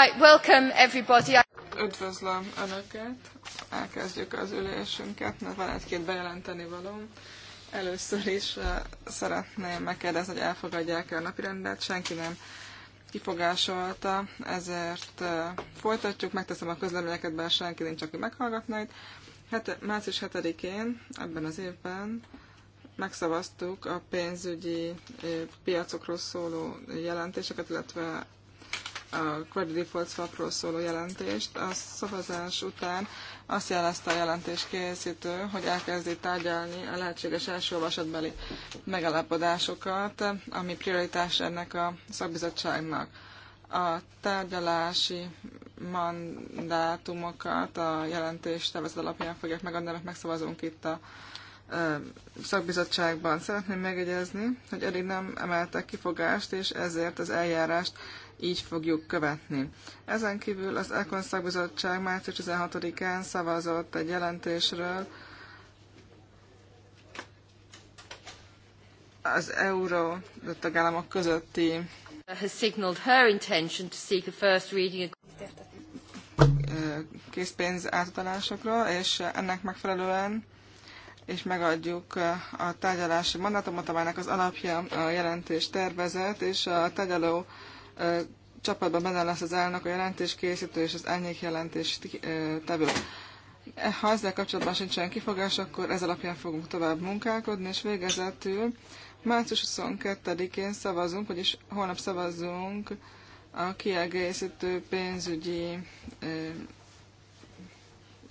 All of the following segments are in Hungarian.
Right, welcome everybody. Üdvözlöm Önöket. Elkezdjük az ülésünket, mert van egy-két bejelenteni valóm. Először is eh, szeretném megkérdezni, hogy elfogadják-e a napirendet. Senki nem kifogásolta, ezért eh, folytatjuk. Megteszem a közleményeket, bár senki nincs, aki meghallgatna itt. Hát, március 7-én ebben az évben megszavaztuk a pénzügyi eh, piacokról szóló jelentéseket, illetve a Credit Default Swapról szóló jelentést. A szavazás után azt jelezte a jelentés készítő, hogy elkezdi tárgyalni a lehetséges első olvasatbeli megalapodásokat, ami prioritás ennek a szakbizottságnak. A tárgyalási mandátumokat a jelentés tervezet alapján fogják megadni, mert megszavazunk itt a szakbizottságban. Szeretném megjegyezni, hogy eddig nem emeltek kifogást, és ezért az eljárást így fogjuk követni. Ezen kívül az ECON szakbizottság március 16-án szavazott egy jelentésről az euró tagállamok közötti has signaled her intention to seek a first reading készpénz átadásokra és ennek megfelelően és megadjuk a tárgyalási mandátumot, amelynek az alapja a jelentés tervezet, és a tárgyaló csapatban benne lesz az elnök, a jelentéskészítő és az elnyék jelentés tevő. E, ha ezzel kapcsolatban olyan kifogás, akkor ez alapján fogunk tovább munkálkodni, és végezetül március 22-én szavazunk, vagyis holnap szavazunk a kiegészítő pénzügyi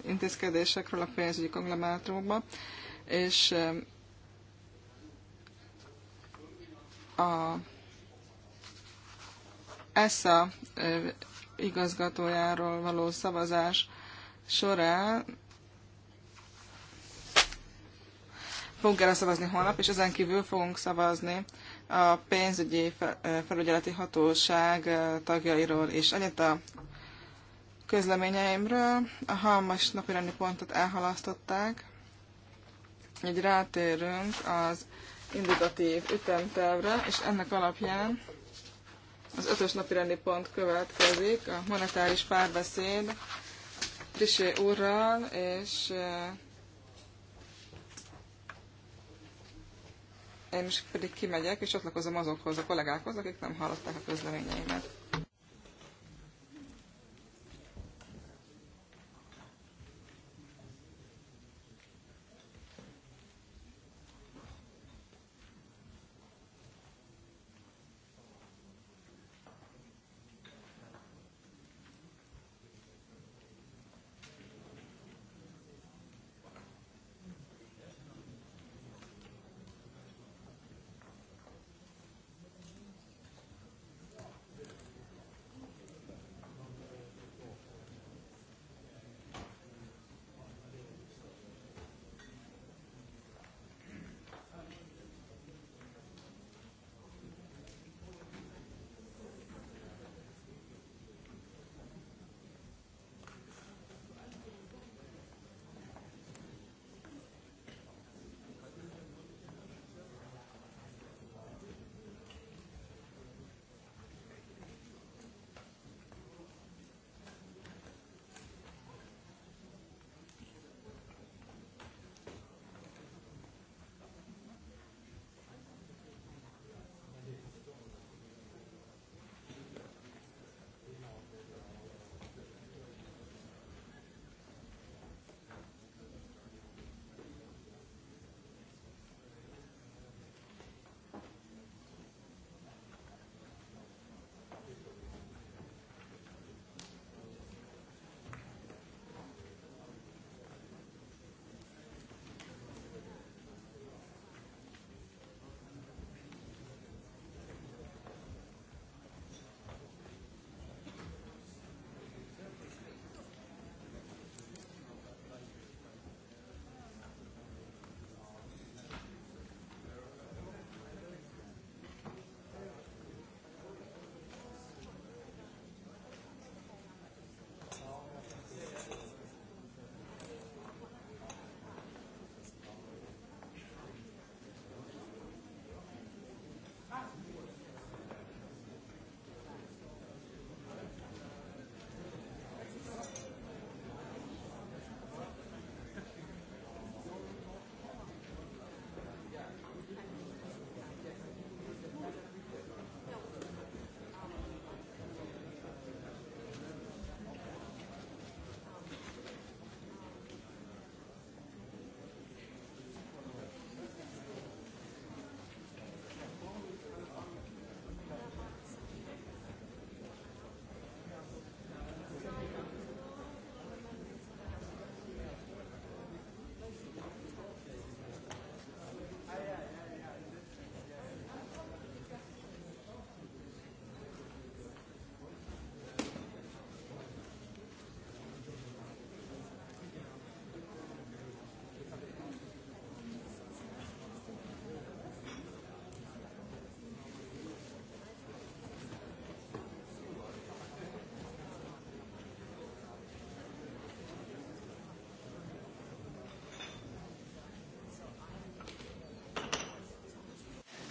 intézkedésekről a pénzügyi konglomerátumban és a ESA igazgatójáról való szavazás során fogunk erre szavazni holnap, és ezen kívül fogunk szavazni a pénzügyi felügyeleti hatóság tagjairól és ennyit a közleményeimről. A halmas napirendi pontot elhalasztották, így rátérünk az indikatív ütemtervre, és ennek alapján az ötös napi rendi pont következik, a monetáris párbeszéd Trisé úrral, és eh, én is pedig kimegyek, és csatlakozom azokhoz a kollégákhoz, akik nem hallották a közleményeimet.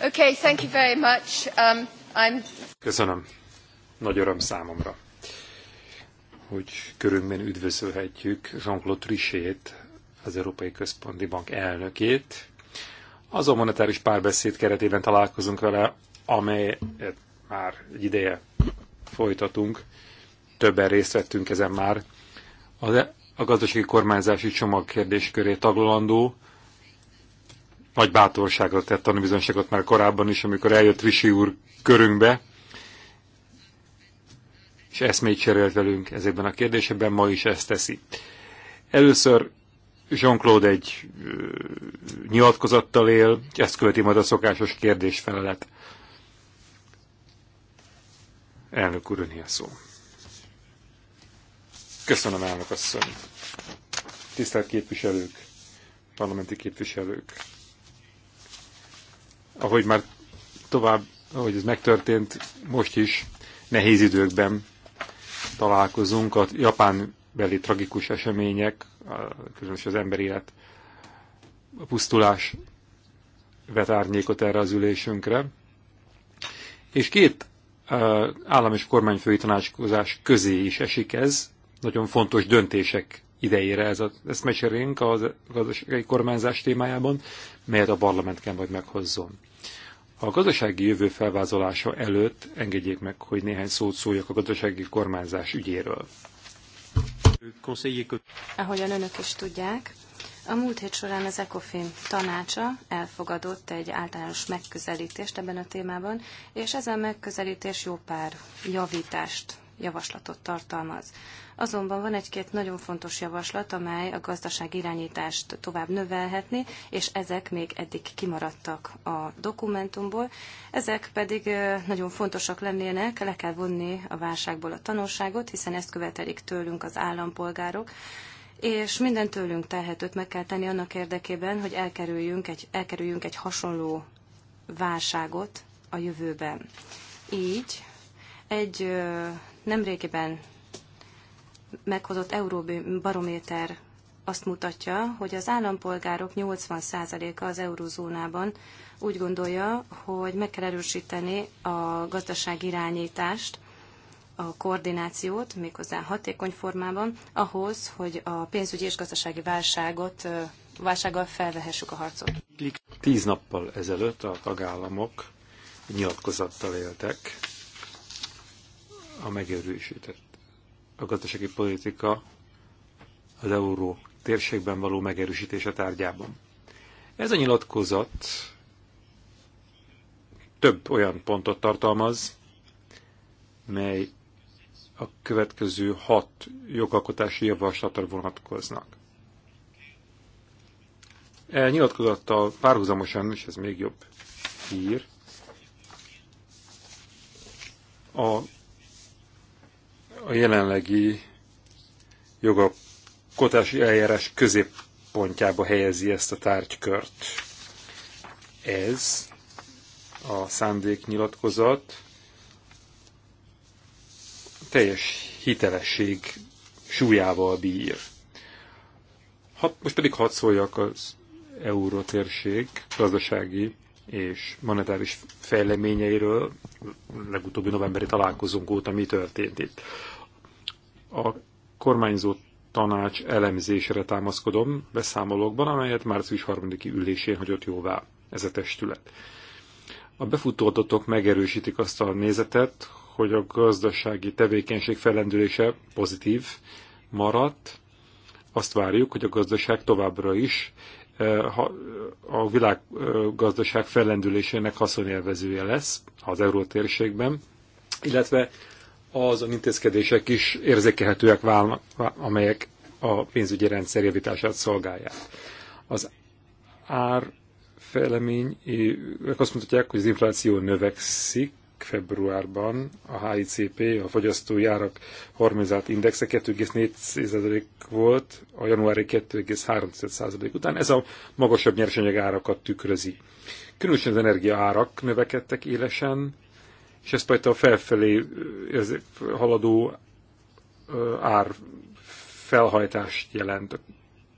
Okay, thank you very much. Um, I'm... Köszönöm. Nagy öröm számomra, hogy körünkben üdvözölhetjük Jean-Claude Trichet, az Európai Központi Bank elnökét. Azon monetáris párbeszéd keretében találkozunk vele, amelyet már egy ideje folytatunk. Többen részt vettünk ezen már. Az a gazdasági kormányzási csomag kérdésköré taglalandó, nagy bátorságra tett tanúbizonyságot már korábban is, amikor eljött Risi úr körünkbe, és eszmét cserélt velünk ezekben a kérdésekben, ma is ezt teszi. Először Jean-Claude egy nyilatkozattal él, ezt követi majd a szokásos felelet. Elnök úr, a szó. Köszönöm, elnök asszony. Tisztelt képviselők, parlamenti képviselők ahogy már tovább, ahogy ez megtörtént, most is nehéz időkben találkozunk a japán beli tragikus események, különösen az emberi élet a pusztulás vet árnyékot erre az ülésünkre. És két állam és kormányfői tanácskozás közé is esik ez, nagyon fontos döntések idejére ez a mesélünk a gazdasági kormányzás témájában, melyet a parlament kell majd meghozzon. A gazdasági jövő felvázolása előtt engedjék meg, hogy néhány szót szóljak a gazdasági kormányzás ügyéről. Ahogyan önök is tudják, a múlt hét során az ECOFIN tanácsa elfogadott egy általános megközelítést ebben a témában, és ez a megközelítés jó pár javítást, javaslatot tartalmaz. Azonban van egy-két nagyon fontos javaslat, amely a gazdaság irányítást tovább növelhetni, és ezek még eddig kimaradtak a dokumentumból. Ezek pedig nagyon fontosak lennének, le kell vonni a válságból a tanulságot, hiszen ezt követelik tőlünk az állampolgárok, és minden tőlünk telhetőt meg kell tenni annak érdekében, hogy elkerüljünk egy, elkerüljünk egy hasonló válságot a jövőben. Így egy nemrégiben meghozott Euróbarométer azt mutatja, hogy az állampolgárok 80%-a az eurózónában úgy gondolja, hogy meg kell erősíteni a gazdaság irányítást, a koordinációt, méghozzá hatékony formában, ahhoz, hogy a pénzügyi és gazdasági válságot, válsággal felvehessük a harcot. Tíz nappal ezelőtt a tagállamok nyilatkozattal éltek a megerősített a gazdasági politika az euró térségben való megerősítése tárgyában. Ez a nyilatkozat több olyan pontot tartalmaz, mely a következő hat jogalkotási javaslatra vonatkoznak. E nyilatkozattal párhuzamosan, és ez még jobb hír, a a jelenlegi jogalkotási eljárás középpontjába helyezi ezt a tárgykört. Ez a szándéknyilatkozat teljes hitelesség súlyával bír. Ha, most pedig hadd szóljak az eurótérség gazdasági és monetáris fejleményeiről legutóbbi novemberi találkozónk óta mi történt itt. A kormányzó tanács elemzésére támaszkodom beszámolókban, amelyet március 3-i ülésén hagyott jóvá ez a testület. A befutó adatok megerősítik azt a nézetet, hogy a gazdasági tevékenység fellendülése pozitív maradt. Azt várjuk, hogy a gazdaság továbbra is a világgazdaság fellendülésének haszonélvezője lesz az eurótérségben, illetve azon intézkedések is érzékelhetőek válnak, amelyek a pénzügyi rendszer javítását szolgálják. Az ár fejlemény, azt mondhatják, hogy az infláció növekszik, februárban a HICP, a fogyasztói árak harmonizált indexe 2,4% volt, a januári 2,3% után. Ez a magasabb nyersanyag árakat tükrözi. Különösen az energia árak növekedtek élesen, és ez a felfelé haladó ár felhajtást jelent a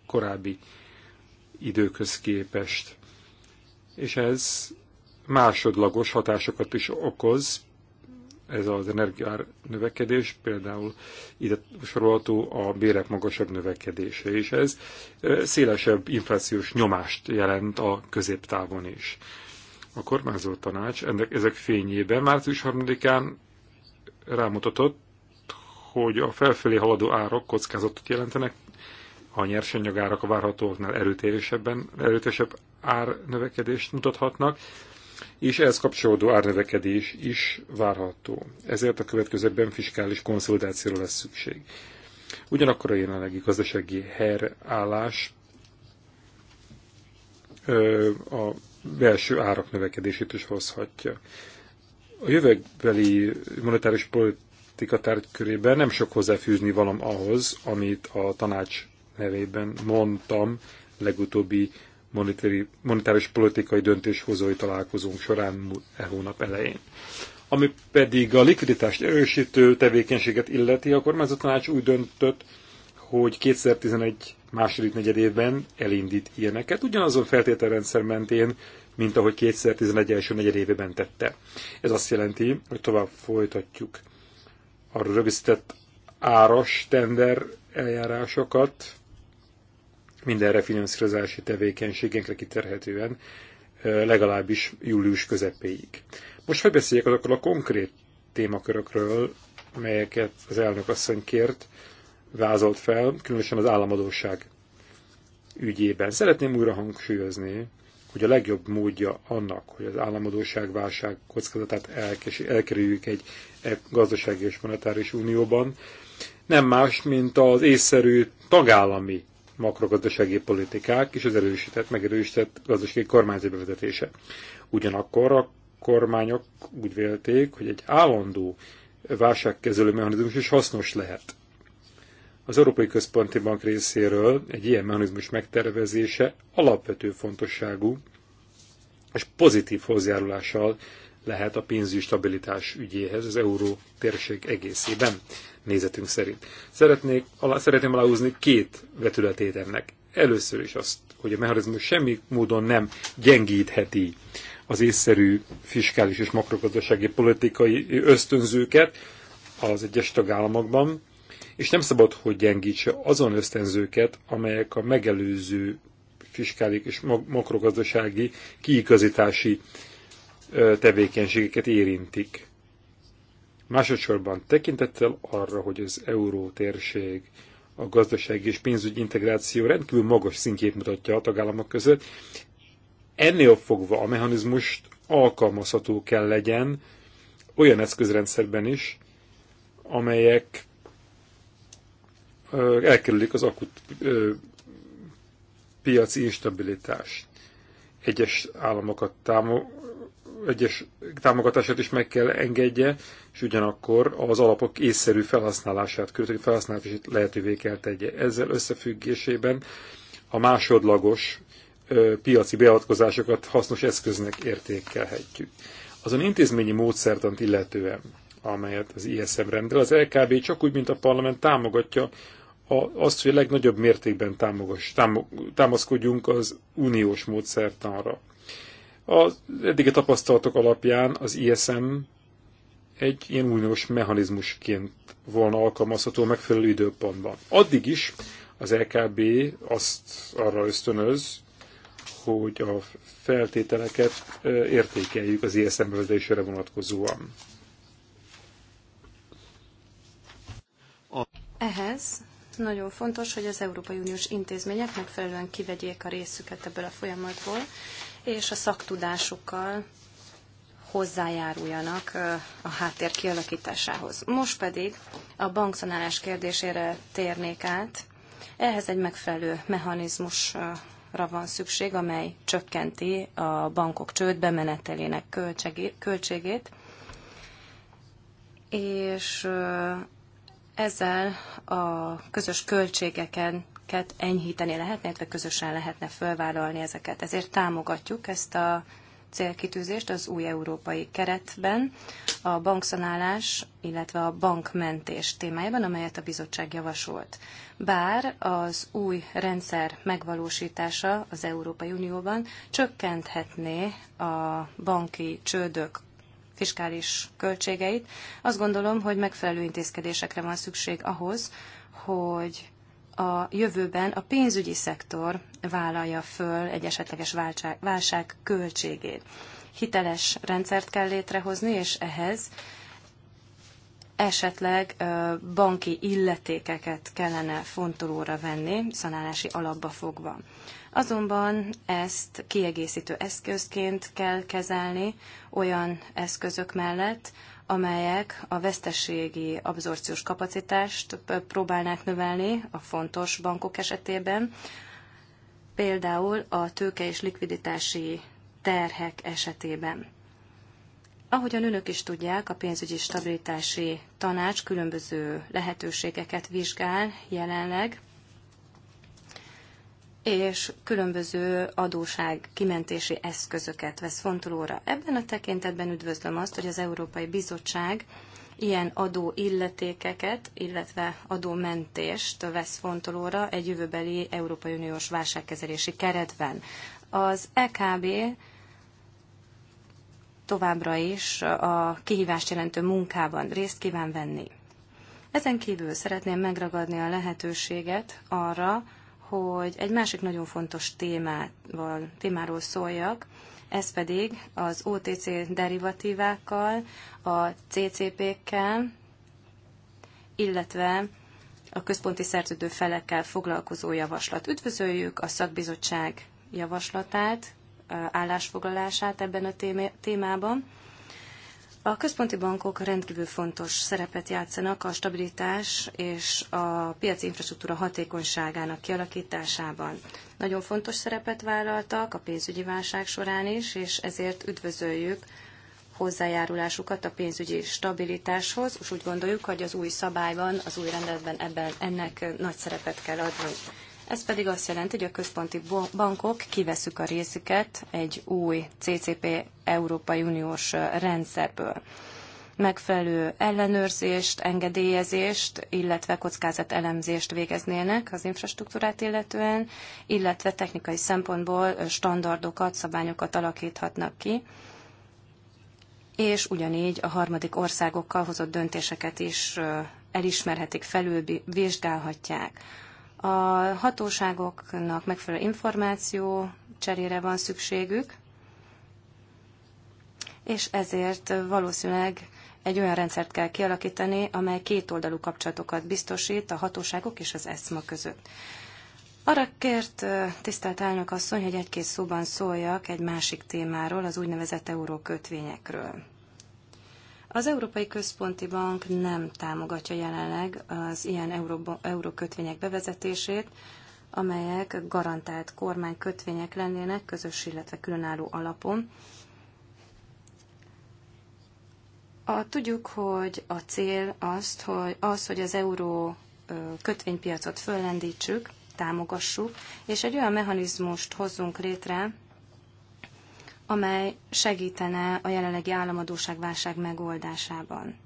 korábbi időköz képest. És ez másodlagos hatásokat is okoz, ez az energiár növekedés, például ide sorolható a bérek magasabb növekedése, és ez szélesebb inflációs nyomást jelent a középtávon is. A kormányzó tanács ennek, ezek fényében március 3-án rámutatott, hogy a felfelé haladó árak kockázatot jelentenek, a nyersanyagárak a várhatóknál erőteljesebben, erőteljesebb árnövekedést mutathatnak, és ehhez kapcsolódó árnövekedés is várható. Ezért a következőben fiskális konszolidációra lesz szükség. Ugyanakkor a jelenlegi gazdasági herállás a belső árak növekedését is hozhatja. A jövőbeli monetáris politika tárgykörében nem sok hozzáfűzni valam ahhoz, amit a tanács nevében mondtam legutóbbi monetáris politikai döntéshozói találkozónk során e hónap elején. Ami pedig a likviditást erősítő tevékenységet illeti, a kormányzat tanács úgy döntött, hogy 2011 második negyed évben elindít ilyeneket, ugyanazon feltételrendszer mentén, mint ahogy 2011 első negyed évben tette. Ez azt jelenti, hogy tovább folytatjuk a rögzített áras tender eljárásokat, mindenre finanszírozási tevékenységekre kiterhetően legalábbis július közepéig. Most megbeszéljek azokról a konkrét témakörökről, melyeket az elnök asszony kért, vázolt fel, különösen az államadóság ügyében. Szeretném újra hangsúlyozni, hogy a legjobb módja annak, hogy az államadóság válság kockázatát elkerüljük egy gazdasági és monetáris unióban, nem más, mint az észszerű tagállami makrogazdasági politikák és az erősített, megerősített gazdasági kormányzó bevezetése. Ugyanakkor a kormányok úgy vélték, hogy egy állandó válságkezelő mechanizmus is hasznos lehet. Az Európai Központi Bank részéről egy ilyen mechanizmus megtervezése alapvető fontosságú és pozitív hozzájárulással lehet a pénzügyi stabilitás ügyéhez az euró térség egészében, nézetünk szerint. Szeretnék, alá, szeretném aláhúzni két vetületét ennek. Először is azt, hogy a mechanizmus semmi módon nem gyengítheti az észszerű fiskális és makrogazdasági politikai ösztönzőket az egyes tagállamokban, és nem szabad, hogy gyengítse azon ösztönzőket, amelyek a megelőző fiskális és makrogazdasági kiigazítási tevékenységeket érintik. Másodszorban tekintettel arra, hogy az eurótérség a gazdasági és pénzügyi integráció rendkívül magas szintjét mutatja a tagállamok között, ennél fogva a mechanizmust alkalmazható kell legyen olyan eszközrendszerben is, amelyek elkerülik az akut piaci instabilitást. Egyes államokat támo- egyes támogatását is meg kell engedje, és ugyanakkor az alapok észszerű felhasználását, költői felhasználását is lehetővé kell tegye. Ezzel összefüggésében a másodlagos ö, piaci beavatkozásokat hasznos eszköznek értékelhetjük. Azon intézményi módszertant illetően, amelyet az ISM rendel, az LKB csak úgy, mint a parlament támogatja a, azt, hogy a legnagyobb mértékben támogos, támog, támaszkodjunk az uniós módszertanra. Az eddigi tapasztalatok alapján az ISM egy ilyen uniós mechanizmusként volna alkalmazható megfelelő időpontban. Addig is az LKB e azt arra ösztönöz, hogy a feltételeket értékeljük az ISM bevezetésére vonatkozóan. Ehhez nagyon fontos, hogy az Európai Uniós intézmények megfelelően kivegyék a részüket ebből a folyamatból, és a szaktudásukkal hozzájáruljanak a háttér kialakításához. Most pedig a bankszanálás kérdésére térnék át. Ehhez egy megfelelő mechanizmusra van szükség, amely csökkenti a bankok csődbe menetelének költségét, és ezzel a közös költségeken ezeket enyhíteni lehetne, illetve közösen lehetne fölvállalni ezeket. Ezért támogatjuk ezt a célkitűzést az új európai keretben, a bankszanálás, illetve a bankmentés témájában, amelyet a bizottság javasolt. Bár az új rendszer megvalósítása az Európai Unióban csökkenthetné a banki csődök fiskális költségeit, azt gondolom, hogy megfelelő intézkedésekre van szükség ahhoz, hogy a jövőben a pénzügyi szektor vállalja föl egy esetleges válság, válság költségét. Hiteles rendszert kell létrehozni, és ehhez esetleg banki illetékeket kellene fontolóra venni, szanálási alapba fogva. Azonban ezt kiegészítő eszközként kell kezelni olyan eszközök mellett, amelyek a veszteségi abszorciós kapacitást próbálnák növelni a fontos bankok esetében, például a tőke és likviditási terhek esetében. Ahogyan önök is tudják, a pénzügyi stabilitási tanács különböző lehetőségeket vizsgál jelenleg, és különböző adóság kimentési eszközöket vesz fontolóra. Ebben a tekintetben üdvözlöm azt, hogy az Európai Bizottság ilyen adó illetékeket, illetve adómentést vesz fontolóra egy jövőbeli Európai Uniós válságkezelési keretben. Az EKB továbbra is a kihívást jelentő munkában részt kíván venni. Ezen kívül szeretném megragadni a lehetőséget arra, hogy egy másik nagyon fontos témával, témáról szóljak, ez pedig az OTC derivatívákkal, a CCP-kkel, illetve a központi szerződő felekkel foglalkozó javaslat. Üdvözöljük a szakbizottság javaslatát, állásfoglalását ebben a témában. A központi bankok rendkívül fontos szerepet játszanak a stabilitás és a piaci infrastruktúra hatékonyságának kialakításában. Nagyon fontos szerepet vállaltak a pénzügyi válság során is, és ezért üdvözöljük hozzájárulásukat a pénzügyi stabilitáshoz, és úgy gondoljuk, hogy az új szabályban, az új rendeletben ebben, ennek nagy szerepet kell adni. Ez pedig azt jelenti, hogy a központi bankok kiveszük a részüket egy új CCP Európai Uniós rendszerből. Megfelelő ellenőrzést, engedélyezést, illetve kockázatelemzést végeznének az infrastruktúrát illetően, illetve technikai szempontból standardokat, szabályokat alakíthatnak ki és ugyanígy a harmadik országokkal hozott döntéseket is elismerhetik, felülvizsgálhatják. A hatóságoknak megfelelő információ cserére van szükségük, és ezért valószínűleg egy olyan rendszert kell kialakítani, amely kétoldalú kapcsolatokat biztosít a hatóságok és az ESMA között. Arra kért tisztelt elnök asszony, hogy egy-két szóban szóljak egy másik témáról, az úgynevezett eurókötvényekről. Az Európai Központi Bank nem támogatja jelenleg az ilyen euró, eurókötvények bevezetését, amelyek garantált kormánykötvények lennének közös, illetve különálló alapon. A, tudjuk, hogy a cél azt, hogy az, hogy az euró kötvénypiacot föllendítsük, támogassuk, és egy olyan mechanizmust hozzunk létre, amely segítene a jelenlegi államadóságválság megoldásában.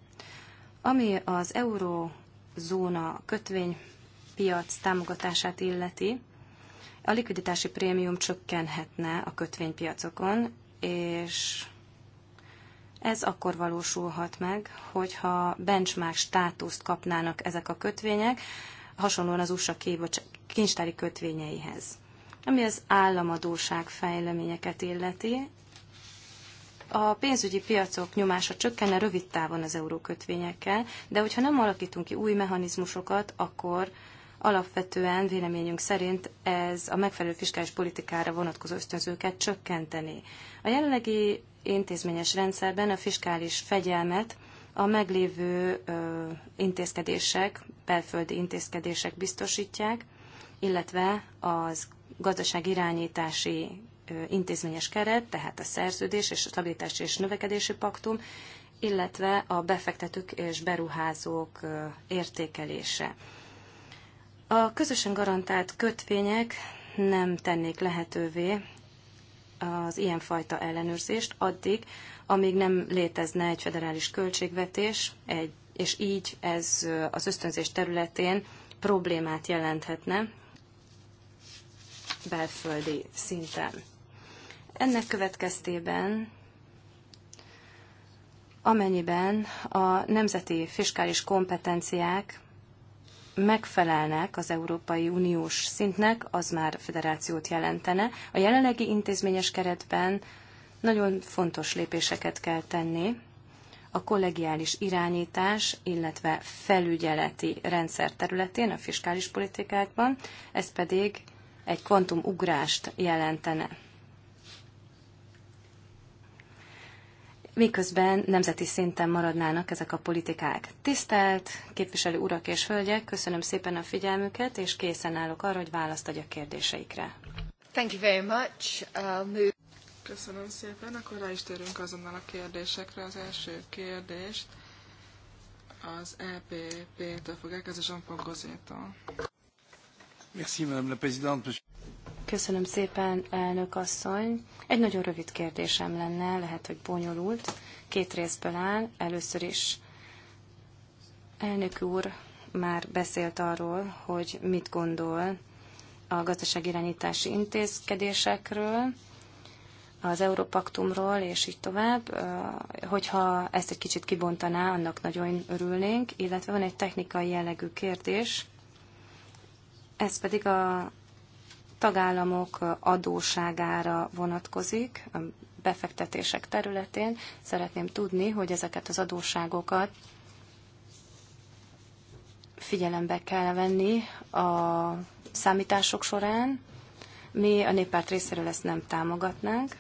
Ami az eurózóna kötvénypiac támogatását illeti, a likviditási prémium csökkenhetne a kötvénypiacokon, és ez akkor valósulhat meg, hogyha benchmark státuszt kapnának ezek a kötvények, hasonlóan az USA kincstári kötvényeihez. Ami az államadóság fejleményeket illeti, a pénzügyi piacok nyomása csökkenne rövid távon az eurókötvényekkel, de hogyha nem alakítunk ki új mechanizmusokat, akkor alapvetően véleményünk szerint ez a megfelelő fiskális politikára vonatkozó ösztönzőket csökkenteni. A jelenlegi intézményes rendszerben a fiskális fegyelmet a meglévő intézkedések, belföldi intézkedések biztosítják, illetve az gazdaságirányítási intézményes keret, tehát a szerződés és a stabilitási és növekedési paktum, illetve a befektetők és beruházók értékelése. A közösen garantált kötvények nem tennék lehetővé az ilyenfajta ellenőrzést addig, amíg nem létezne egy federális költségvetés, egy, és így ez az ösztönzés területén problémát jelenthetne, belföldi szinten. Ennek következtében amennyiben a nemzeti fiskális kompetenciák megfelelnek az Európai Uniós szintnek, az már federációt jelentene. A jelenlegi intézményes keretben nagyon fontos lépéseket kell tenni. A kollegiális irányítás, illetve felügyeleti rendszer területén, a fiskális politikákban, ez pedig egy kvantumugrást jelentene. miközben nemzeti szinten maradnának ezek a politikák. Tisztelt képviselő urak és hölgyek, köszönöm szépen a figyelmüket, és készen állok arra, hogy választ adjak kérdéseikre. Thank you very much. Uh, köszönöm szépen, akkor rá is térünk azonnal a kérdésekre. Az első kérdést az EPP-től fogják, ez a Jean-Paul Köszönöm szépen, elnök asszony. Egy nagyon rövid kérdésem lenne, lehet, hogy bonyolult. Két részből áll. Először is elnök úr már beszélt arról, hogy mit gondol a gazdaságirányítási intézkedésekről, az Európaktumról, és így tovább. Hogyha ezt egy kicsit kibontaná, annak nagyon örülnénk, illetve van egy technikai jellegű kérdés, ez pedig a tagállamok adóságára vonatkozik, a befektetések területén. Szeretném tudni, hogy ezeket az adósságokat figyelembe kell venni a számítások során. Mi a néppárt részéről ezt nem támogatnánk,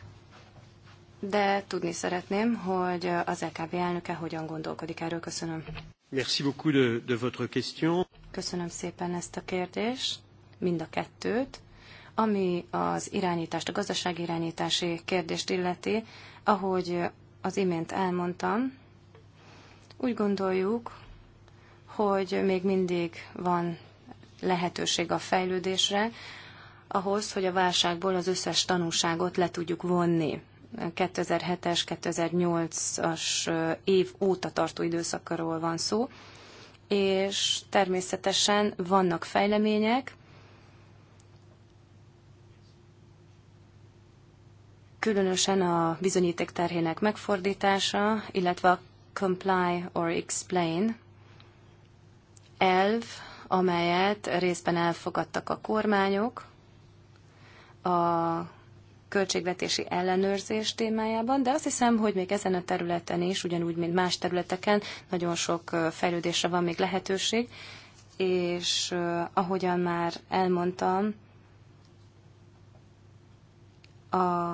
de tudni szeretném, hogy az LKB elnöke hogyan gondolkodik erről. Köszönöm. Merci beaucoup de, de votre question. Köszönöm szépen ezt a kérdést, mind a kettőt. Ami az irányítást, a gazdasági irányítási kérdést illeti, ahogy az imént elmondtam, úgy gondoljuk, hogy még mindig van lehetőség a fejlődésre, ahhoz, hogy a válságból az összes tanulságot le tudjuk vonni. 2007-es, 2008-as év óta tartó időszakról van szó, és természetesen vannak fejlemények, különösen a bizonyíték terhének megfordítása, illetve a comply or explain elv, amelyet részben elfogadtak a kormányok, a költségvetési ellenőrzés témájában, de azt hiszem, hogy még ezen a területen is, ugyanúgy, mint más területeken, nagyon sok fejlődésre van még lehetőség, és ahogyan már elmondtam, a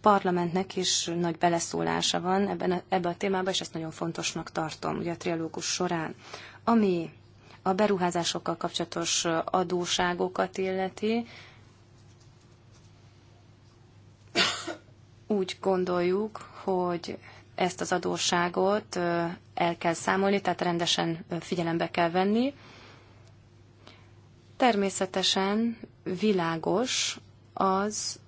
parlamentnek is nagy beleszólása van ebben a, ebbe a témában, és ezt nagyon fontosnak tartom, ugye a trialógus során. Ami a beruházásokkal kapcsolatos adóságokat illeti, úgy gondoljuk, hogy ezt az adósságot el kell számolni, tehát rendesen figyelembe kell venni. Természetesen világos az,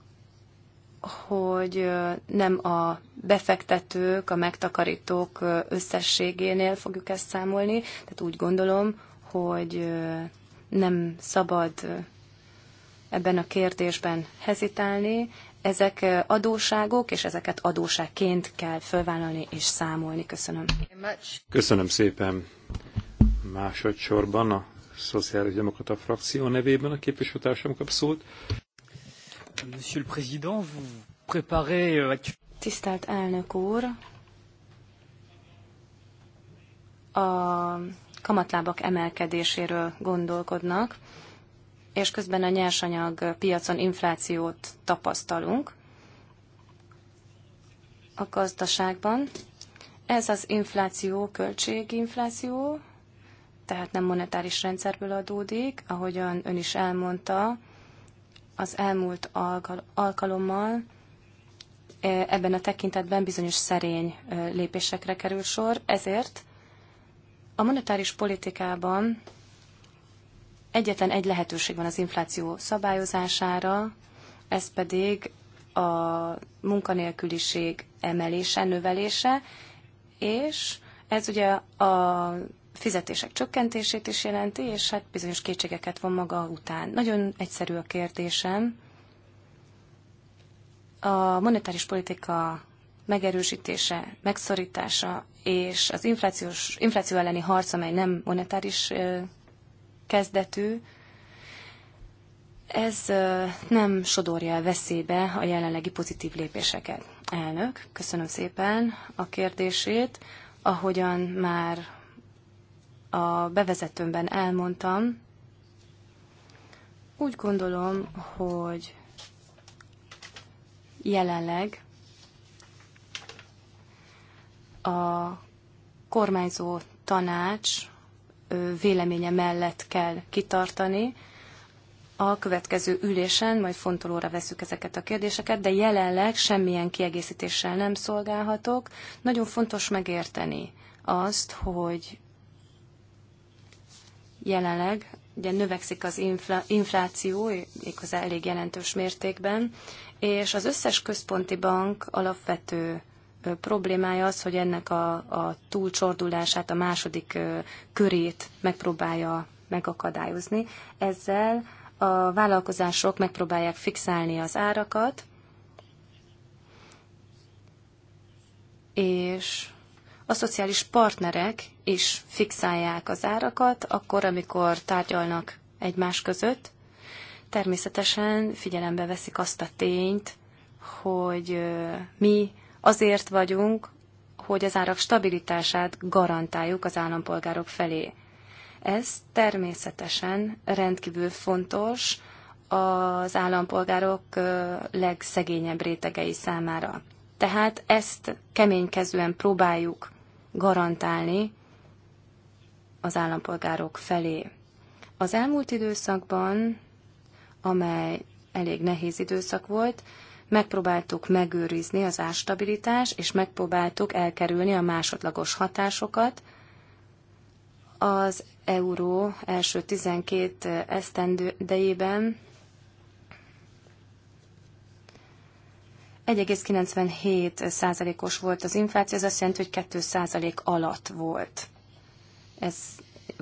hogy nem a befektetők, a megtakarítók összességénél fogjuk ezt számolni, tehát úgy gondolom, hogy nem szabad ebben a kérdésben hezitálni, ezek adóságok, és ezeket adóságként kell fölvállalni és számolni. Köszönöm. Köszönöm szépen. Másodszorban a Szociális Demokrata frakció nevében a képviselőtársam kap szót. Monsieur le Président, vous préparez... Euh, Tisztelt elnök úr, a kamatlábak emelkedéséről gondolkodnak és közben a nyersanyag piacon inflációt tapasztalunk a gazdaságban. Ez az infláció, költséginfláció, tehát nem monetáris rendszerből adódik, ahogyan ön is elmondta, az elmúlt alkalommal e, ebben a tekintetben bizonyos szerény e, lépésekre kerül sor, ezért a monetáris politikában Egyetlen egy lehetőség van az infláció szabályozására, ez pedig a munkanélküliség emelése, növelése, és ez ugye a fizetések csökkentését is jelenti, és hát bizonyos kétségeket von maga után. Nagyon egyszerű a kérdésem. A monetáris politika megerősítése, megszorítása és az inflációs, infláció elleni harc, amely nem monetáris kezdetű, ez nem sodorja el veszélybe a jelenlegi pozitív lépéseket. Elnök, köszönöm szépen a kérdését. Ahogyan már a bevezetőmben elmondtam, úgy gondolom, hogy jelenleg a kormányzó tanács véleménye mellett kell kitartani. A következő ülésen majd fontolóra veszük ezeket a kérdéseket, de jelenleg semmilyen kiegészítéssel nem szolgálhatok. Nagyon fontos megérteni azt, hogy jelenleg ugye növekszik az infla, infláció, méghozzá elég jelentős mértékben, és az összes központi bank alapvető problémája az, hogy ennek a, a túlcsordulását, a második körét megpróbálja megakadályozni. Ezzel a vállalkozások megpróbálják fixálni az árakat, és a szociális partnerek is fixálják az árakat, akkor, amikor tárgyalnak egymás között. Természetesen figyelembe veszik azt a tényt, hogy mi Azért vagyunk, hogy az árak stabilitását garantáljuk az állampolgárok felé. Ez természetesen rendkívül fontos az állampolgárok legszegényebb rétegei számára. Tehát ezt keménykezően próbáljuk garantálni az állampolgárok felé. Az elmúlt időszakban, amely elég nehéz időszak volt, megpróbáltuk megőrizni az ástabilitás és megpróbáltuk elkerülni a másodlagos hatásokat. Az euró első 12 esztendőjében 1,97 százalékos volt az infláció, ez azt jelenti, hogy 2 százalék alatt volt. Ez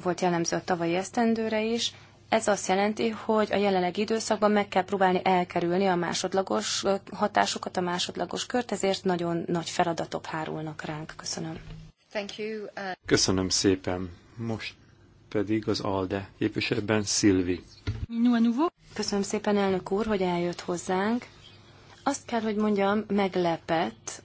volt jellemző a tavalyi esztendőre is. Ez azt jelenti, hogy a jelenlegi időszakban meg kell próbálni elkerülni a másodlagos hatásokat, a másodlagos kört, ezért nagyon nagy feladatok hárulnak ránk. Köszönöm. Thank you. Uh, Köszönöm szépen. Most pedig az ALDE képviselőben Szilvi. Köszönöm szépen, elnök úr, hogy eljött hozzánk. Azt kell, hogy mondjam, meglepett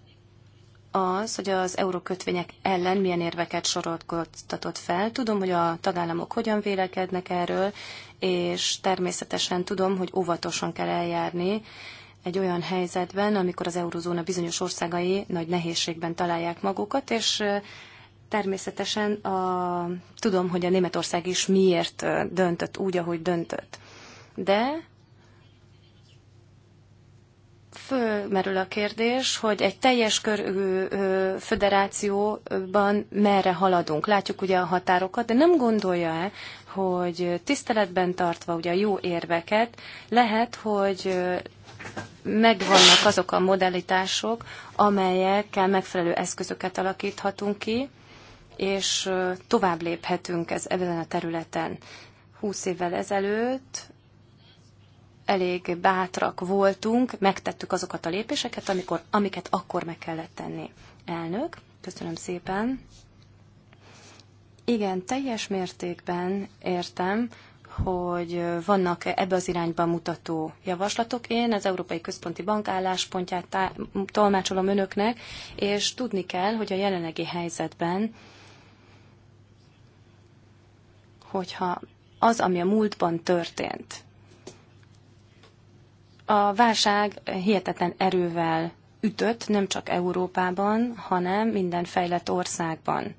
az, hogy az eurókötvények ellen milyen érveket sorolkodtatott fel. Tudom, hogy a tagállamok hogyan vélekednek erről, és természetesen tudom, hogy óvatosan kell eljárni egy olyan helyzetben, amikor az eurozóna bizonyos országai nagy nehézségben találják magukat, és természetesen a, tudom, hogy a Németország is miért döntött úgy, ahogy döntött. De fölmerül a kérdés, hogy egy teljes körű föderációban merre haladunk. Látjuk ugye a határokat, de nem gondolja-e, hogy tiszteletben tartva ugye a jó érveket, lehet, hogy megvannak azok a modalitások, amelyekkel megfelelő eszközöket alakíthatunk ki, és tovább léphetünk ez, ebben a területen. 20 évvel ezelőtt elég bátrak voltunk, megtettük azokat a lépéseket, amikor, amiket akkor meg kellett tenni. Elnök, köszönöm szépen. Igen, teljes mértékben értem, hogy vannak ebbe az irányba mutató javaslatok. Én az Európai Központi Bank álláspontját tolmácsolom önöknek, és tudni kell, hogy a jelenlegi helyzetben, hogyha az, ami a múltban történt, a válság hihetetlen erővel ütött nem csak Európában, hanem minden fejlett országban.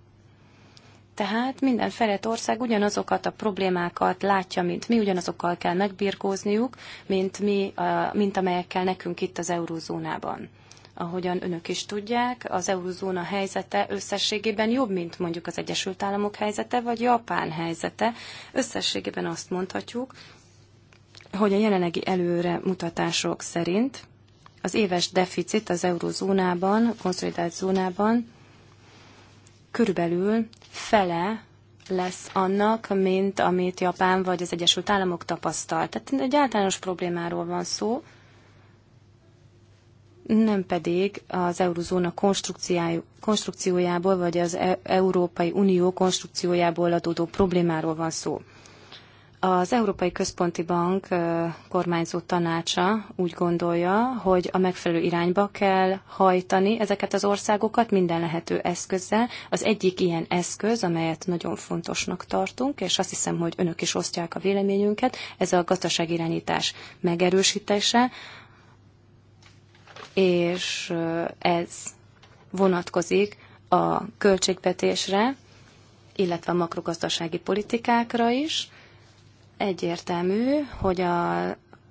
Tehát minden fejlett ország ugyanazokat a problémákat látja, mint mi, ugyanazokkal kell megbirkózniuk, mint, mi, mint amelyekkel nekünk itt az eurózónában. Ahogyan önök is tudják, az eurózóna helyzete összességében jobb, mint mondjuk az Egyesült Államok helyzete, vagy Japán helyzete. Összességében azt mondhatjuk, hogy a jelenlegi előre mutatások szerint az éves deficit az eurozónában, konszolidált zónában körülbelül fele lesz annak, mint amit Japán vagy az Egyesült Államok tapasztalt. Tehát egy általános problémáról van szó, nem pedig az eurozóna konstrukciójából, vagy az e- Európai Unió konstrukciójából adódó problémáról van szó. Az Európai Központi Bank kormányzó tanácsa úgy gondolja, hogy a megfelelő irányba kell hajtani ezeket az országokat minden lehető eszközzel. Az egyik ilyen eszköz, amelyet nagyon fontosnak tartunk, és azt hiszem, hogy önök is osztják a véleményünket, ez a gazdaságirányítás megerősítése, és ez vonatkozik a költségvetésre, illetve a makrogazdasági politikákra is Egyértelmű, hogy a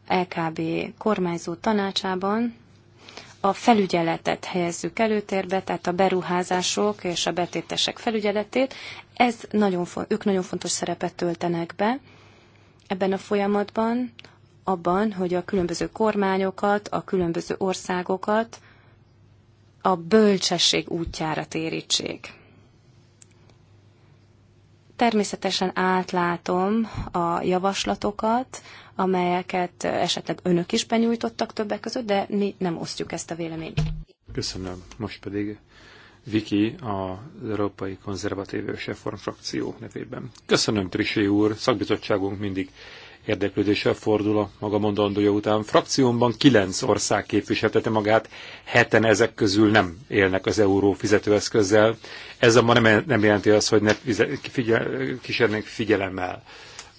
LKB kormányzó tanácsában a felügyeletet helyezzük előtérbe, tehát a beruházások és a betétesek felügyeletét. Ez nagyon, ők nagyon fontos szerepet töltenek be ebben a folyamatban, abban, hogy a különböző kormányokat, a különböző országokat a bölcsesség útjára térítsék. Természetesen átlátom a javaslatokat, amelyeket esetleg önök is benyújtottak többek között, de mi nem osztjuk ezt a véleményt. Köszönöm. Most pedig Viki az Európai Konzervatív és Reform frakció nevében. Köszönöm, Trisé úr, szakbizottságunk mindig érdeklődéssel fordul a maga mondandója után. Frakciómban kilenc ország képviseltette magát, heten ezek közül nem élnek az euró fizetőeszközzel. Ez ma nem, nem jelenti azt, hogy ne figyel, kísérnénk figyelemmel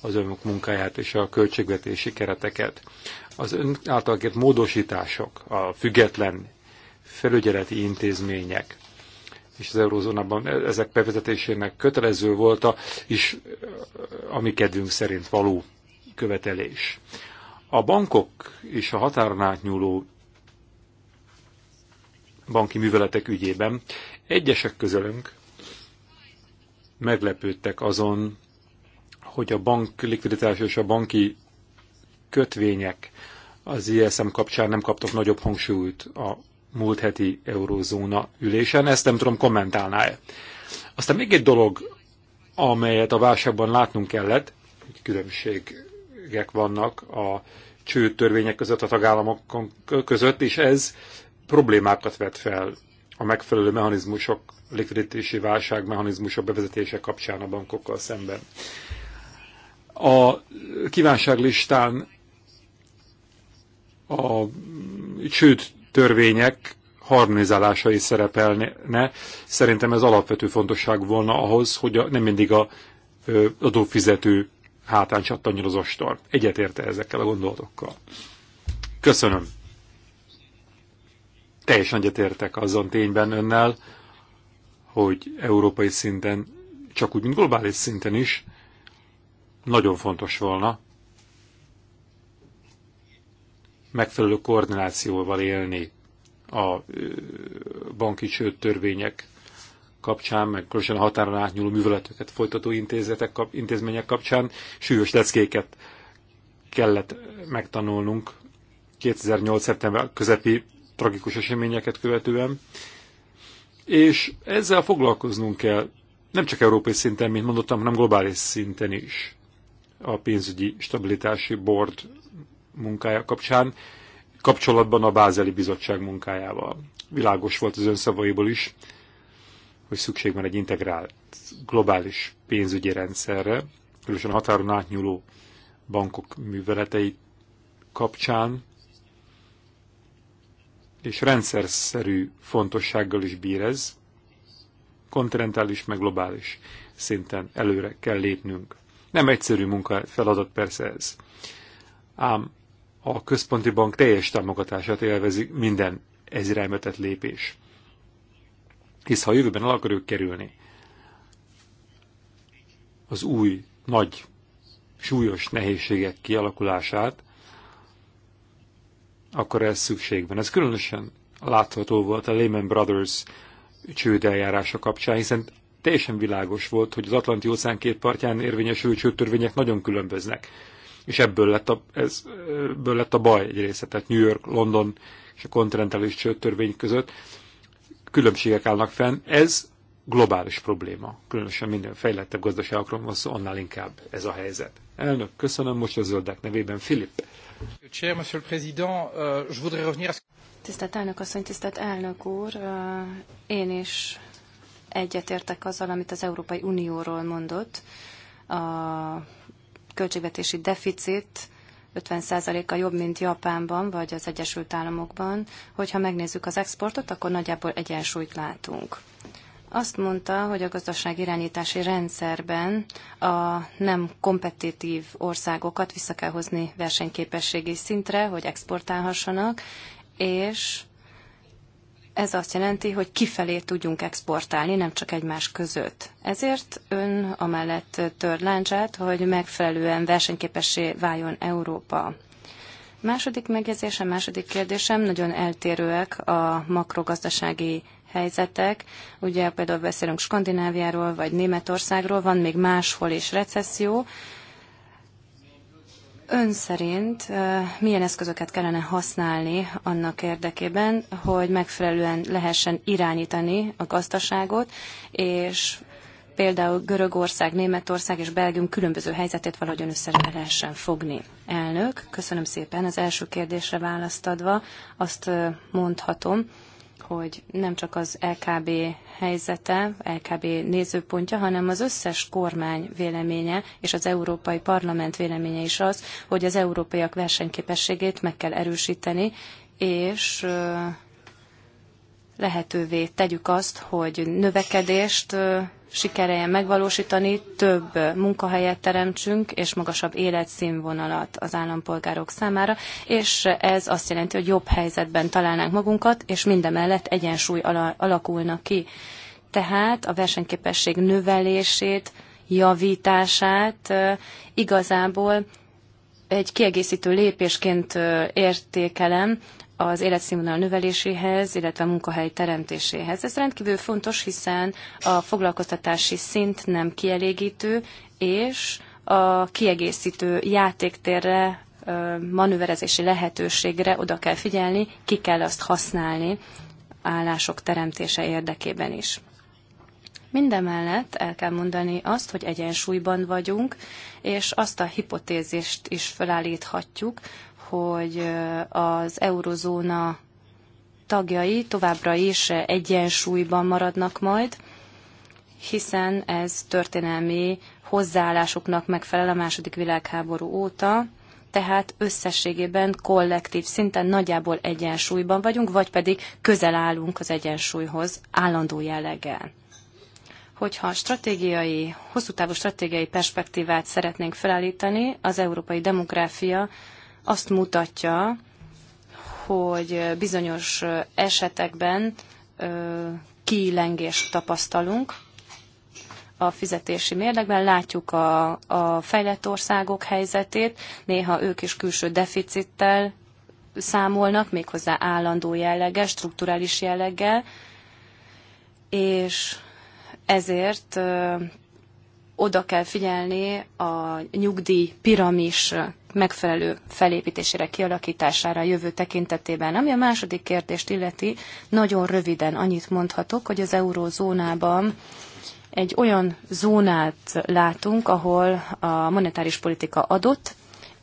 az önök munkáját és a költségvetési kereteket. Az ön által kért módosítások, a független felügyeleti intézmények, és az eurózónában e, ezek bevezetésének kötelező volt, a, és ami kedvünk szerint való követelés. A bankok és a határon átnyúló banki műveletek ügyében egyesek közölünk meglepődtek azon, hogy a bank likviditás és a banki kötvények az ISM kapcsán nem kaptak nagyobb hangsúlyt a múlt heti eurózóna ülésen. Ezt nem tudom, kommentálná-e. Aztán még egy dolog, amelyet a válságban látnunk kellett, egy különbség különbségek vannak a csőtörvények között, a tagállamok között, és ez problémákat vet fel a megfelelő mechanizmusok, likviditási válság mechanizmusok bevezetése kapcsán a bankokkal szemben. A kívánságlistán a csőd törvények harmonizálása is szerepelne. Szerintem ez alapvető fontosság volna ahhoz, hogy a, nem mindig a adófizető hátán csattanjon az ostor. Egyetérte ezekkel a gondolatokkal. Köszönöm. Teljesen egyetértek azon tényben önnel, hogy európai szinten, csak úgy, mint globális szinten is, nagyon fontos volna megfelelő koordinációval élni a banki csőd törvények kapcsán, meg különösen a határon átnyúló műveleteket folytató intézetek, kap, intézmények kapcsán súlyos leckéket kellett megtanulnunk 2008. szeptember közepi tragikus eseményeket követően, és ezzel foglalkoznunk kell, nem csak európai szinten, mint mondottam, hanem globális szinten is a pénzügyi stabilitási board munkája kapcsán, kapcsolatban a Bázeli Bizottság munkájával. Világos volt az önszavaiból is, hogy szükség van egy integrált globális pénzügyi rendszerre, különösen határon átnyúló bankok műveletei kapcsán, és rendszerszerű fontossággal is bír ez, kontinentális meg globális szinten előre kell lépnünk. Nem egyszerű munka feladat persze ez. Ám a központi bank teljes támogatását élvezi minden ez lépés hisz ha a jövőben el akarjuk kerülni az új, nagy, súlyos nehézségek kialakulását, akkor ez szükség van. Ez különösen látható volt a Lehman Brothers csődeljárása kapcsán, hiszen teljesen világos volt, hogy az Atlanti óceán két partján érvényesülő csőtörvények nagyon különböznek. És ebből lett a, ez, ebből lett a baj egy része, tehát New York, London és a kontinentális csőtörvény között különbségek állnak fenn. Ez globális probléma, különösen minden fejlettebb gazdaságokról van szó, annál inkább ez a helyzet. Elnök, köszönöm most a zöldek nevében, Filip. Euh, tisztelt elnök asszony, tisztelt elnök úr, euh, én is egyetértek azzal, amit az Európai Unióról mondott. A költségvetési deficit 50%-a jobb, mint Japánban vagy az Egyesült Államokban. Hogyha megnézzük az exportot, akkor nagyjából egyensúlyt látunk. Azt mondta, hogy a gazdaság irányítási rendszerben a nem kompetitív országokat vissza kell hozni versenyképességi szintre, hogy exportálhassanak, és ez azt jelenti, hogy kifelé tudjunk exportálni, nem csak egymás között. Ezért ön amellett tör láncsát, hogy megfelelően versenyképessé váljon Európa. Második megjegyzésem, második kérdésem, nagyon eltérőek a makrogazdasági helyzetek. Ugye például beszélünk Skandináviáról, vagy Németországról, van még máshol is recesszió. Ön szerint milyen eszközöket kellene használni annak érdekében, hogy megfelelően lehessen irányítani a gazdaságot, és például Görögország, Németország és Belgium különböző helyzetét valahogyan össze lehessen fogni. Elnök, köszönöm szépen az első kérdésre választadva, azt mondhatom, hogy nem csak az LKB helyzete, LKB nézőpontja, hanem az összes kormány véleménye és az Európai Parlament véleménye is az, hogy az európaiak versenyképességét meg kell erősíteni, és lehetővé tegyük azt, hogy növekedést sikereljen megvalósítani, több munkahelyet teremtsünk, és magasabb életszínvonalat az állampolgárok számára, és ez azt jelenti, hogy jobb helyzetben találnánk magunkat, és mindemellett egyensúly alakulna ki. Tehát a versenyképesség növelését, javítását igazából egy kiegészítő lépésként értékelem az életszínvonal növeléséhez, illetve a munkahely teremtéséhez. Ez rendkívül fontos, hiszen a foglalkoztatási szint nem kielégítő, és a kiegészítő játéktérre, manőverezési lehetőségre oda kell figyelni, ki kell azt használni állások teremtése érdekében is. Mindemellett el kell mondani azt, hogy egyensúlyban vagyunk, és azt a hipotézist is felállíthatjuk, hogy az eurozóna tagjai továbbra is egyensúlyban maradnak majd, hiszen ez történelmi hozzáállásoknak megfelel a második világháború óta, tehát összességében kollektív szinten nagyjából egyensúlyban vagyunk, vagy pedig közel állunk az egyensúlyhoz állandó jelleggel. Hogyha stratégiai, hosszú távú stratégiai perspektívát szeretnénk felállítani, az európai demográfia azt mutatja, hogy bizonyos esetekben kilengést tapasztalunk a fizetési mérlegben. Látjuk a, a fejlett országok helyzetét, néha ők is külső deficittel számolnak, méghozzá állandó jelleggel, strukturális jelleggel, és ezért oda kell figyelni a nyugdíj piramis megfelelő felépítésére, kialakítására a jövő tekintetében. Ami a második kérdést illeti, nagyon röviden annyit mondhatok, hogy az eurózónában egy olyan zónát látunk, ahol a monetáris politika adott,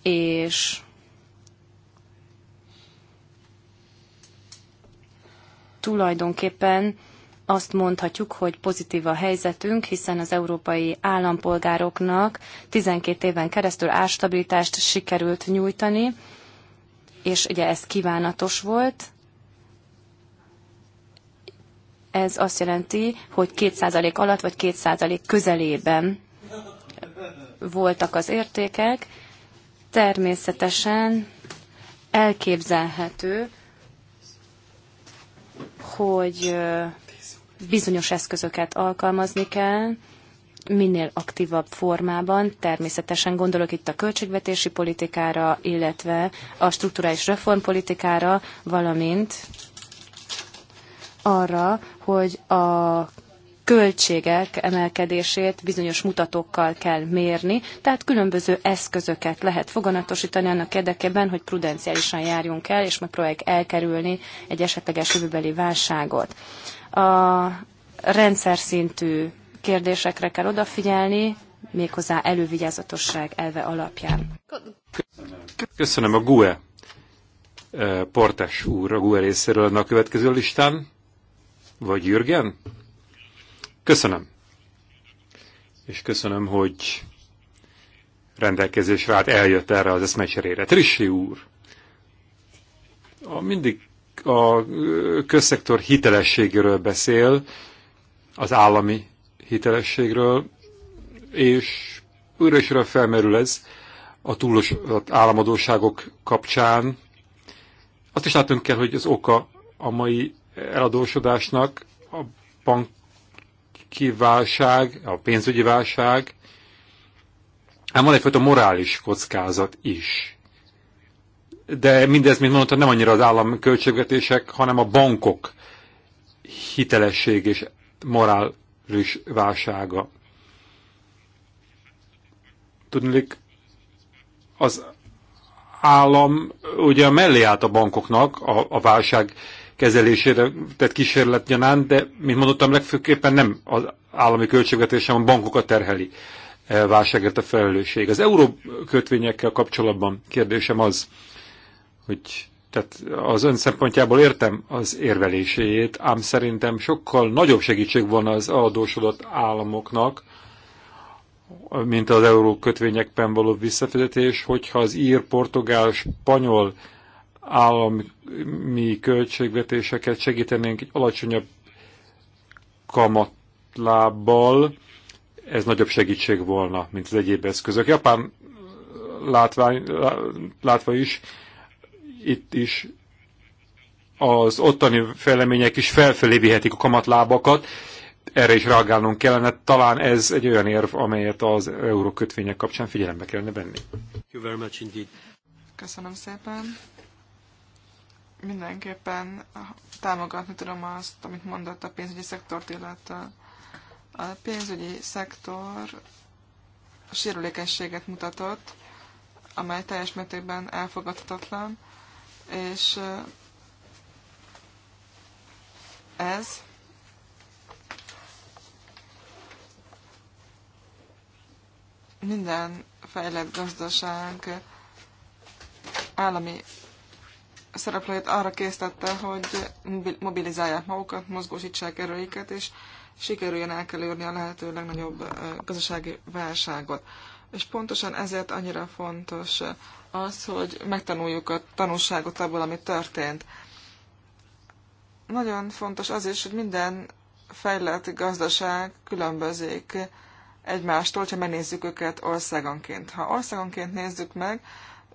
és tulajdonképpen azt mondhatjuk, hogy pozitív a helyzetünk, hiszen az európai állampolgároknak 12 éven keresztül árstabilitást sikerült nyújtani, és ugye ez kívánatos volt. Ez azt jelenti, hogy 2% alatt vagy 2% közelében voltak az értékek. Természetesen elképzelhető, hogy bizonyos eszközöket alkalmazni kell, minél aktívabb formában. Természetesen gondolok itt a költségvetési politikára, illetve a strukturális reformpolitikára, valamint arra, hogy a költségek emelkedését bizonyos mutatókkal kell mérni, tehát különböző eszközöket lehet foganatosítani annak érdekében, hogy prudenciálisan járjunk el, és megpróbáljuk elkerülni egy esetleges jövőbeli válságot. A rendszer szintű kérdésekre kell odafigyelni, méghozzá elővigyázatosság elve alapján. Köszönöm a GUE eh, Portás úr a GUE részéről a következő listán. Vagy Jürgen? Köszönöm. És köszönöm, hogy rendelkezésre állt, eljött erre az eszmecserére. Trissi úr, a mindig a közszektor hitelességéről beszél, az állami hitelességről, és újra és újra felmerül ez a túlos államadóságok kapcsán. Azt is látunk kell, hogy az oka a mai eladósodásnak a banki válság, a pénzügyi válság, ám van egyfajta morális kockázat is de mindez, mint mondtam, nem annyira az állam költségvetések, hanem a bankok hitelesség és morális válsága. Tudnék, az állam ugye mellé állt a bankoknak a, a válság kezelésére tett kísérlet gyanán, de, mint mondottam, legfőképpen nem az állami költségvetés, hanem a bankokat terheli eh, válságért a felelősség. Az kötvényekkel kapcsolatban kérdésem az, hogy tehát az ön szempontjából értem az érveléséjét, ám szerintem sokkal nagyobb segítség van az adósodott államoknak, mint az euró kötvényekben való visszafizetés, hogyha az ír, portugál, spanyol állami költségvetéseket segítenénk egy alacsonyabb kamatlábbal, ez nagyobb segítség volna, mint az egyéb eszközök. Japán látvány, látva is itt is az ottani fejlemények is felfelé vihetik a kamatlábakat, erre is reagálnunk kellene. Talán ez egy olyan érv, amelyet az eurókötvények kapcsán figyelembe kellene venni. Köszönöm szépen. Mindenképpen támogatni tudom azt, amit mondott a pénzügyi szektort, illetve a pénzügyi szektor sérülékenységet mutatott, amely teljes mértékben elfogadhatatlan és ez minden fejlett gazdaság állami szereplőjét arra késztette, hogy mobilizálják magukat, mozgósítsák erőiket, és sikerüljön elkerülni a lehető legnagyobb gazdasági válságot. És pontosan ezért annyira fontos az, hogy megtanuljuk a tanulságot abból, ami történt. Nagyon fontos az is, hogy minden fejlett gazdaság különbözik egymástól, ha megnézzük őket országonként. Ha országonként nézzük meg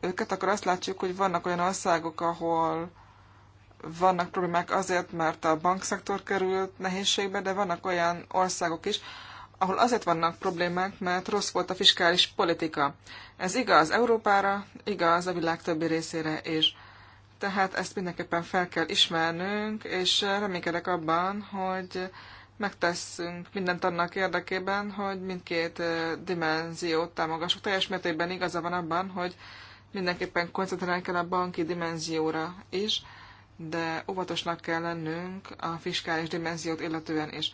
őket, akkor azt látjuk, hogy vannak olyan országok, ahol vannak problémák azért, mert a bankszektor került nehézségbe, de vannak olyan országok is, ahol azért vannak problémák, mert rossz volt a fiskális politika. Ez igaz Európára, igaz a világ többi részére is. Tehát ezt mindenképpen fel kell ismernünk, és reménykedek abban, hogy megteszünk mindent annak érdekében, hogy mindkét dimenziót támogassuk. Teljes mértékben igaza van abban, hogy mindenképpen koncentrálni kell a banki dimenzióra is, de óvatosnak kell lennünk a fiskális dimenziót illetően is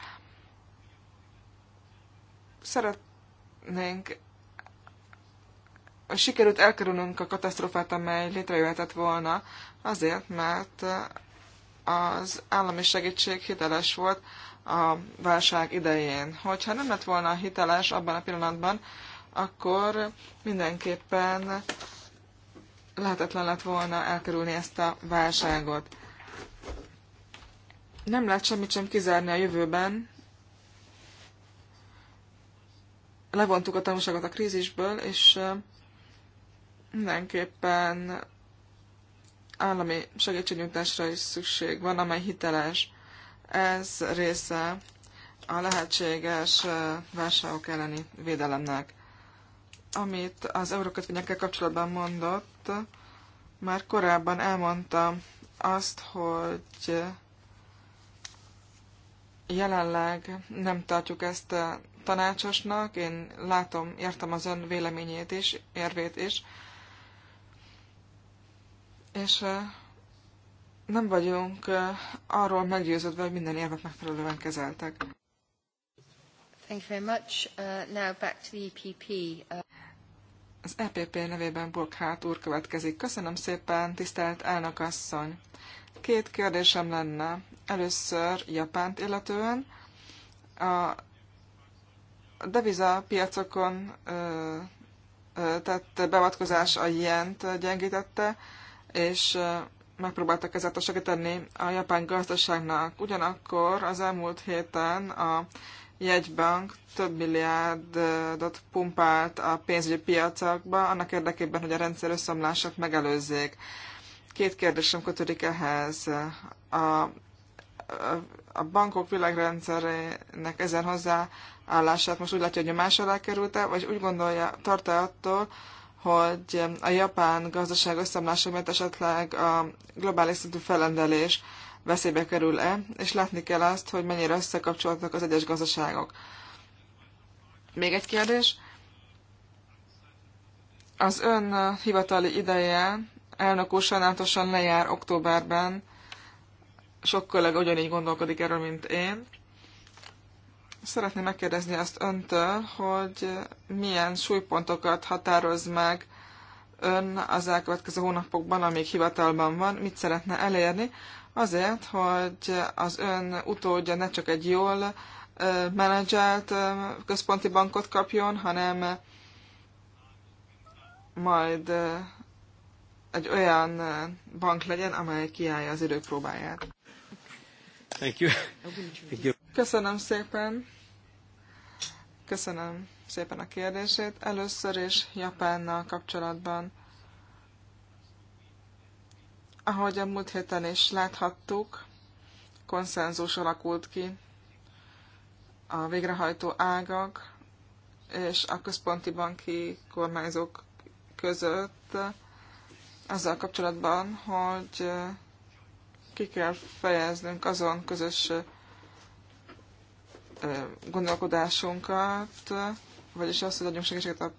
szeretnénk sikerült elkerülnünk a katasztrófát, amely létrejöhetett volna, azért, mert az állami segítség hiteles volt a válság idején. Hogyha nem lett volna hiteles abban a pillanatban, akkor mindenképpen lehetetlen lett volna elkerülni ezt a válságot. Nem lehet semmit sem kizárni a jövőben, levontuk a tanulságot a krízisből, és mindenképpen állami segítségnyújtásra is szükség van, amely hiteles. Ez része a lehetséges válságok elleni védelemnek. Amit az eurókötvényekkel kapcsolatban mondott, már korábban elmondta azt, hogy jelenleg nem tartjuk ezt tanácsosnak, én látom, értem az ön véleményét is, érvét is, és nem vagyunk arról meggyőződve, hogy minden érvet megfelelően kezeltek. Thank you very much. Uh, now back to the EPP. Uh... Az EPP nevében Burkhardt úr következik. Köszönöm szépen, tisztelt elnökasszony! Két kérdésem lenne. Először Japánt illetően. A deviza piacokon, tett beavatkozás a jent gyengítette, és megpróbáltak ezáltal segíteni a japán gazdaságnak. Ugyanakkor az elmúlt héten a jegybank több milliárdot pumpált a pénzügyi piacokba, annak érdekében, hogy a rendszer összeomlását megelőzzék. Két kérdésem kötődik ehhez. A, a, a bankok világrendszerének ezen hozzá állását most úgy látja, hogy nyomás alá került-e, vagy úgy gondolja, tart -e attól, hogy a japán gazdaság összeomlása miatt esetleg a globális szintű felendelés veszélybe kerül-e, és látni kell azt, hogy mennyire összekapcsoltak az egyes gazdaságok. Még egy kérdés. Az ön hivatali ideje elnök úr sajnálatosan lejár októberben. Sok kollega ugyanígy gondolkodik erről, mint én. Szeretném megkérdezni azt öntől, hogy milyen súlypontokat határoz meg ön az elkövetkező hónapokban, amíg hivatalban van, mit szeretne elérni, azért, hogy az ön utódja ne csak egy jól menedzselt központi bankot kapjon, hanem majd egy olyan bank legyen, amely kiállja az idők próbáját. Thank you. Thank you. Köszönöm szépen. Köszönöm szépen a kérdését. Először is Japánnal kapcsolatban. Ahogy a múlt héten is láthattuk, konszenzus alakult ki a végrehajtó ágak és a központi banki kormányzók között azzal kapcsolatban, hogy ki kell fejeznünk azon közös gondolkodásunkat, vagyis azt, hogy adjunk segítséget a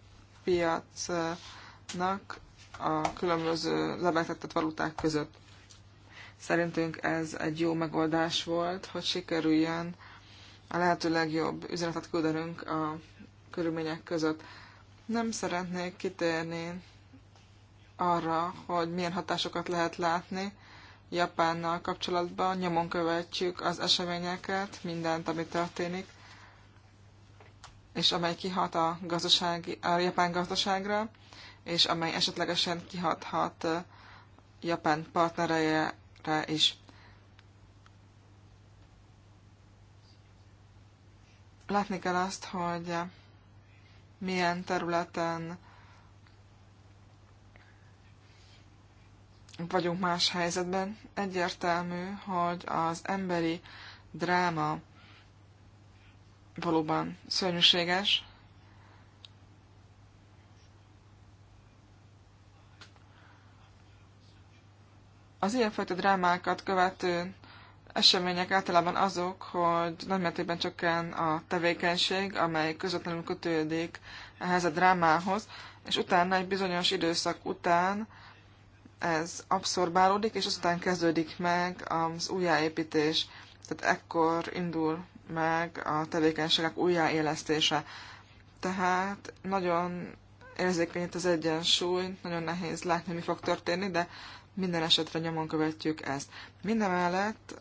piacnak a különböző lebegtetett valuták között. Szerintünk ez egy jó megoldás volt, hogy sikerüljön a lehető legjobb üzenetet küldenünk a körülmények között. Nem szeretnék kitérni arra, hogy milyen hatásokat lehet látni, Japánnal kapcsolatban, nyomon követjük az eseményeket, mindent, ami történik, és amely kihat a, gazdasági, a japán gazdaságra, és amely esetlegesen kihathat Japán partnereire is. Látni kell azt, hogy milyen területen vagyunk más helyzetben. Egyértelmű, hogy az emberi dráma valóban szörnyűséges. Az ilyenfajta drámákat követő események általában azok, hogy nagymértékben csökken a tevékenység, amely közvetlenül kötődik ehhez a drámához, és utána egy bizonyos időszak után ez abszorbálódik, és aztán kezdődik meg az újjáépítés. Tehát ekkor indul meg a tevékenységek újjáélesztése. Tehát nagyon érzékeny itt az egyensúly, nagyon nehéz látni, mi fog történni, de minden esetre nyomon követjük ezt. Mindemellett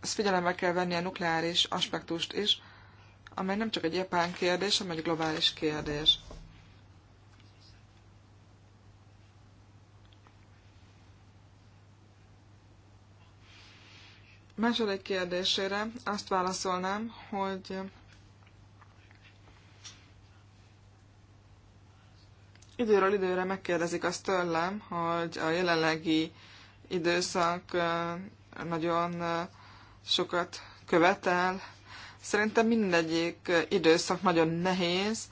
ezt figyelembe kell venni a nukleáris aspektust is, amely nem csak egy japán kérdés, hanem egy globális kérdés. Második kérdésére azt válaszolnám, hogy időről időre megkérdezik azt tőlem, hogy a jelenlegi időszak nagyon sokat követel. Szerintem mindegyik időszak nagyon nehéz.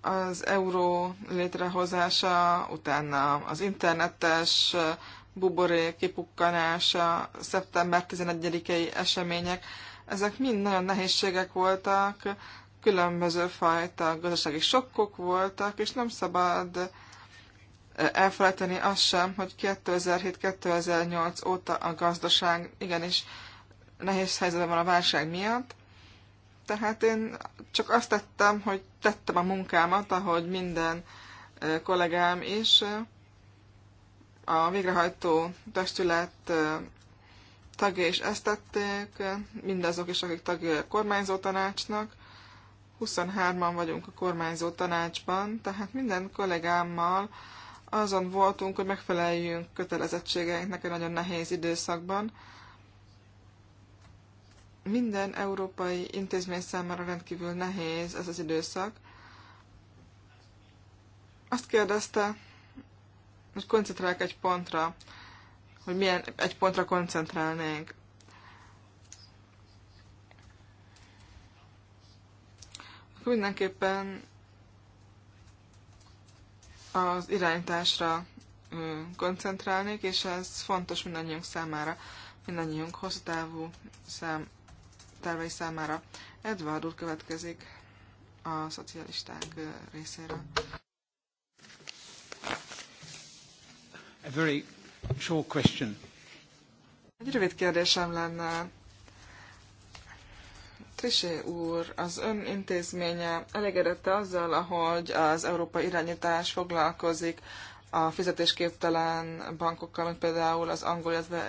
Az euró létrehozása, utána az internetes buborék kipukkanása, szeptember 11-i események, ezek mind nagyon nehézségek voltak, különböző fajta gazdasági sokkok voltak, és nem szabad elfelejteni azt sem, hogy 2007-2008 óta a gazdaság igenis nehéz helyzetben van a válság miatt. Tehát én csak azt tettem, hogy tettem a munkámat, ahogy minden kollégám is, a végrehajtó testület tagja is ezt tették, mindazok is, akik tagja a kormányzó tanácsnak. 23-an vagyunk a kormányzó tanácsban, tehát minden kollégámmal azon voltunk, hogy megfeleljünk kötelezettségeinknek egy nagyon nehéz időszakban. Minden európai intézmény számára rendkívül nehéz ez az időszak. Azt kérdezte most koncentrálok egy pontra, hogy milyen egy pontra koncentrálnénk. Mindenképpen az irányításra koncentrálnék, és ez fontos mindannyiunk számára, mindannyiunk hosszú távú szám, tervei számára. Edward úr következik a szocialisták részéről. A very short question. Egy rövid kérdésem lenne. Trisé úr, az ön intézménye elégedette azzal, ahogy az európai irányítás foglalkozik a fizetésképtelen bankokkal, mint például az angol, eh,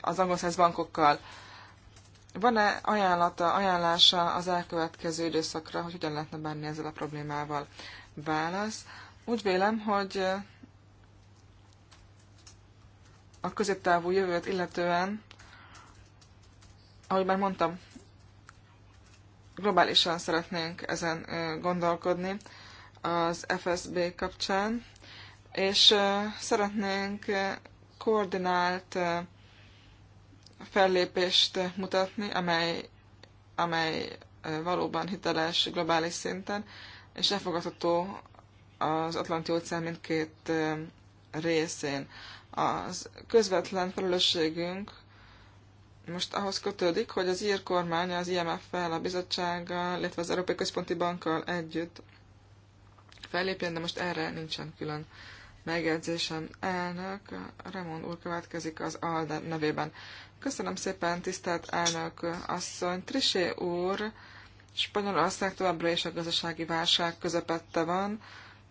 az angol száz bankokkal. Van-e ajánlata, ajánlása az elkövetkező időszakra, hogy hogyan lehetne bánni ezzel a problémával? Válasz. Úgy vélem, hogy a középtávú jövőt illetően, ahogy már mondtam, globálisan szeretnénk ezen gondolkodni az FSB kapcsán, és szeretnénk koordinált fellépést mutatni, amely, amely valóban hiteles globális szinten, és elfogadható az Atlanti óceán mindkét részén. Az közvetlen felelősségünk most ahhoz kötődik, hogy az ír kormány az IMF-fel, a bizottsággal, illetve az Európai Központi Bankkal együtt fellépjen, de most erre nincsen külön megjegyzésem. Elnök, Ramon úr következik az ALDE nevében. Köszönöm szépen, tisztelt elnök asszony. Trisé úr, Spanyolország továbbra is a gazdasági válság közepette van.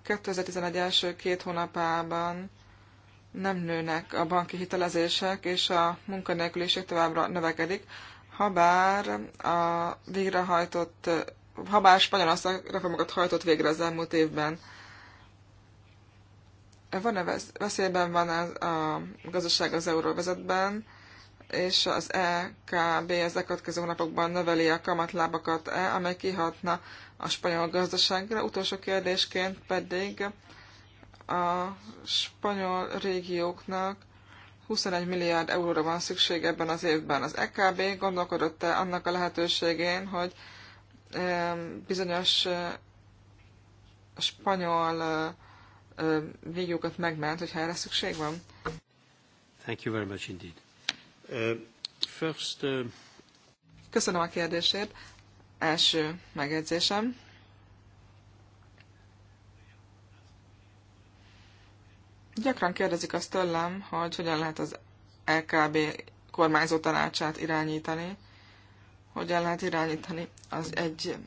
2011 első két hónapában nem nőnek a banki hitelezések, és a munkanélküliség továbbra növekedik, habár a végrehajtott, habár Spanyolország reformokat hajtott végre az elmúlt évben. Van-e veszélyben van a, a gazdaság az euróvezetben, és az EKB az elkövetkező napokban növeli a kamatlábakat, -e, amely kihatna a spanyol gazdaságra. Utolsó kérdésként pedig a spanyol régióknak 21 milliárd euróra van szükség ebben az évben. Az EKB gondolkodott -e annak a lehetőségén, hogy bizonyos spanyol régiókat megment, hogyha erre szükség van? Thank you very much indeed. Uh, first, uh... Köszönöm a kérdését. Első megjegyzésem. Gyakran kérdezik azt tőlem, hogy hogyan lehet az LKB kormányzó tanácsát irányítani, hogyan lehet irányítani az egy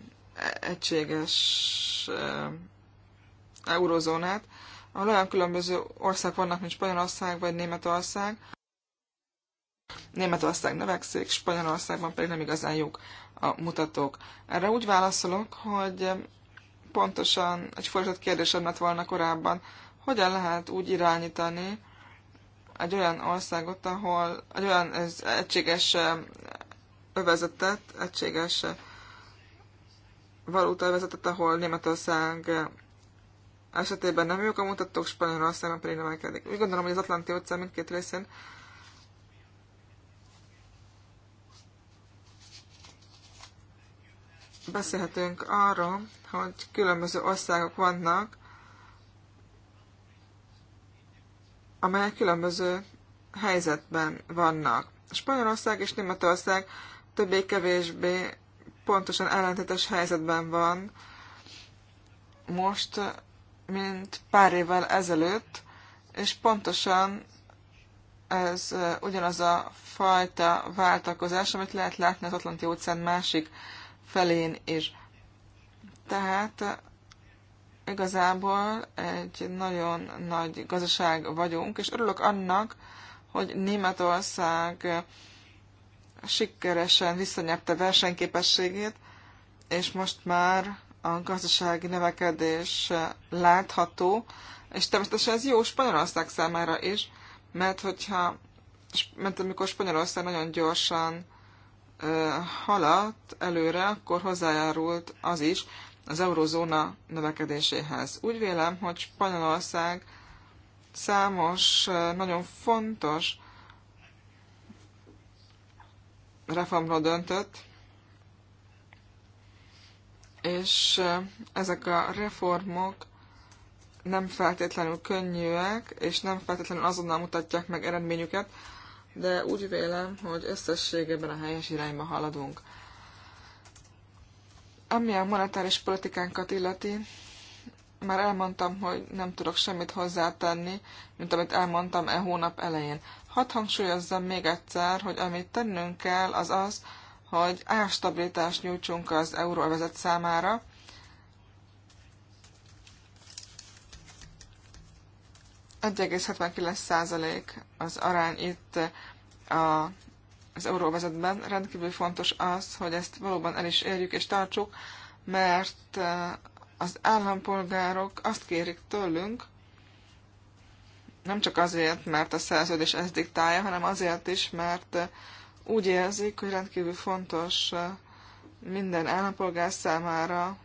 egységes eurozónát, ahol olyan különböző ország vannak, mint Spanyolország vagy Németország. Németország növekszik, Spanyolországban pedig nem igazán jók a mutatók. Erre úgy válaszolok, hogy pontosan egy fordított kérdésem lett volna korábban hogyan lehet úgy irányítani egy olyan országot, ahol egy olyan egységes övezetet, egységes övezetet, ahol Németország esetében nem jók a mutatók, Spanyolországban pedig növekedik. Úgy gondolom, hogy az Atlanti óceán mindkét részén beszélhetünk arról, hogy különböző országok vannak, amelyek különböző helyzetben vannak. Spanyolország és Németország többé-kevésbé pontosan ellentétes helyzetben van most, mint pár évvel ezelőtt, és pontosan ez ugyanaz a fajta váltakozás, amit lehet látni az Atlanti óceán másik felén is. Tehát Igazából egy nagyon nagy gazdaság vagyunk, és örülök annak, hogy Németország sikeresen visszanyerte versenyképességét, és most már a gazdasági növekedés látható, és természetesen ez jó Spanyolország számára is, mert hogyha, mert amikor Spanyolország nagyon gyorsan haladt előre, akkor hozzájárult az is, az eurozóna növekedéséhez. Úgy vélem, hogy Spanyolország számos nagyon fontos reformra döntött, és ezek a reformok nem feltétlenül könnyűek, és nem feltétlenül azonnal mutatják meg eredményüket, de úgy vélem, hogy összességében a helyes irányba haladunk. Ami a monetáris politikánkat illeti, már elmondtam, hogy nem tudok semmit hozzátenni, mint amit elmondtam e hónap elején. Hadd hangsúlyozzam még egyszer, hogy amit tennünk kell, az az, hogy árstabilitást nyújtsunk az euróvezet számára, százalék az arány itt a az euróvezetben. Rendkívül fontos az, hogy ezt valóban el is érjük és tartsuk, mert eh, az állampolgárok azt kérik tőlünk, nem csak azért, mert a szerződés ezt diktálja, hanem azért is, mert eh, úgy érzik, hogy rendkívül fontos eh, minden állampolgár számára,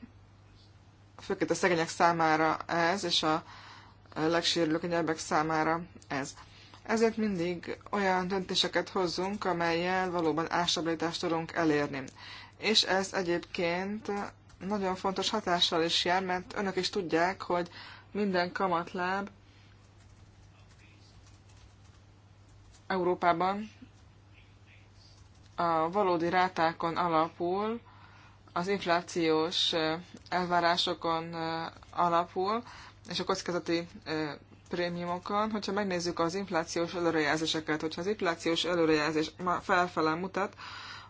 főként a szegények számára ez, és a legsérülőkönyebbek számára ez ezért mindig olyan döntéseket hozzunk, amelyel valóban ástabilitást tudunk elérni. És ez egyébként nagyon fontos hatással is jár, mert önök is tudják, hogy minden kamatláb Európában a valódi rátákon alapul, az inflációs elvárásokon alapul, és a kockázati prémiumokon, hogyha megnézzük az inflációs előrejelzéseket, hogyha az inflációs előrejelzés már felfele mutat,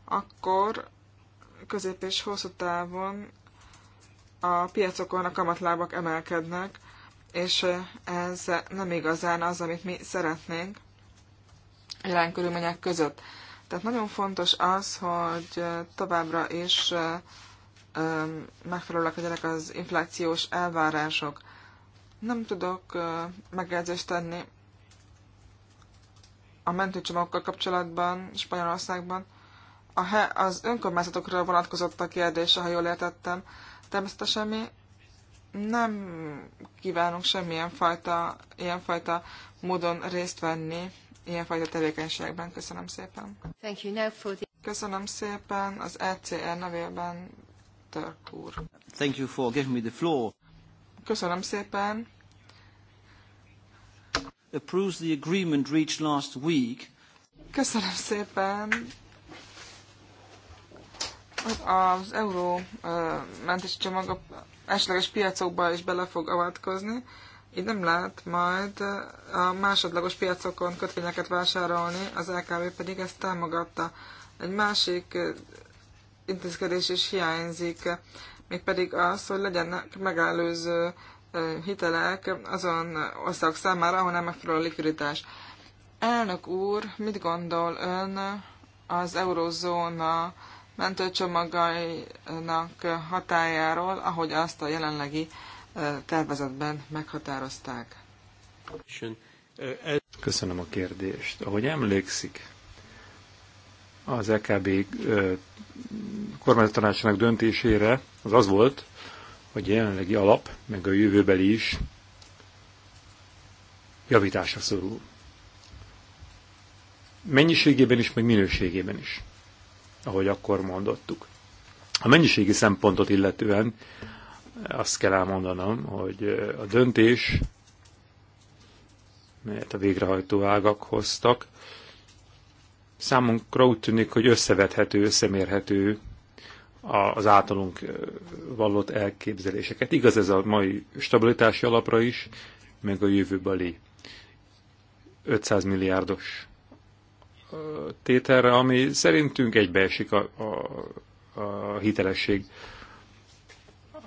akkor közép és hosszú távon a piacokon a kamatlábak emelkednek, és ez nem igazán az, amit mi szeretnénk jelen körülmények között. Tehát nagyon fontos az, hogy továbbra is megfelelőek legyenek az inflációs elvárások. Nem tudok megjegyzést tenni a mentőcsomagokkal kapcsolatban Spanyolországban. A he, az önkormányzatokra vonatkozott a kérdése, ha jól értettem. Természetesen mi nem kívánunk semmilyen fajta, ilyenfajta módon részt venni ilyenfajta tevékenységben. Köszönöm szépen. Thank you. Now for the... Köszönöm szépen az ECR nevében, Törk úr. Thank you for giving me the floor. Köszönöm szépen approves the agreement reached last week. Köszönöm szépen. Az euró mentési csomag esetleges piacokba is bele fog avatkozni. Így nem lehet majd a másodlagos piacokon kötvényeket vásárolni, az LKB pedig ezt támogatta. Egy másik intézkedés is hiányzik, mégpedig az, hogy legyenek megelőző hitelek azon országok számára, ahol nem megfelelő a likviditás. Elnök úr, mit gondol ön az eurozóna mentőcsomagainak hatájáról, ahogy azt a jelenlegi tervezetben meghatározták? Köszönöm a kérdést. Ahogy emlékszik, az EKB kormányzatanácsának döntésére az az volt, hogy a jelenlegi alap, meg a jövőbeli is javításra szorul. Mennyiségében is, meg minőségében is, ahogy akkor mondottuk. A mennyiségi szempontot illetően azt kell elmondanom, hogy a döntés, melyet a végrehajtó ágak hoztak, számunkra úgy tűnik, hogy összevethető, összemérhető az általunk vallott elképzeléseket. Igaz ez a mai stabilitási alapra is, meg a jövőbeli 500 milliárdos tételre, ami szerintünk egybeesik a, a, a hitelesség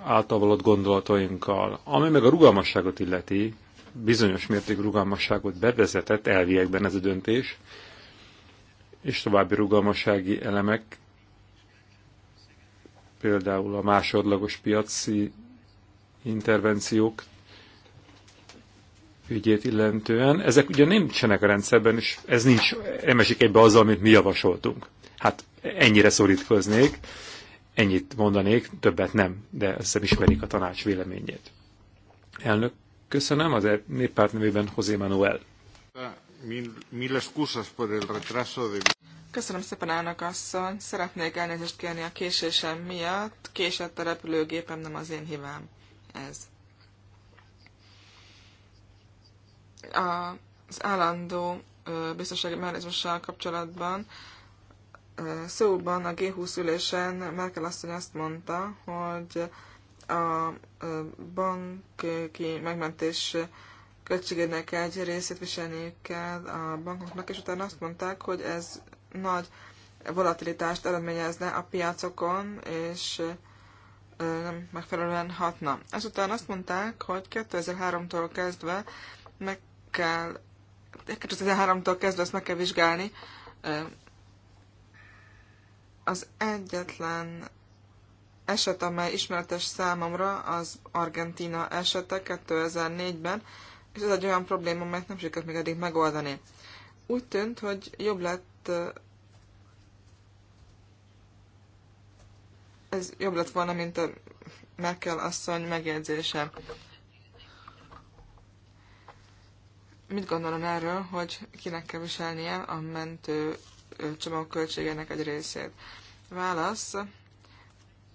által valott gondolatainkkal. Ami meg a rugalmasságot illeti, bizonyos mértékű rugalmasságot bevezetett elviekben ez a döntés, és további rugalmassági elemek például a másodlagos piaci intervenciók ügyét illentően. Ezek ugye nincsenek a rendszerben, és ez nincs, nem esik egybe azzal, amit mi javasoltunk. Hát ennyire szorítkoznék, ennyit mondanék, többet nem, de ezzel ismerik a tanács véleményét. Elnök, köszönöm, az néppárt nevében José Manuel. Mil, mil excusas por el retraso de... Köszönöm szépen, elnök asszony. Szeretnék elnézést kérni a késésem miatt. Késett a repülőgépem, nem az én hibám. Ez. A, az állandó biztonsági mechanizmussal kapcsolatban szóban a G20 ülésen Merkel asszony azt mondta, hogy a banki megmentés költségének egy részét viselni kell a bankoknak, és utána azt mondták, hogy ez nagy volatilitást eredményezne a piacokon, és nem megfelelően hatna. Ezután azt mondták, hogy 2003-tól kezdve meg kell 2003-tól kezdve ezt meg kell vizsgálni. Az egyetlen eset, amely ismeretes számomra, az Argentina esete 2004-ben, és ez egy olyan probléma, amelyet nem sikerült még eddig megoldani. Úgy tűnt, hogy jobb lett ez jobb lett volna, mint a Merkel asszony megjegyzése. Mit gondolom erről, hogy kinek kell viselnie a mentő csomag költségének egy részét? Válasz.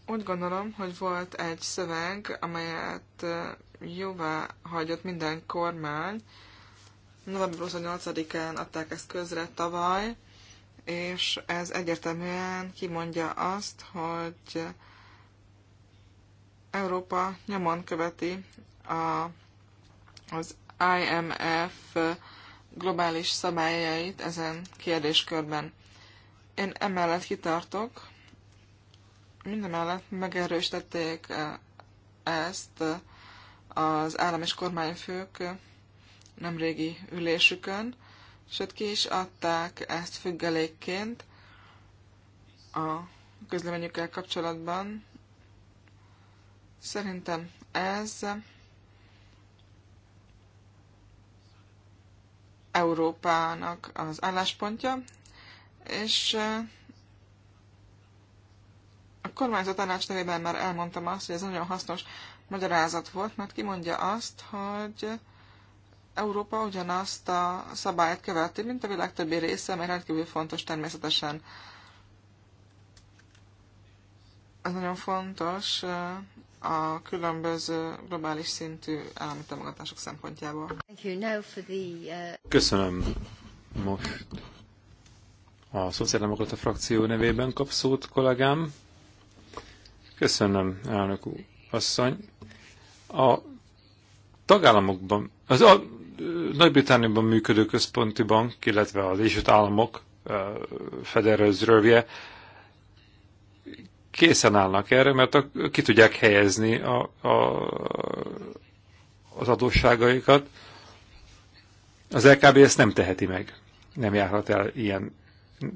Úgy gondolom, hogy volt egy szöveg, amelyet jóvá hagyott minden kormány. November 28-án adták ezt közre tavaly, és ez egyértelműen kimondja azt, hogy Európa nyomon követi a, az IMF globális szabályait ezen kérdéskörben. Én emellett kitartok, mindemellett megerősítették eh, ezt az állam és kormányfők nemrégi ülésükön, sőt ki is adták ezt függelékként a közleményükkel kapcsolatban. Szerintem ez Európának az álláspontja, és eh, a kormányzó tanács nevében már elmondtam azt, hogy ez nagyon hasznos magyarázat volt, mert kimondja azt, hogy Európa ugyanazt a szabályt követi, mint a világ többi része, mert rendkívül fontos természetesen. Ez nagyon fontos eh, a különböző globális szintű állami támogatások szempontjából. Eh, Köszönöm. Most a Szociáldemokrata frakció nevében kap szót kollégám. Köszönöm, elnök úr, asszony. A tagállamokban, az a nagy-Britániában működő központi bank, illetve az Egyesült Államok Federal Reserve készen állnak erre, mert a, ki tudják helyezni a, a, az adósságaikat. Az LKB ezt nem teheti meg. Nem járhat el ilyen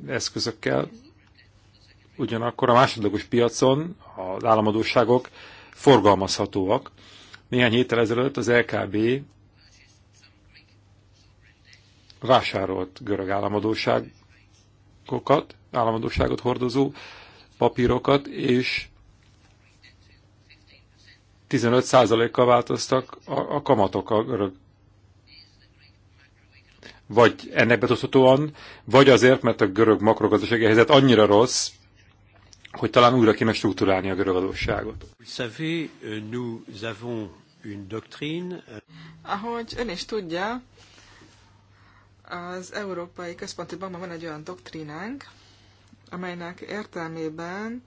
eszközökkel. Ugyanakkor a másodlagos piacon az államadóságok forgalmazhatóak. Néhány héttel ezelőtt az LKB vásárolt görög államadóságokat, államadóságot hordozó papírokat, és 15%-kal változtak a, a kamatok a görög vagy ennek betosztatóan, vagy azért, mert a görög makrogazdasági helyzet annyira rossz, hogy talán újra kéne struktúrálni a görög adósságot. Euh, euh, Ahogy ön is tudja, az Európai Központi Bankban van egy olyan doktrínánk, amelynek értelmében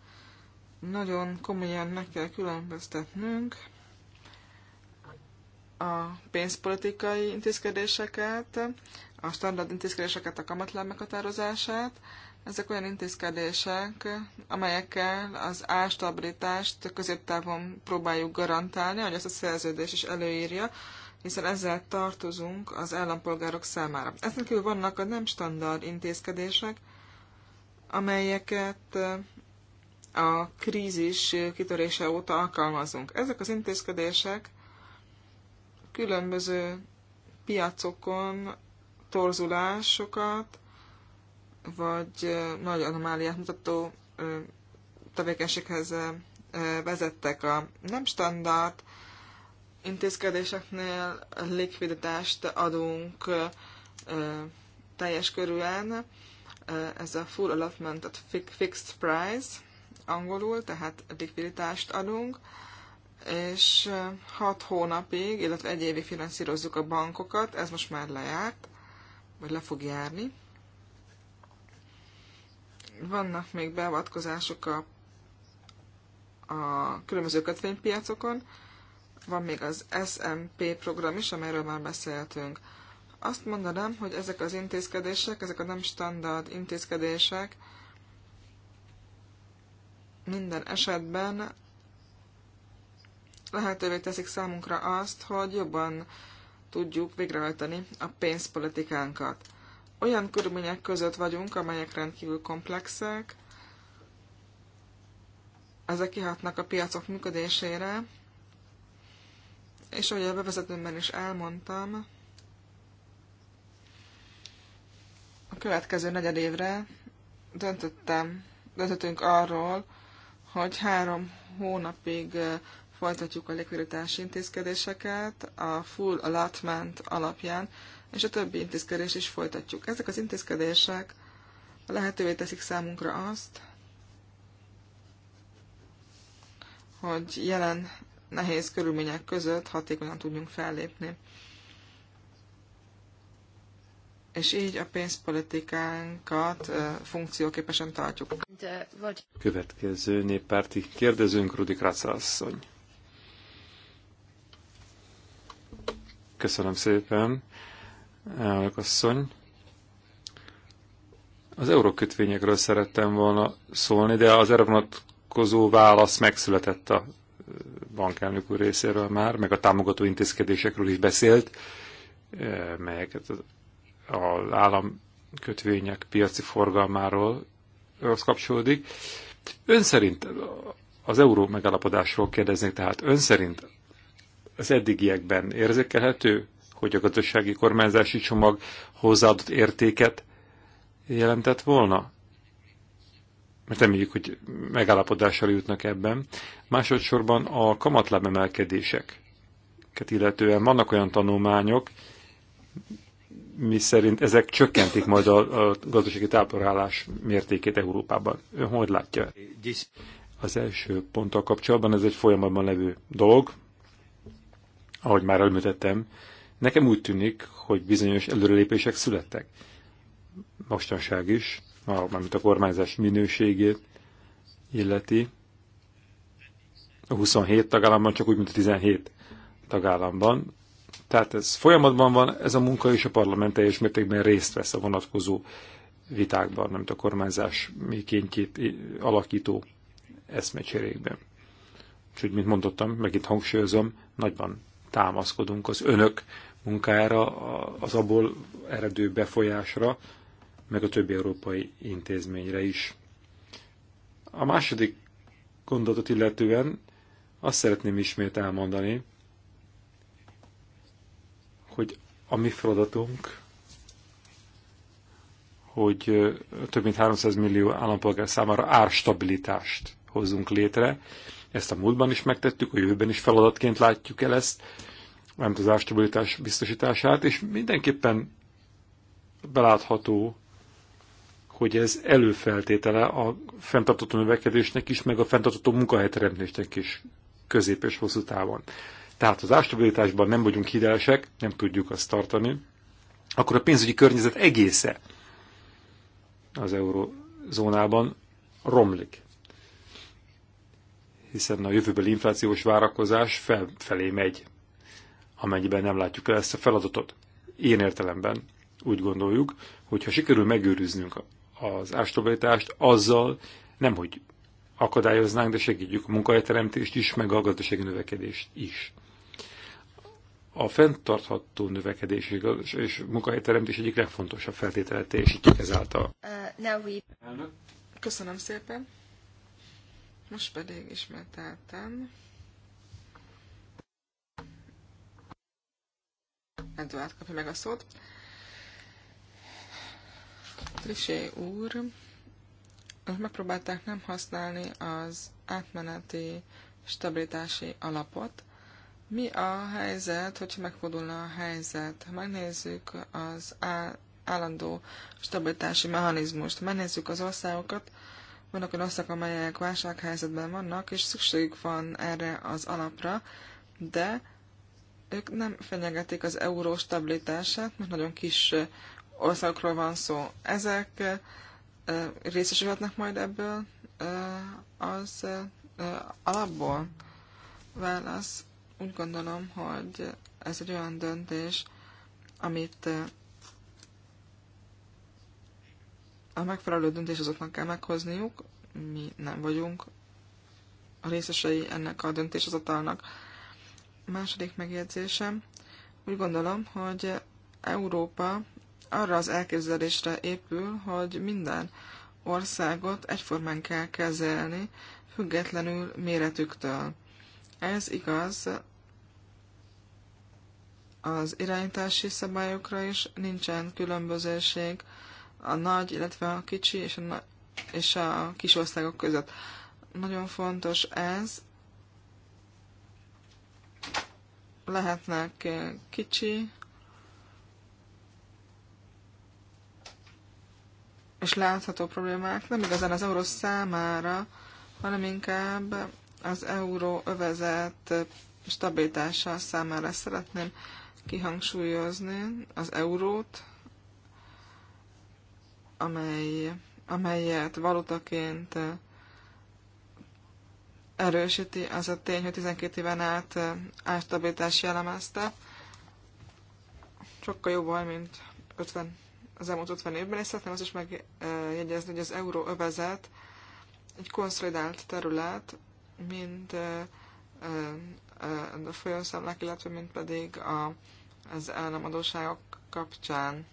nagyon komolyan meg kell különböztetnünk a pénzpolitikai intézkedéseket, a standard intézkedéseket, a kamatláb meghatározását. Ezek olyan intézkedések, amelyekkel az ástabilitást középtávon próbáljuk garantálni, hogy ezt a szerződés is előírja, hiszen ezzel tartozunk az állampolgárok számára. Ezen kívül vannak a nem standard intézkedések, amelyeket eh, a krízis kitörése óta alkalmazunk. Ezek az intézkedések különböző piacokon torzulásokat, vagy eh, nagy anomáliát mutató eh, tevékenységhez vezettek a nem standard intézkedéseknél likviditást adunk teljes körülön. Ez a full allotment, tehát fixed price angolul, tehát likviditást adunk, és 6 hónapig, illetve egy évig finanszírozzuk a bankokat, ez most már lejárt, vagy le fog járni. Vannak még beavatkozások a, a különböző kötvénypiacokon, van még az SMP program is, amelyről már beszéltünk. Azt mondanám, hogy ezek az intézkedések, ezek a nem standard intézkedések minden esetben lehetővé teszik számunkra azt, hogy jobban tudjuk végrehajtani a pénzpolitikánkat. Olyan körülmények között vagyunk, amelyek rendkívül komplexek, ezek kihatnak a piacok működésére, és ahogy a bevezetőmben is elmondtam, a következő negyed évre döntöttem, döntöttünk arról, hogy három hónapig folytatjuk a likviditási intézkedéseket a full allotment alapján, és a többi intézkedést is folytatjuk. Ezek az intézkedések lehetővé teszik számunkra azt, hogy jelen nehéz körülmények között hatékonyan tudjunk fellépni. És így a pénzpolitikánkat funkcióképesen tartjuk. Következő néppárti kérdezőnk Rudik Rácsalasszony. Köszönöm szépen, elnök asszony. Az eurókötvényekről szerettem volna szólni, de az erre vonatkozó válasz megszületett a bankelnök úr részéről már, meg a támogató intézkedésekről is beszélt, eh, melyeket az államkötvények piaci forgalmáról az kapcsolódik. Ön szerint az euró megállapodásról kérdeznék, tehát ön szerint az eddigiekben érzékelhető, hogy a gazdasági kormányzási csomag hozzáadott értéket jelentett volna? mert reméljük, hogy megállapodással jutnak ebben. Másodszorban a kamatláb emelkedéseket illetően vannak olyan tanulmányok, mi szerint ezek csökkentik majd a, a gazdasági táplálás mértékét Európában. Ön hogy látja? Az első ponttal kapcsolatban ez egy folyamatban levő dolog, ahogy már elmítettem. Nekem úgy tűnik, hogy bizonyos előrelépések születtek. Mostanság is mármint a kormányzás minőségét illeti. A 27 tagállamban csak úgy, mint a 17 tagállamban. Tehát ez folyamatban van, ez a munka és a parlament teljes mértékben részt vesz a vonatkozó vitákban, nem a kormányzás kénykét alakító eszmecserékben. Úgyhogy, mint mondottam, megint hangsúlyozom, nagyban támaszkodunk az önök munkára, az abból eredő befolyásra, meg a többi európai intézményre is. A második gondolatot illetően azt szeretném ismét elmondani, hogy a mi feladatunk, hogy több mint 300 millió állampolgár számára árstabilitást hozzunk létre. Ezt a múltban is megtettük, a jövőben is feladatként látjuk el ezt, nem az árstabilitás biztosítását, és mindenképpen belátható, hogy ez előfeltétele a fenntartató növekedésnek is, meg a fenntartató munkahelyteremtésnek is közép és hosszú távon. Tehát az ástabilitásban nem vagyunk hidelsek, nem tudjuk azt tartani, akkor a pénzügyi környezet egésze az eurozónában romlik. Hiszen a jövőbeli inflációs várakozás fel, felé megy, amennyiben nem látjuk el ezt a feladatot. Én értelemben úgy gondoljuk, hogy ha sikerül megőriznünk az ástabilitást azzal, nem hogy akadályoznánk, de segítjük a munkahelyteremtést is, meg a gazdasági növekedést is. A fenntartható növekedés és munkahelyteremtés egyik legfontosabb feltétele teljesítjük ezáltal. Uh, we... Köszönöm szépen. Most pedig ismételten. Edward kapja meg a szót. Trisé úr, megpróbálták nem használni az átmeneti stabilitási alapot. Mi a helyzet, hogyha megfordulna a helyzet? Megnézzük az állandó stabilitási mechanizmust, megnézzük az országokat, vannak olyan országok, amelyek válsághelyzetben vannak, és szükségük van erre az alapra, de ők nem fenyegetik az euró stabilitását, mert nagyon kis országokról van szó. Ezek részesülhetnek majd ebből az alapból? Válasz, úgy gondolom, hogy ez egy olyan döntés, amit a megfelelő döntés azoknak kell meghozniuk, mi nem vagyunk a részesei ennek a döntéshozatalnak. Második megjegyzésem, úgy gondolom, hogy Európa arra az elképzelésre épül, hogy minden országot egyformán kell kezelni, függetlenül méretüktől. Ez igaz az irányítási szabályokra is, nincsen különbözőség a nagy, illetve a kicsi és a, na- és a kis országok között. Nagyon fontos ez. Lehetnek kicsi és látható problémák nem igazán az euró számára, hanem inkább az euró övezet stabilitása számára szeretném kihangsúlyozni az eurót, amely, amelyet valutaként erősíti az a tény, hogy 12 éven át árstabilitás jellemezte. Sokkal jobb volt, mint 50 az elmúlt 50 évben, és szeretném azt is megjegyezni, hogy az euróövezet egy konszolidált terület, mint a folyószámlák, illetve mint pedig a, az államadóságok kapcsán.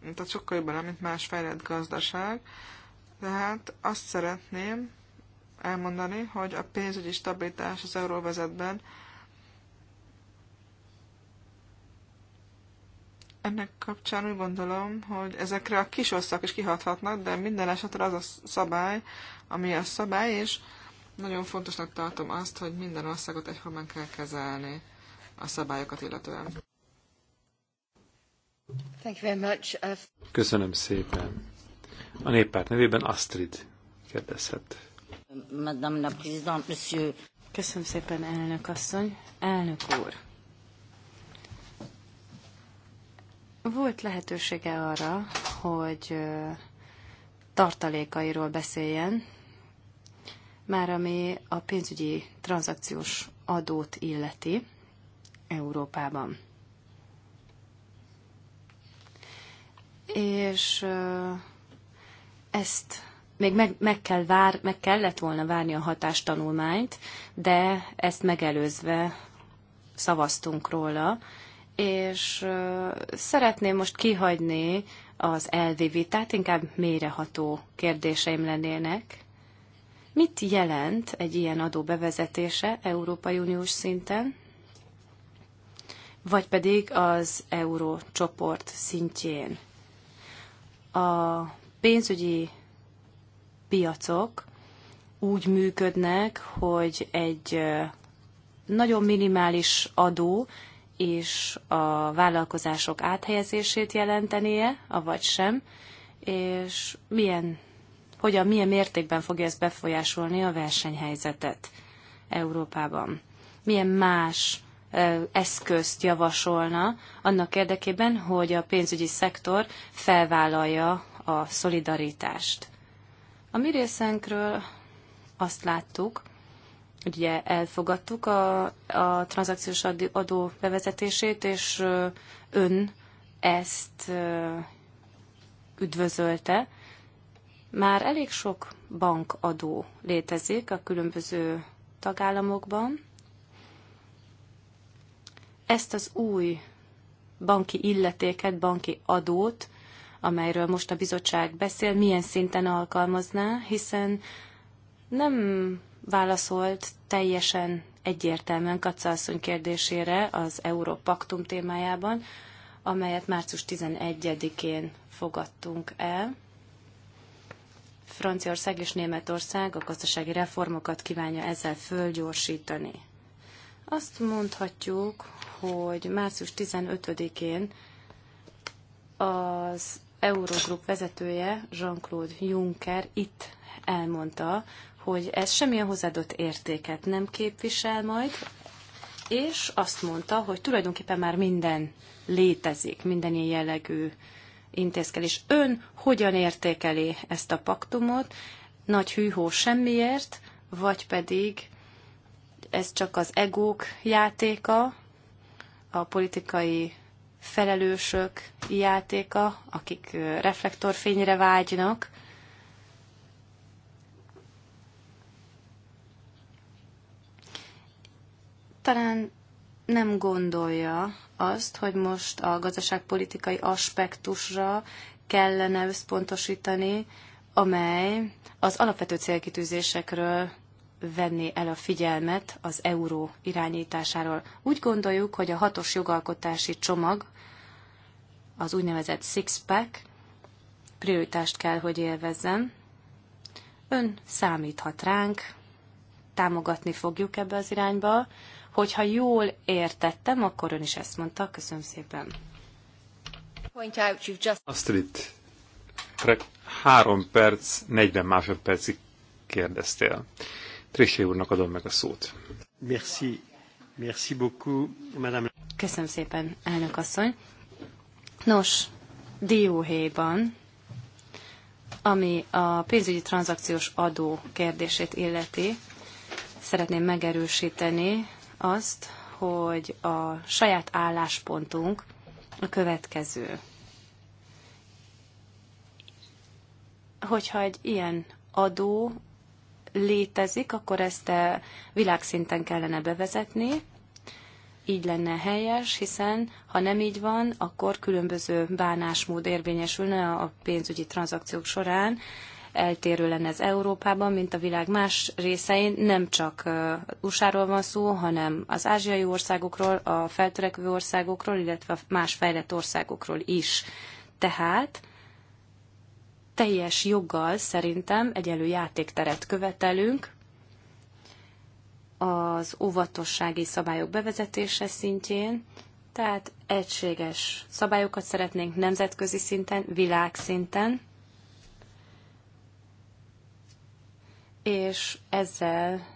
Tehát sokkal jobban, mint más fejlett gazdaság. Tehát azt szeretném elmondani, hogy a pénzügyi stabilitás az euróvezetben Ennek kapcsán úgy gondolom, hogy ezekre a kis osztak is kihathatnak, de minden esetre az a szabály, ami a szabály, és nagyon fontosnak tartom azt, hogy minden országot egyformán kell kezelni a szabályokat illetően. Thank you very much. Uh, Köszönöm szépen. A néppárt nevében Astrid kérdezhet. Madame la Présidente, Monsieur. Köszönöm szépen, elnök asszony. Elnök úr. Volt lehetősége arra, hogy tartalékairól beszéljen, már ami a pénzügyi tranzakciós adót illeti Európában. És ezt még meg, meg, kell vár, meg kellett volna várni a hatástanulmányt, de ezt megelőzve szavaztunk róla, és szeretném most kihagyni az elvi vitát, inkább mélyreható kérdéseim lennének. Mit jelent egy ilyen adó bevezetése Európai Uniós szinten, vagy pedig az eurócsoport szintjén? A pénzügyi piacok úgy működnek, hogy egy nagyon minimális adó is a vállalkozások áthelyezését jelentenie, avagy sem, és milyen, hogyan, milyen mértékben fogja ez befolyásolni a versenyhelyzetet Európában. Milyen más eszközt javasolna annak érdekében, hogy a pénzügyi szektor felvállalja a szolidaritást. A mi részünkről azt láttuk, ugye elfogadtuk a, a tranzakciós adó bevezetését, és ön ezt üdvözölte. Már elég sok bankadó létezik a különböző tagállamokban. Ezt az új banki illetéket, banki adót, amelyről most a bizottság beszél, milyen szinten alkalmazná, hiszen nem válaszolt teljesen egyértelműen asszony kérdésére az Európaktum témájában, amelyet március 11-én fogadtunk el. Franciaország és Németország a gazdasági reformokat kívánja ezzel fölgyorsítani. Azt mondhatjuk, hogy március 15-én az Eurogroup vezetője Jean-Claude Juncker itt elmondta, hogy ez semmilyen hozzáadott értéket nem képvisel majd, és azt mondta, hogy tulajdonképpen már minden létezik, minden ilyen jellegű intézkedés. Ön hogyan értékeli ezt a paktumot? Nagy hűhó semmiért, vagy pedig ez csak az egók játéka, a politikai felelősök játéka, akik reflektorfényre vágynak, talán nem gondolja azt, hogy most a gazdaságpolitikai aspektusra kellene összpontosítani, amely az alapvető célkitűzésekről venni el a figyelmet az euró irányításáról. Úgy gondoljuk, hogy a hatos jogalkotási csomag, az úgynevezett six-pack prioritást kell, hogy élvezzen. Ön számíthat ránk, támogatni fogjuk ebbe az irányba, Hogyha jól értettem, akkor ön is ezt mondta. Köszönöm szépen. Astrid, három perc, 40 másodpercig kérdeztél. Trissé úrnak adom meg a szót. Merci. Merci beaucoup, madame. Köszönöm szépen, elnök asszony. Nos, dióhéjban, ami a pénzügyi tranzakciós adó kérdését illeti, szeretném megerősíteni, azt, hogy a saját álláspontunk a következő. Hogyha egy ilyen adó létezik, akkor ezt a e, világszinten kellene bevezetni, így lenne helyes, hiszen ha nem így van, akkor különböző bánásmód érvényesülne a pénzügyi tranzakciók során eltérő lenne ez Európában, mint a világ más részein. Nem csak USA-ról van szó, hanem az ázsiai országokról, a feltörekvő országokról, illetve más fejlett országokról is. Tehát teljes joggal szerintem egyelő játékteret követelünk az óvatossági szabályok bevezetése szintjén, tehát egységes szabályokat szeretnénk nemzetközi szinten, világszinten, és ezzel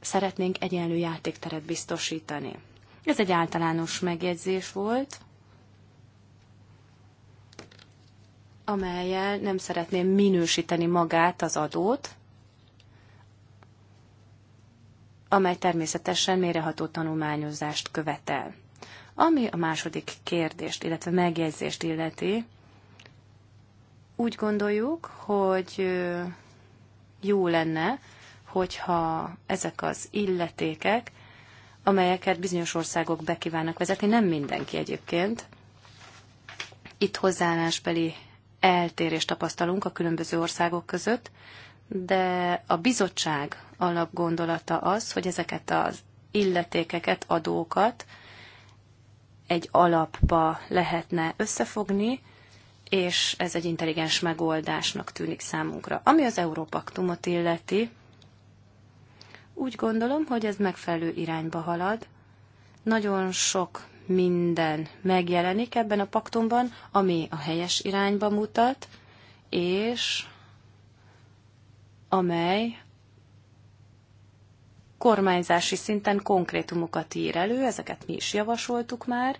szeretnénk egyenlő játékteret biztosítani. Ez egy általános megjegyzés volt, amelyel nem szeretném minősíteni magát az adót, amely természetesen méreható tanulmányozást követel. Ami a második kérdést, illetve megjegyzést illeti, úgy gondoljuk, hogy jó lenne, hogyha ezek az illetékek, amelyeket bizonyos országok bekívánnak vezetni, nem mindenki egyébként, itt hozzáállásbeli eltérést tapasztalunk a különböző országok között, de a bizottság alapgondolata az, hogy ezeket az illetékeket, adókat egy alapba lehetne összefogni, és ez egy intelligens megoldásnak tűnik számunkra. Ami az Európaktumot illeti, úgy gondolom, hogy ez megfelelő irányba halad. Nagyon sok minden megjelenik ebben a paktumban, ami a helyes irányba mutat, és amely kormányzási szinten konkrétumokat ír elő, ezeket mi is javasoltuk már,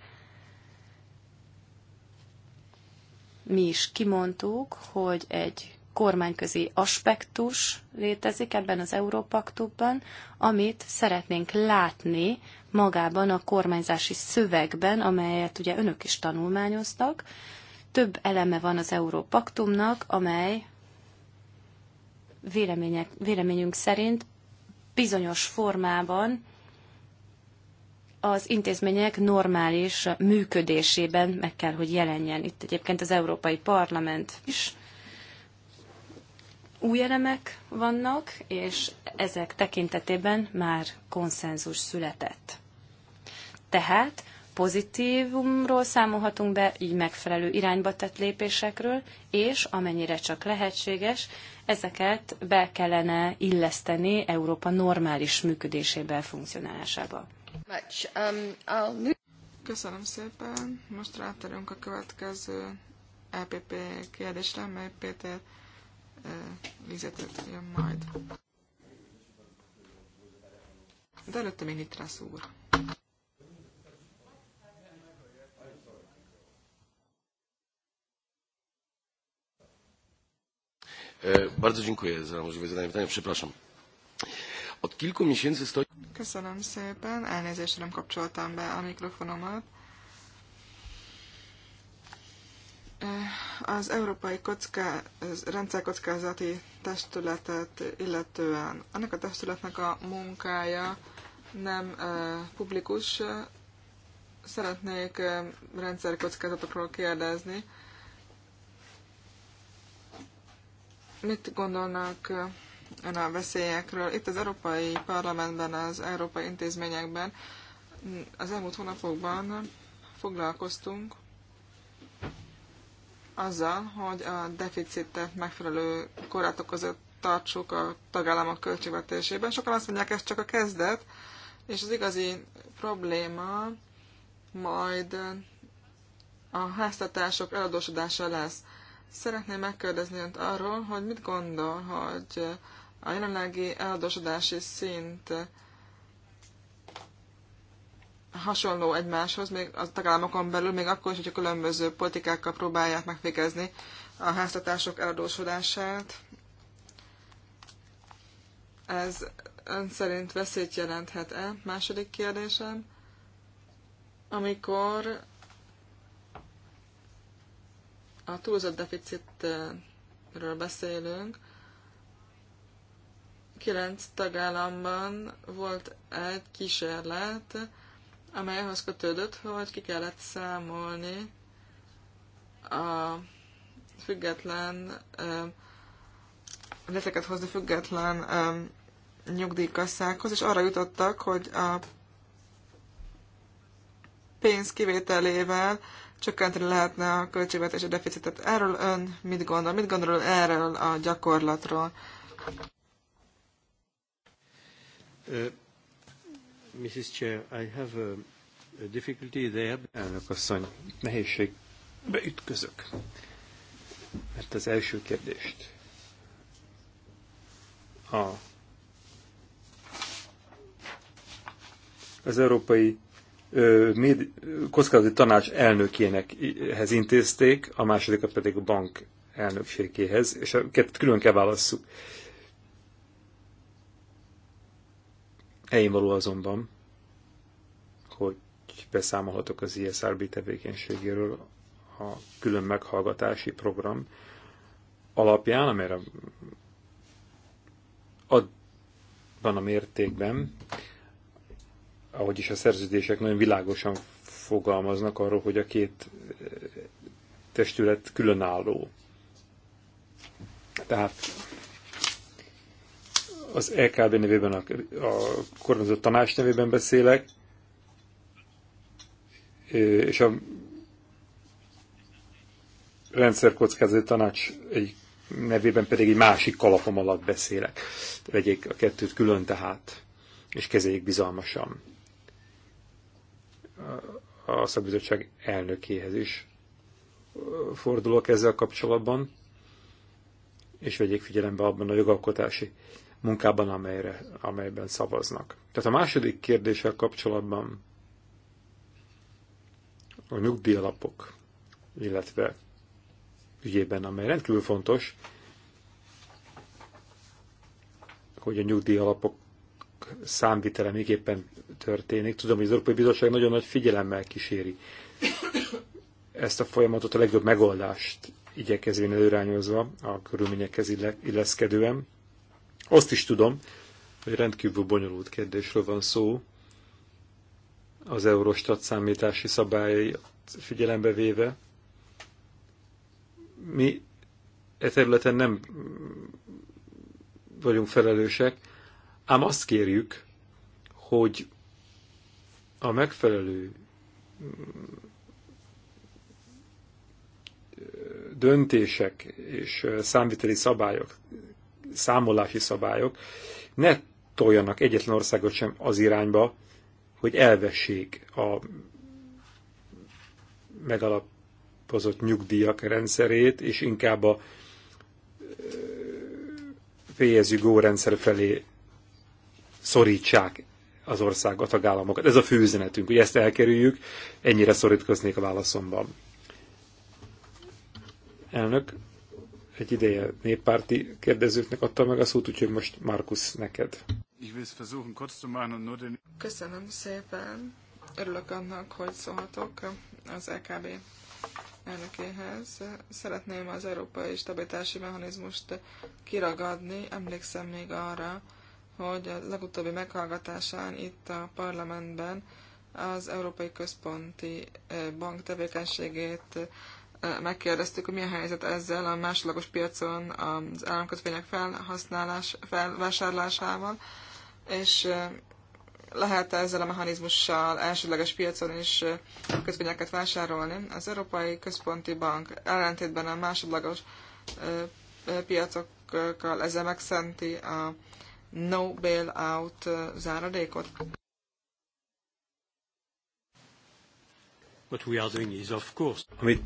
mi is kimondtuk, hogy egy kormányközi aspektus létezik ebben az Európaktubban, amit szeretnénk látni magában a kormányzási szövegben, amelyet ugye önök is tanulmányoztak. Több eleme van az Európaktumnak, amely vélemények, véleményünk szerint bizonyos formában az intézmények normális működésében meg kell, hogy jelenjen. Itt egyébként az Európai Parlament is új elemek vannak, és ezek tekintetében már konszenzus született. Tehát pozitívumról számolhatunk be, így megfelelő irányba tett lépésekről, és amennyire csak lehetséges, ezeket be kellene illeszteni Európa normális működésébe, funkcionálásába. Um, Köszönöm szépen. Most ráterünk a következő LPP e kérdésre, mely Péter Lizet jön majd. De előtte még rász úr. Bardzo dziękuję za możliwość zadania pytania. Przepraszam. Od kilku miesięcy stoi... Köszönöm szépen, elnézést nem kapcsoltam be a mikrofonomat. Eh, az Európai Kocká, Rendszerkockázati Testületet illetően annak a testületnek a munkája nem uh, publikus. Szeretnék uh, eh, rendszerkockázatokról kérdezni. Mit gondolnak a veszélyekről. Itt az Európai Parlamentben, az Európai Intézményekben az elmúlt hónapokban foglalkoztunk azzal, hogy a deficitet megfelelő korátok között tartsuk a tagállamok költségvetésében. Sokan azt mondják, ez csak a kezdet, és az igazi probléma majd a háztatások eladósodása lesz. Szeretném megkérdezni önt arról, hogy mit gondol, hogy a jelenlegi eladósodási szint hasonló egymáshoz, még a tagállamokon belül, még akkor is, hogy a különböző politikákkal próbálják megvégezni a háztatások eladósodását. Ez ön szerint veszélyt jelenthet-e? Második kérdésem. Amikor a túlzott deficitről beszélünk, kilenc tagállamban volt egy kísérlet, amely ahhoz kötődött, hogy ki kellett számolni a független, létreket hozni független nyugdíjkasszákhoz, és arra jutottak, hogy a pénz kivételével csökkenteni lehetne a költségvetési deficitet. Erről ön mit gondol? Mit gondol erről a gyakorlatról? Uh, Mrs. Chair, I have a, a difficulty there. Elnök asszony, nehézségbe ütközök. Mert az első kérdést a az európai kockázati tanács elnökénekhez intézték, a másodikat pedig a bank elnökségéhez, és a kettőt külön kell válasszuk. Eljén való azonban, hogy beszámolhatok az ISRB tevékenységéről a külön meghallgatási program alapján, amelyre abban a mértékben, ahogy is a szerződések nagyon világosan fogalmaznak arról, hogy a két eh, testület különálló. Tehát az LKB e nevében, a, a kormányzott tanács nevében beszélek, eh, és a rendszerkockázati tanács egy nevében pedig egy másik kalapom alatt beszélek. Vegyék a kettőt külön tehát, és kezeljék bizalmasan a szakbizottság elnökéhez is fordulok ezzel kapcsolatban, és vegyék figyelembe abban a jogalkotási munkában, amelyre, amelyben szavaznak. Tehát a második kérdéssel kapcsolatban a nyugdíjalapok, illetve ügyében, amely rendkívül fontos, hogy a nyugdíjalapok számvitele még éppen történik. Tudom, hogy az Európai Bizottság nagyon nagy figyelemmel kíséri ezt a folyamatot, a legjobb megoldást igyekezvén előrányozva a körülményekhez illeszkedően. Azt is tudom, hogy rendkívül bonyolult kérdésről van szó, az Eurostat számítási szabályai figyelembe véve. Mi e területen nem vagyunk felelősek, Ám azt kérjük, hogy a megfelelő mm, döntések és számviteli szabályok, számolási szabályok ne toljanak egyetlen országot sem az irányba, hogy elvessék a megalapozott nyugdíjak rendszerét, és inkább a pénzügyi rendszer felé szorítsák az ország, a tagállamokat. Ez a fő üzenetünk, hogy ezt elkerüljük, ennyire szorítkoznék a válaszomban. Elnök, egy ideje néppárti kérdezőknek adta meg a szót, úgyhogy most Markus neked. Köszönöm szépen. Örülök annak, hogy szólhatok az EKB elnökéhez. Szeretném az európai stabilitási mechanizmust kiragadni. Emlékszem még arra, hogy a legutóbbi meghallgatásán itt a parlamentben az Európai Központi eh, Bank tevékenységét eh, megkérdeztük, hogy milyen helyzet ezzel a másodlagos piacon az államkötvények felhasználás, felvásárlásával, és eh, lehet -e ezzel a mechanizmussal elsődleges piacon is kötvényeket vásárolni. Az Európai Központi Bank ellentétben a másodlagos piacokkal ezzel megszenti a no bail-out uh, záradékot? What we are doing is of course. Amit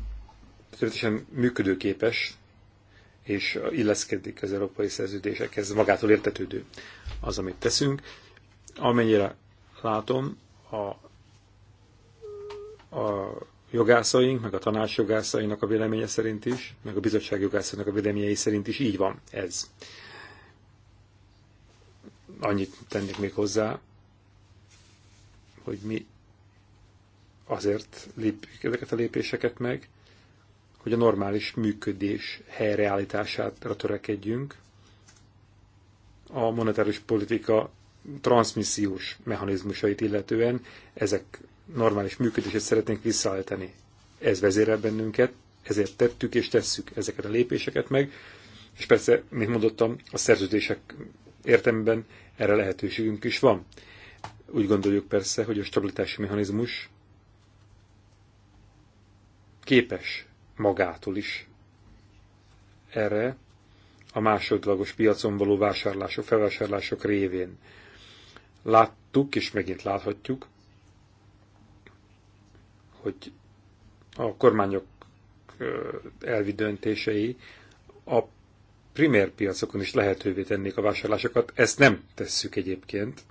természetesen működőképes, és illeszkedik az európai szerződésekhez, magától értetődő az, amit teszünk. Amennyire látom, a, a jogászaink, meg a tanács jogászainak a véleménye szerint is, meg a bizottság jogászainak a véleményei szerint is így van ez annyit tennék még hozzá, hogy mi azért lépjük ezeket a lépéseket meg, hogy a normális működés helyreállítására törekedjünk. A monetáris politika transmissziós mechanizmusait illetően ezek normális működését szeretnénk visszaállítani. Ez vezérel bennünket, ezért tettük és tesszük ezeket a lépéseket meg, és persze, mint mondottam, a szerződések értemben erre lehetőségünk is van. Úgy gondoljuk persze, hogy a stabilitási mechanizmus képes magától is erre a másodlagos piacon való vásárlások, felvásárlások révén. Láttuk, és megint láthatjuk, hogy a kormányok elvi döntései a primér piacokon is lehetővé tennék a vásárlásokat. Ezt nem tesszük egyébként,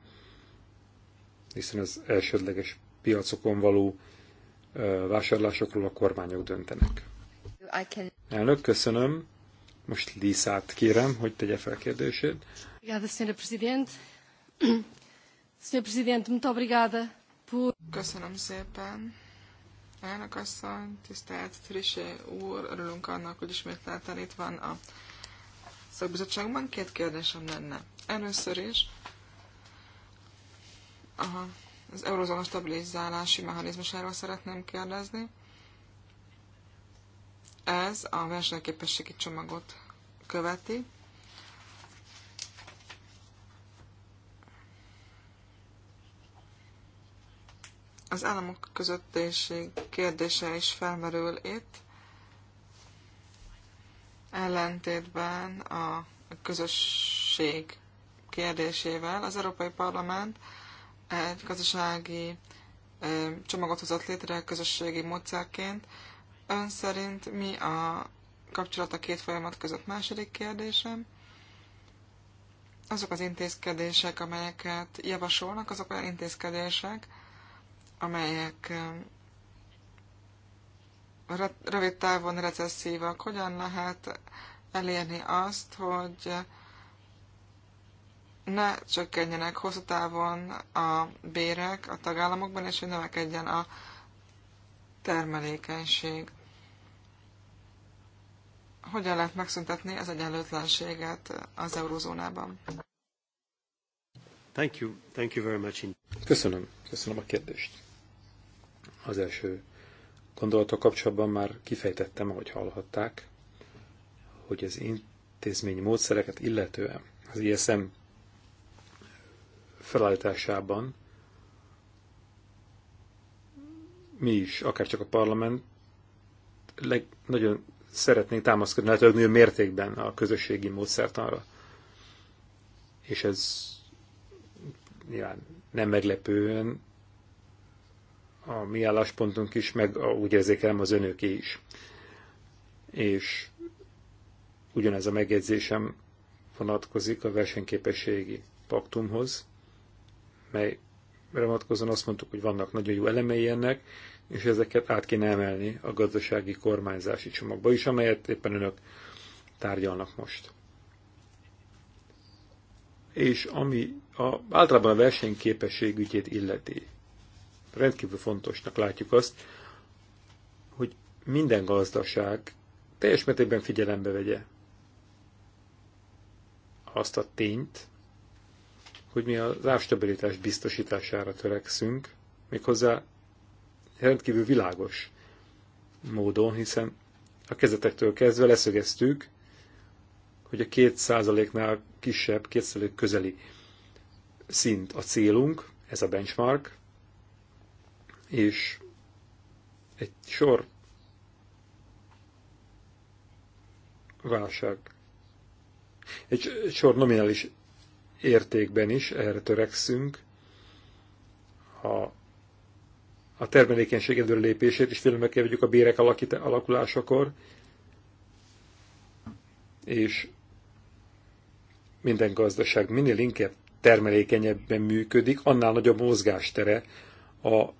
hiszen az elsődleges piacokon való vásárlásokról a kormányok döntenek. Elnök, köszönöm. Most Lisát kérem, hogy tegye fel kérdését. Köszönöm szépen. Elnök asszony, tisztelt Trisé úr, örülünk annak, hogy ismét itt van a szakbizottságban. Két kérdésem lenne. Először is aha, az eurozóna stabilizálási mechanizmusáról szeretném kérdezni. Ez a versenyképességi csomagot követi. Az államok közöttéség kérdése is felmerül itt ellentétben a közösség kérdésével az Európai Parlament egy gazdasági csomagot hozott létre közösségi módszerként. Ön szerint mi a kapcsolat a két folyamat között? Második kérdésem. Azok az intézkedések, amelyeket javasolnak, azok olyan intézkedések, amelyek rövid távon recesszívak. Hogyan lehet elérni azt, hogy ne csökkenjenek hosszú távon a bérek a tagállamokban, és hogy növekedjen a termelékenység. Hogyan lehet megszüntetni az egyenlőtlenséget az eurózónában? Thank you. Thank you very much. Köszönöm. Köszönöm a kérdést. Az első gondolatok kapcsolatban már kifejtettem, ahogy hallhatták, hogy az intézményi módszereket illetően az ISM felállításában mi is, akár csak a parlament, leg, nagyon szeretnénk támaszkodni lehet hogy mértékben a közösségi módszertanra. És ez nyilván nem meglepően a mi álláspontunk is, meg úgy érzékelem az önöké is. És ugyanez a megjegyzésem vonatkozik a versenyképességi paktumhoz, mely vonatkozóan azt mondtuk, hogy vannak nagyon jó elemei ennek, és ezeket át kéne emelni a gazdasági kormányzási csomagba is, amelyet éppen önök tárgyalnak most. És ami a, általában a versenyképesség ügyét illeti, rendkívül fontosnak látjuk azt, hogy minden gazdaság teljes mértékben figyelembe vegye azt a tényt, hogy mi az árstabilitás biztosítására törekszünk, méghozzá rendkívül világos módon, hiszen a kezetektől kezdve leszögeztük, hogy a két százaléknál kisebb, két közeli szint a célunk, ez a benchmark, és egy sor válság, egy sor nominális értékben is erre törekszünk, ha a termelékenység lépését is figyelembe kell vegyük a bérek alakulásakor, és minden gazdaság minél inkább termelékenyebben működik, annál nagyobb mozgástere a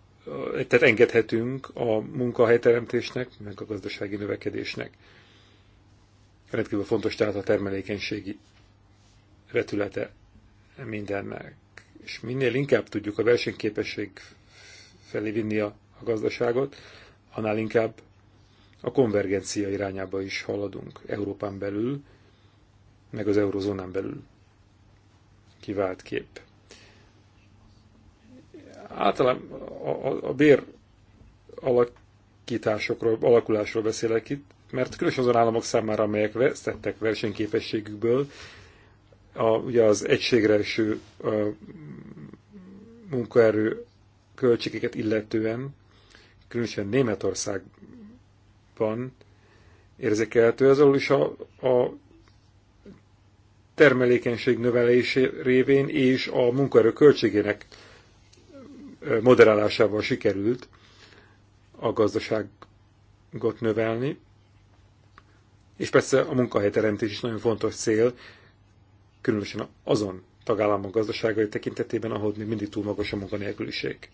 tehát engedhetünk a munkahelyteremtésnek, meg a gazdasági növekedésnek. Rendkívül fontos tehát a termelékenységi vetülete mindennek. És minél inkább tudjuk a versenyképesség felé vinni a, a gazdaságot, annál inkább a konvergencia irányába is haladunk Európán belül, meg az eurozónán belül. Kivált kép. Általában a, a, a bér alakításokról, alakulásról beszélek itt, mert különös azon államok számára, amelyek vesztettek versenyképességükből, a, ugye az egységre eső munkaerő költségeket illetően, különösen Németországban érzékelhető ez alul is a, a termelékenység növelése révén és a munkaerő költségének moderálásával sikerült a gazdaságot növelni, és persze a munkahelyteremtés is nagyon fontos cél, különösen azon tagállamok gazdaságai tekintetében, ahol még mindig túl magas a munkanélküliség.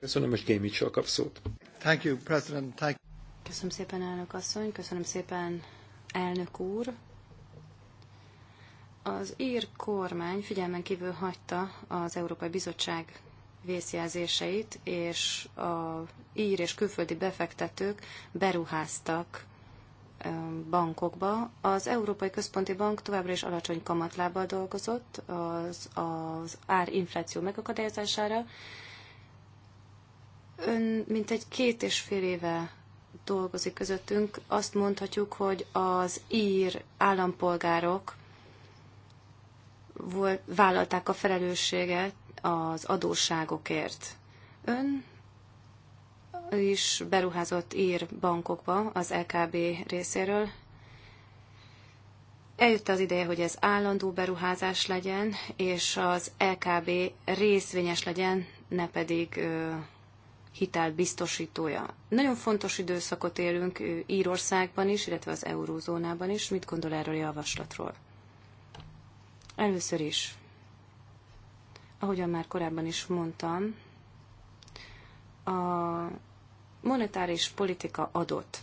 Köszönöm, és Gay Mitchell kap szót. Thank you, President. Thank Köszönöm szépen, elnök asszony, köszönöm szépen, elnök úr. Az ír kormány figyelmen kívül hagyta az Európai Bizottság vészjelzéseit, és a ír és külföldi befektetők beruháztak um, bankokba. Az Európai Központi Bank továbbra is alacsony kamatlábbal dolgozott az, az árinfláció megakadályozására. Ön mintegy két és fél éve dolgozik közöttünk. Azt mondhatjuk, hogy az ír állampolgárok vállalták a felelősséget az adósságokért. Ön is beruházott ír bankokba az LKB részéről. Eljött az ideje, hogy ez állandó beruházás legyen, és az LKB részvényes legyen, ne pedig hitel biztosítója. Nagyon fontos időszakot élünk Írországban is, illetve az eurózónában is. Mit gondol erről a javaslatról? Először is ahogyan már korábban is mondtam, a monetáris politika adott.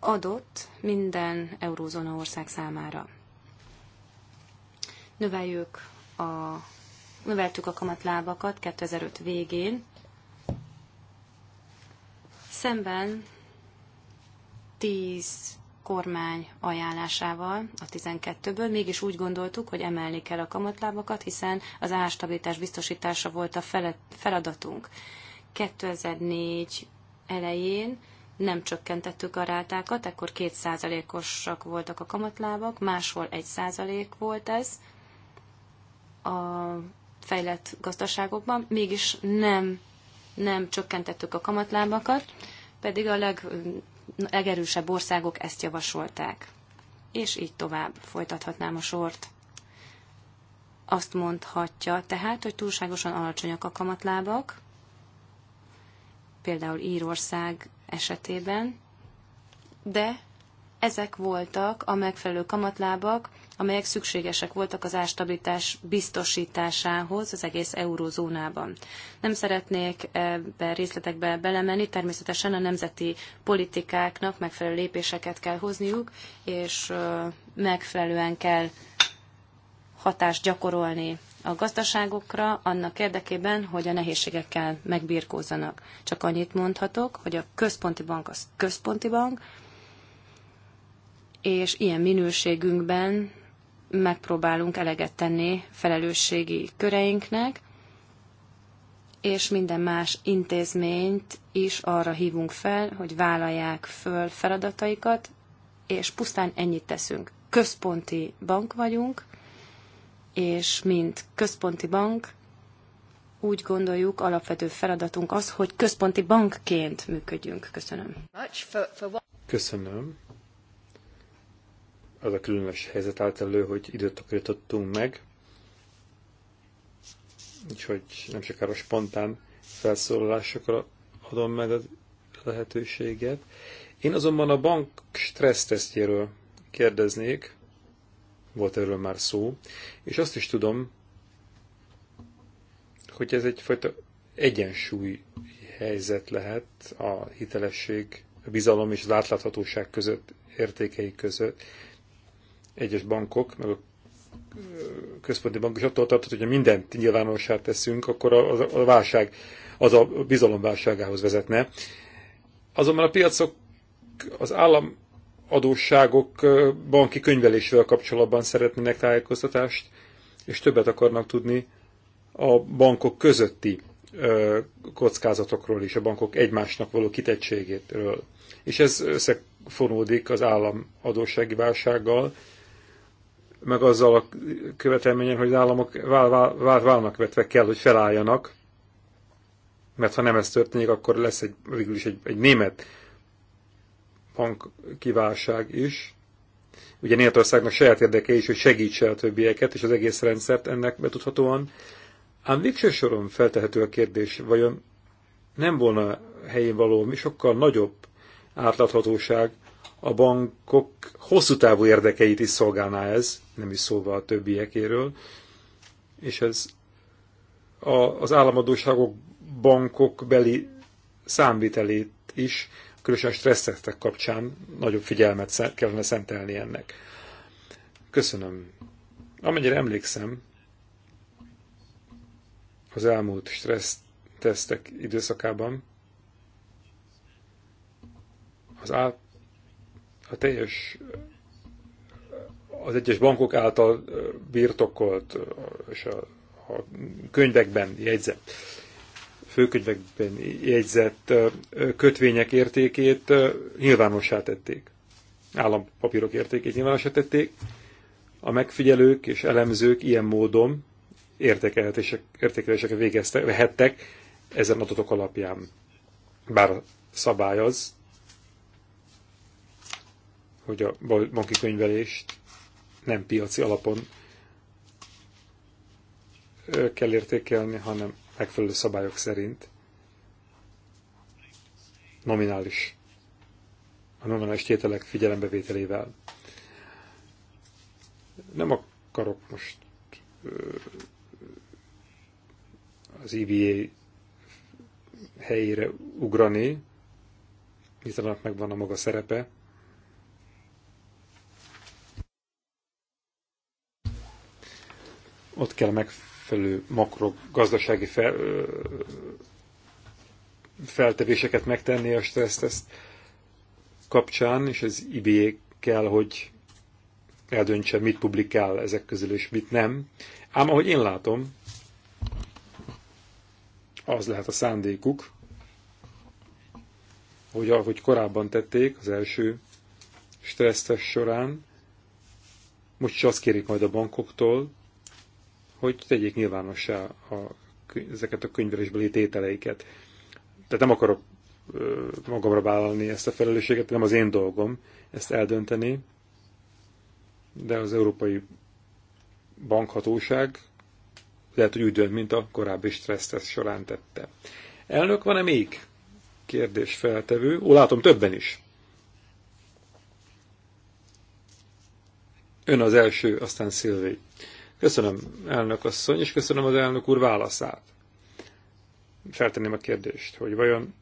Adott minden eurózóna ország számára. Növeljük a, növeltük a kamatlábakat 2005 végén, szemben 10 kormány ajánlásával a 12-ből, mégis úgy gondoltuk, hogy emelni kell a kamatlábakat, hiszen az árstabilitás biztosítása volt a feladatunk. 2004 elején nem csökkentettük a rátákat, ekkor 2%-osak voltak a kamatlábak, máshol 1% volt ez a fejlett gazdaságokban, mégis nem, nem csökkentettük a kamatlábakat, pedig a leg legerősebb országok ezt javasolták. És így tovább folytathatnám a sort. Azt mondhatja tehát, hogy túlságosan alacsonyak a kamatlábak, például Írország esetében, de ezek voltak a megfelelő kamatlábak amelyek szükségesek voltak az ástabilitás biztosításához az egész eurózónában. Nem szeretnék ebbe részletekbe belemenni, természetesen a nemzeti politikáknak megfelelő lépéseket kell hozniuk, és megfelelően kell hatást gyakorolni a gazdaságokra annak érdekében, hogy a nehézségekkel megbirkózzanak. Csak annyit mondhatok, hogy a központi bank az központi bank, és ilyen minőségünkben megpróbálunk eleget tenni felelősségi köreinknek, és minden más intézményt is arra hívunk fel, hogy vállalják föl feladataikat, és pusztán ennyit teszünk. Központi bank vagyunk, és mint központi bank úgy gondoljuk, alapvető feladatunk az, hogy központi bankként működjünk. Köszönöm. Köszönöm az a különös helyzet állt elő, hogy időt akarítottunk meg, úgyhogy nem sokára spontán felszólalásokra adom meg a lehetőséget. Én azonban a bank stressztesztjéről kérdeznék, volt erről már szó, és azt is tudom, hogy ez egyfajta egyensúly helyzet lehet a hitelesség, a bizalom és az átláthatóság között, értékei között egyes bankok, meg a központi bank is attól tartott, hogyha mindent nyilvánossá teszünk, akkor a, a, a válság, az a bizalom válságához vezetne. Azonban a piacok, az állam adósságok banki könyvelésével kapcsolatban szeretnének tájékoztatást, és többet akarnak tudni a bankok közötti kockázatokról és a bankok egymásnak való kitettségétről. És ez összefonódik az állam adóssági válsággal, meg azzal a követelményen, hogy az államok vál, vál, vál, válnak vetve kell, hogy felálljanak, mert ha nem ez történik, akkor lesz egy, végül is egy, egy német bankkiválság is. Ugye Németországnak saját érdeke is, hogy segítse a többieket és az egész rendszert ennek betudhatóan. Ám végső soron feltehető a kérdés, vajon nem volna helyén való, mi sokkal nagyobb átláthatóság a bankok hosszú távú érdekeit is szolgálná ez, nem is szólva a többiekéről, és ez a, az államadóságok bankok beli számvitelét is, különösen a kapcsán nagyobb figyelmet kellene szentelni ennek. Köszönöm. Amennyire emlékszem, az elmúlt stressz tesztek időszakában az át, a teljes az egyes bankok által birtokolt és a, a könyvekben jegyzett, főkönyvekben jegyzett kötvények értékét nyilvánossá tették. Állampapírok értékét nyilvánossá tették. A megfigyelők és elemzők ilyen módon értékelések, értékeléseket végeztek, vehettek ezen adatok alapján. Bár a szabály az, hogy a banki könyvelést nem piaci alapon kell értékelni, hanem megfelelő szabályok szerint nominális, a nominális tételek figyelembevételével. Nem akarok most az EBA helyére ugrani, hiszen annak megvan a maga szerepe, ott kell megfelelő makrogazdasági fel, feltevéseket megtenni a stresszteszt kapcsán, és az IBA kell, hogy eldöntse, mit publikál ezek közül, és mit nem. Ám ahogy én látom, az lehet a szándékuk, hogy ahogy korábban tették az első stressztes során, most is azt kérik majd a bankoktól, hogy tegyék nyilvánossá a, ezeket a könyvelésbeli tételeiket. Tehát nem akarok magamra vállalni ezt a felelősséget, nem az én dolgom ezt eldönteni, de az Európai Bankhatóság lehet, hogy úgy dönt, mint a korábbi stressztesz során tette. Elnök, van-e még kérdés feltevő? Ó, látom, többen is. Ön az első, aztán Szilvi. Köszönöm, elnök asszony, és köszönöm az elnök úr válaszát. Feltenném a kérdést, hogy vajon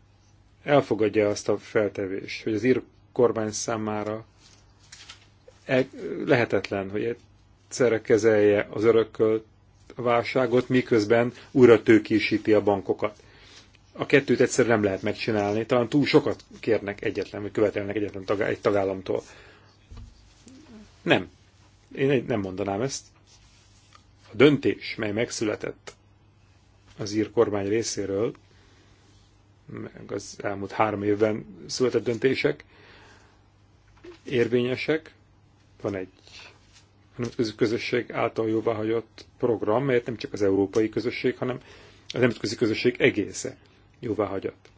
elfogadja azt a feltevést, hogy az ír kormány számára e- lehetetlen, hogy egyszerre kezelje az örökölt válságot, miközben újra tőkésíti a bankokat. A kettőt egyszer nem lehet megcsinálni, talán túl sokat kérnek egyetlen, vagy követelnek egyetlen tag, egy tagállamtól. Nem. Én nem mondanám ezt. A döntés, mely megszületett az ír kormány részéről, meg az elmúlt három évben született döntések, érvényesek. Van egy nemzetközi közösség által jóváhagyott program, melyet nem csak az európai közösség, hanem a nemzetközi közösség egésze jóváhagyott.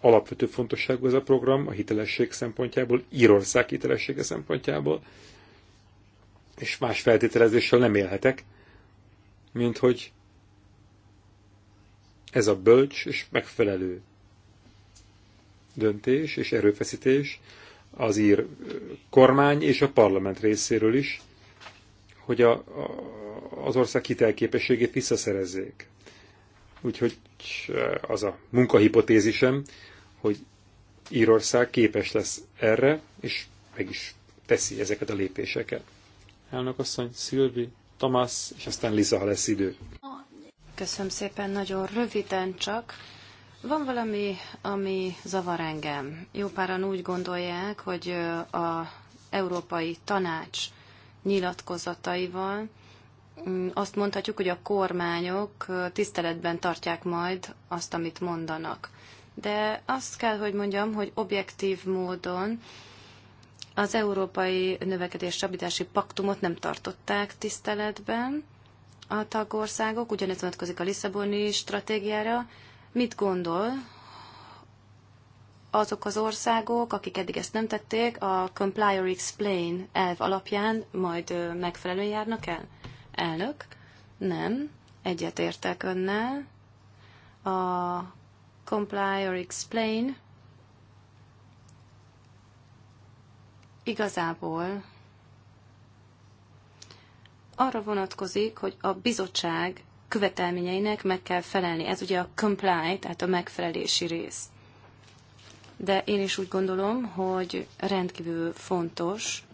Alapvető fontosságú ez a program a hitelesség szempontjából, Írország hitelessége szempontjából, és más feltételezéssel nem élhetek, mint hogy ez a bölcs és megfelelő döntés és erőfeszítés az ír kormány és a parlament részéről is, hogy a, a, az ország hitelképességét visszaszerezzék. Úgyhogy az a munkahipotézisem, hogy Írország képes lesz erre, és meg is teszi ezeket a lépéseket. Elnök asszony, Szilvi Thomas, és aztán Lisa ha lesz idő. Köszönöm szépen, nagyon röviden csak. Van valami, ami zavar engem. Jó páran úgy gondolják, hogy a Európai Tanács nyilatkozataival mm, azt mondhatjuk, hogy a kormányok tiszteletben tartják majd azt, amit mondanak. De azt kell, hogy mondjam, hogy objektív módon az Európai Növekedés Stabilitási Paktumot nem tartották tiszteletben a tagországok, ugyanez vonatkozik a Lisszaboni stratégiára. Mit gondol, azok az országok, akik eddig ezt nem tették, a Comply or Explain elv alapján majd megfelelően járnak el? Elnök? Nem. értek önnel. A Comply or Explain igazából arra vonatkozik, hogy a bizottság követelményeinek meg kell felelni. Ez ugye a comply, tehát a megfelelési rész. De én is úgy gondolom, hogy rendkívül fontos,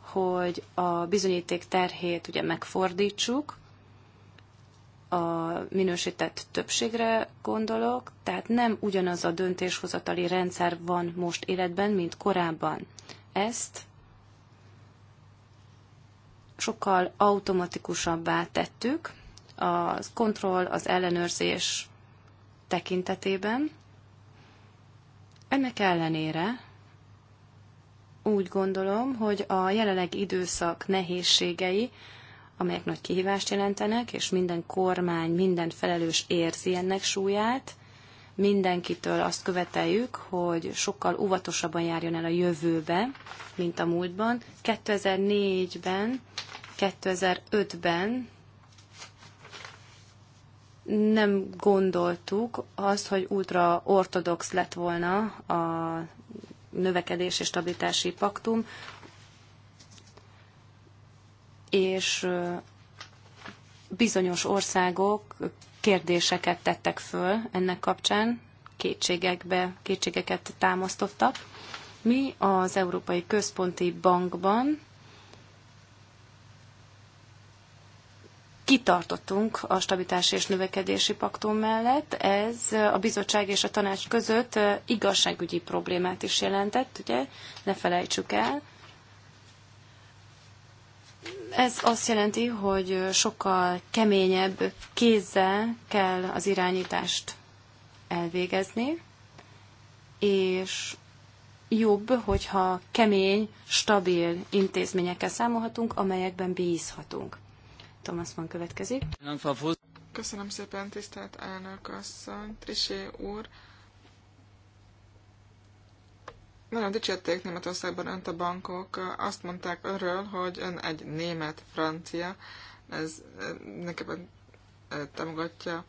hogy a bizonyíték terhét ugye megfordítsuk, a minősített többségre gondolok, tehát nem ugyanaz a döntéshozatali rendszer van most életben, mint korábban ezt sokkal automatikusabbá tettük a kontroll, az ellenőrzés tekintetében. Ennek ellenére úgy gondolom, hogy a jelenlegi időszak nehézségei, amelyek nagy kihívást jelentenek, és minden kormány, minden felelős érzi ennek súlyát, mindenkitől azt követeljük, hogy sokkal óvatosabban járjon el a jövőbe, mint a múltban. 2004-ben, 2005-ben nem gondoltuk azt, hogy ultra ortodox lett volna a növekedés és stabilitási paktum, és bizonyos országok kérdéseket tettek föl ennek kapcsán, kétségekbe, kétségeket támasztottak. Mi az Európai Központi Bankban kitartottunk a stabilitási és növekedési paktum mellett. Ez a bizottság és a tanács között igazságügyi problémát is jelentett, ugye? Ne felejtsük el. Ez azt jelenti, hogy sokkal keményebb kézzel kell az irányítást elvégezni, és jobb, hogyha kemény, stabil intézményekkel számolhatunk, amelyekben bízhatunk. Thomas van következik. Köszönöm szépen, tisztelt elnök asszony, Trisé úr. Nagyon dicsérték Németországban önt a bankok, azt mondták önről, hogy ön egy német, francia, ez nekem támogatja,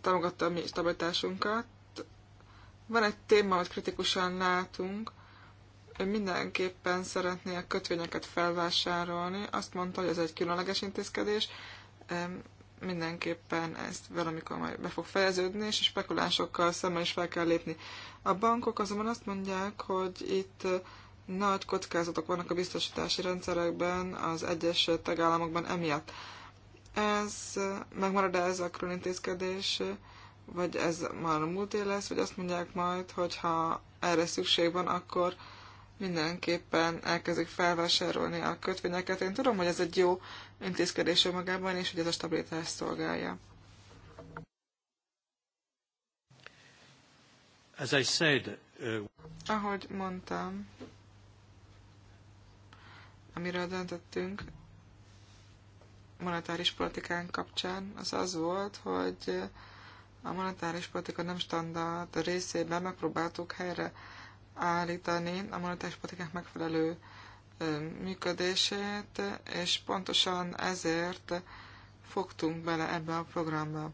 támogatta a mi stabilitásunkat. Van egy téma, amit kritikusan látunk, ő mindenképpen szeretné a kötvényeket felvásárolni. Azt mondta, hogy ez egy különleges intézkedés mindenképpen ezt valamikor majd be fog fejeződni, és a spekulásokkal szemben is fel kell lépni. A bankok azonban azt mondják, hogy itt nagy kockázatok vannak a biztosítási rendszerekben az egyes tagállamokban emiatt. Ez megmarad -e ez a különintézkedés, vagy ez már a múlté lesz, vagy azt mondják majd, hogy ha erre szükség van, akkor mindenképpen elkezdik felvásárolni a kötvényeket. Én tudom, hogy ez egy jó intézkedés magában, és hogy ez a stabilitást szolgálja. As I said, uh... Ahogy mondtam, amiről döntöttünk monetáris politikán kapcsán, az az volt, hogy a monetáris politika nem standard részében megpróbáltuk helyre állítani a monetáris politikák megfelelő működését, és pontosan ezért fogtunk bele ebbe a programba.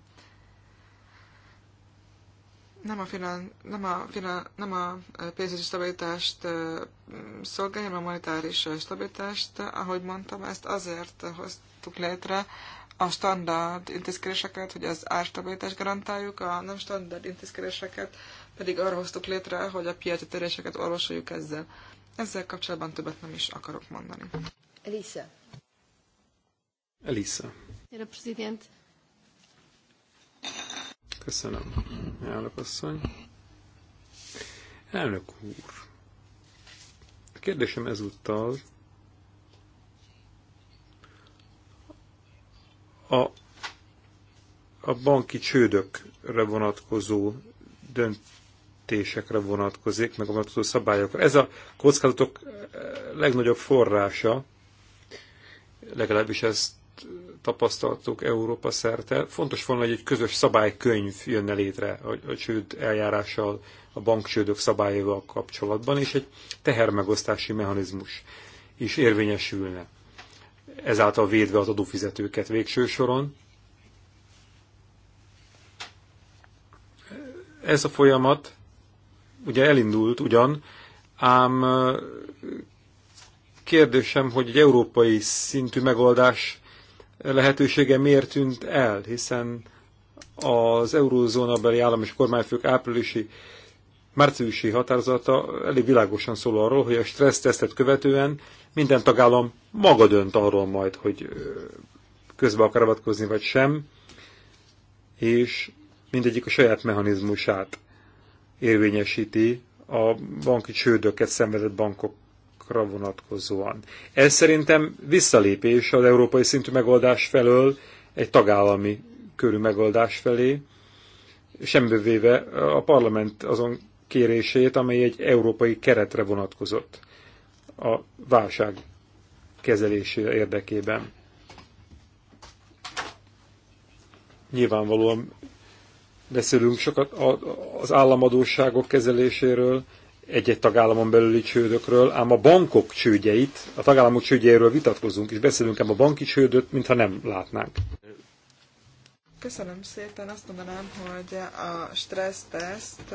Nem a, finan, nem a, finan, nem a pénzügyi stabilitást szolgálja, hanem a monetáris stabilitást, ahogy mondtam, ezt azért hoztuk létre, a standard intézkedéseket, hogy az árstabilitást garantáljuk, a nem standard intézkedéseket pedig arra hoztuk létre, hogy a piaci töréseket orvosoljuk ezzel. Ezzel kapcsolatban többet nem is akarok mondani. Elisa. Elisa. Era Köszönöm, elnök asszony. Elnök úr, a kérdésem ezúttal a, a banki csődökre vonatkozó dönt döntésekre vonatkozik, meg a vonatkozó szabályokra. Ez a kockázatok eh, legnagyobb forrása, legalábbis ezt tapasztaltuk Európa szerte. Fontos volna, hogy egy közös szabálykönyv jönne létre a, a csőd eljárással, a bankcsődök szabályával kapcsolatban, és egy tehermegosztási mechanizmus is érvényesülne. Ezáltal védve az adófizetőket végső soron. Ez a folyamat ugye elindult ugyan, ám kérdésem, hogy egy európai szintű megoldás lehetősége miért tűnt el, hiszen az beli állam és kormányfők áprilisi márciusi határozata elég világosan szól arról, hogy a stressztesztet követően minden tagállam maga dönt arról majd, hogy közbe akar avatkozni vagy sem, és mindegyik a saját mechanizmusát érvényesíti a banki csődöket szenvedett bankokra vonatkozóan. Ez szerintem visszalépés az európai szintű megoldás felől egy tagállami körű megoldás felé, véve a parlament azon kérését, amely egy európai keretre vonatkozott a válság kezelése érdekében. Nyilvánvalóan Beszélünk sokat az államadóságok kezeléséről, egy-egy tagállamon belüli csődökről, ám a bankok csődjeit, a tagállamok csődjeiről vitatkozunk, és beszélünk ám a banki csődöt, mintha nem látnánk. Köszönöm szépen, azt mondanám, hogy a stressz teszt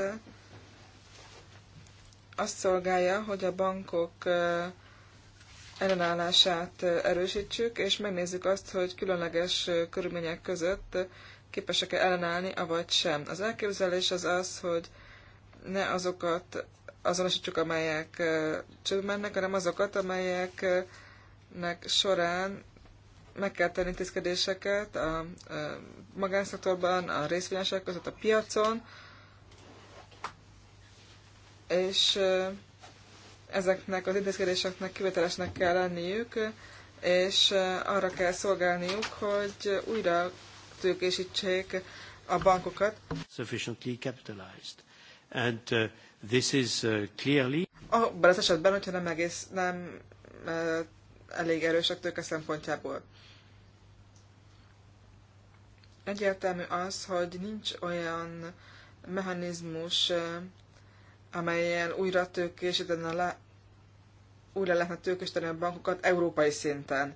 azt szolgálja, hogy a bankok ellenállását erősítsük, és megnézzük azt, hogy különleges körülmények között képesek-e ellenállni, avagy sem. Az elképzelés az az, hogy ne azokat azonosítsuk, amelyek csődbe mennek, hanem azokat, amelyeknek során meg kell tenni intézkedéseket a magánszektorban, a részvényesek között, a piacon, és ezeknek az intézkedéseknek kivételesnek kell lenniük, és arra kell szolgálniuk, hogy újra tőkésítsék a bankokat. Sufficiently capitalized. And uh, this is uh, clearly... Abban az esetben, hogyha nem egész, nem uh, elég erősek tőke szempontjából. Egyértelmű az, hogy nincs olyan mechanizmus, uh, amelyen újra tőkésítene le, újra lehetne tőkésíteni a bankokat európai szinten.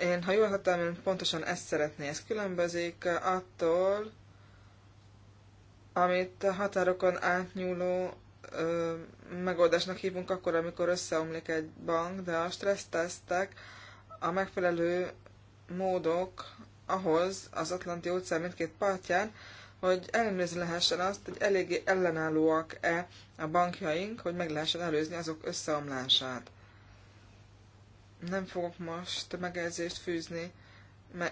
Én, ha jól hattam, én pontosan ezt szeretné. Ez különbözik attól, amit a határokon átnyúló ö, megoldásnak hívunk akkor, amikor összeomlik egy bank, de a stressztesztek a megfelelő módok ahhoz az Atlanti óceán mindkét partján, hogy ellenőrizni lehessen azt, hogy eléggé ellenállóak-e a bankjaink, hogy meg lehessen előzni azok összeomlását nem fogok most megjegyzést fűzni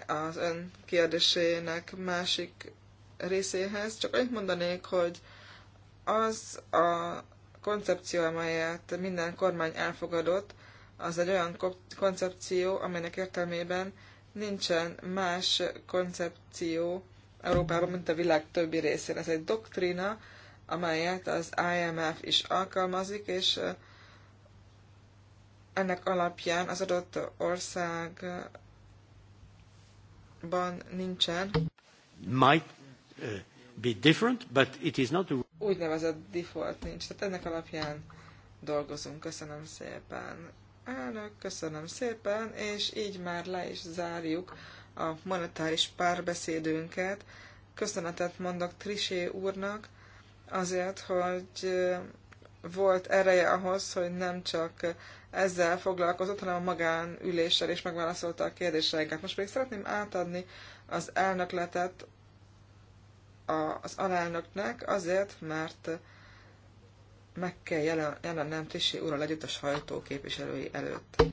az ön kérdésének másik részéhez, csak annyit mondanék, hogy az a koncepció, amelyet minden kormány elfogadott, az egy olyan koncepció, amelynek értelmében nincsen más koncepció Európában, mint a világ többi részén. Ez egy doktrína, amelyet az IMF is alkalmazik, és ennek alapján az adott országban nincsen. Might uh, be different, but it is not a... Úgynevezett default nincs, tehát ennek alapján dolgozunk. Köszönöm szépen. Elnök, köszönöm szépen, és így már le is zárjuk a monetáris párbeszédünket. Köszönetet mondok Trisé úrnak azért, hogy volt ereje ahhoz, hogy nem csak ezzel foglalkozott, hanem a magánüléssel is megválaszolta a kérdéseinket. Most pedig szeretném átadni az elnökletet az alelnöknek azért, mert meg kell jelen, jelennem Trisi úrral együtt a sajtóképviselői előtt.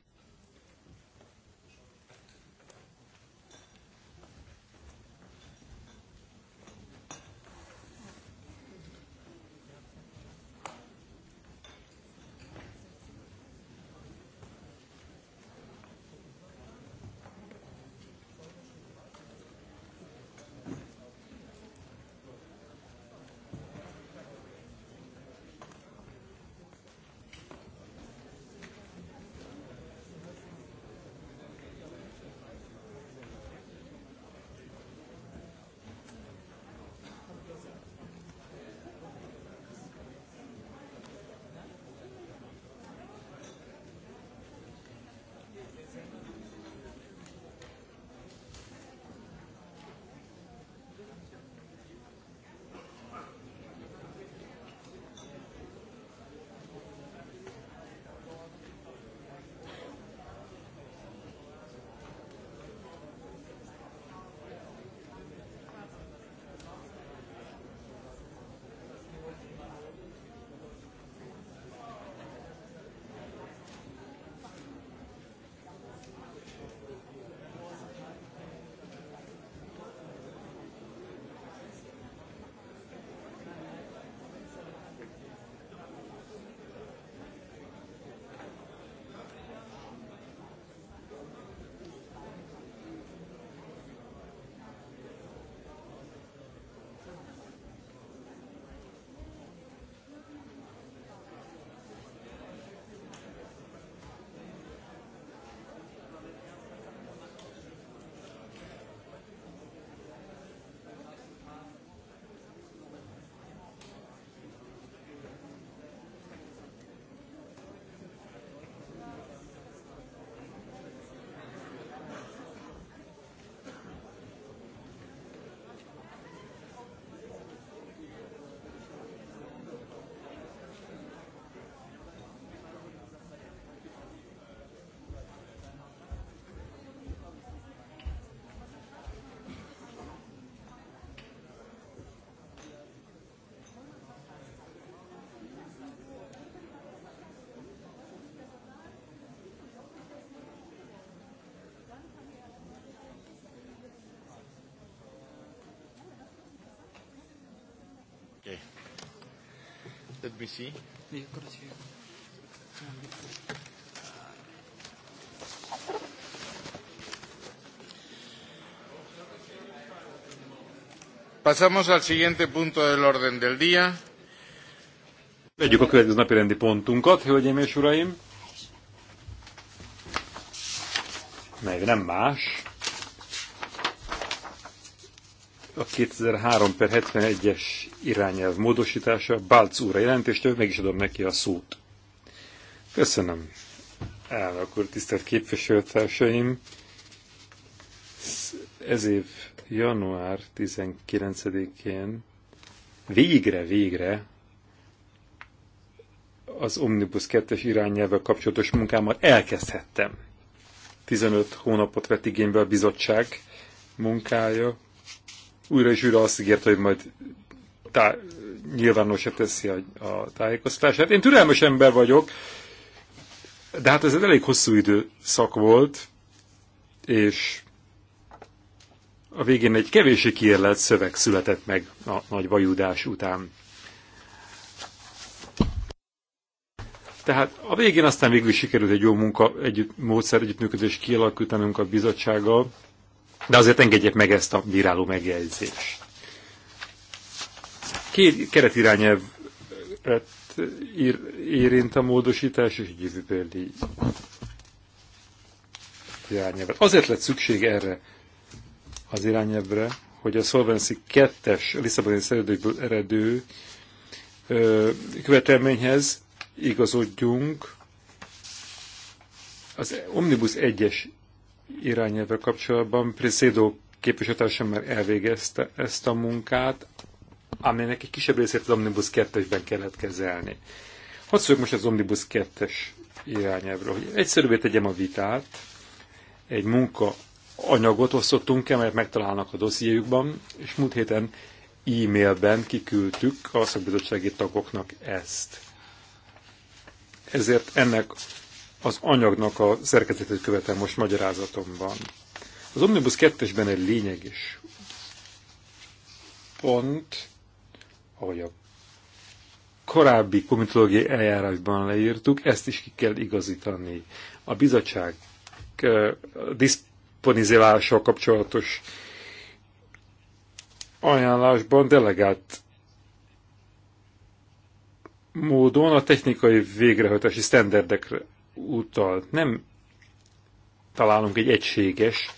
let me see. Pasamos al siguiente punto del orden del día. Vegyük a következő napi rendi pontunkat, hölgyeim és uraim. nem más, a 2003 per 71-es irányelv módosítása. Bálc úrra jelentéstől, meg is adom neki a szót. Köszönöm. Elnök úr, tisztelt képviselőtársaim! Ez év január 19-én végre-végre az Omnibus 2-es irányelvvel kapcsolatos munkámmal elkezdhettem. 15 hónapot vett igénybe a bizottság munkája, újra és újra azt ígérte, hogy majd tá- nyilvánosra teszi a, a tájékoztatását. Én türelmes ember vagyok, de hát ez egy elég hosszú időszak volt, és a végén egy kevési kiérlet szöveg született meg a nagy vajudás után. Tehát a végén aztán végül is sikerült egy jó munka, együtt, módszer együttműködés kialakítanunk a bizottsággal, de azért engedjék meg ezt a bíráló megjegyzést. Két keretirányelv érint a módosítás és jövőbeli irányelvet. Azért lett szükség erre az irányelvre, hogy a Solvency 2-es Lisszaboni szerződésből eredő ö, követelményhez igazodjunk az Omnibus 1-es irányelvvel kapcsolatban. Prészédó képviselőtársam már elvégezte ezt a munkát, aminek egy kisebb részét az Omnibus 2-esben kellett kezelni. Hadd szóljuk most az Omnibus 2-es irányelvről, hogy egyszerűbbé tegyem a vitát, egy munka anyagot osztottunk el, mert megtalálnak a dossziéjukban, és múlt héten e-mailben kiküldtük a szakbizottsági tagoknak ezt. Ezért ennek az anyagnak a szerkezetét követem most magyarázatomban. Az Omnibus 2-esben egy is, pont, ahogy a korábbi komitológiai eljárásban leírtuk, ezt is ki kell igazítani. A bizottság diszponizálással kapcsolatos ajánlásban delegált módon a technikai végrehajtási sztenderdekre utalt. Nem találunk egy egységes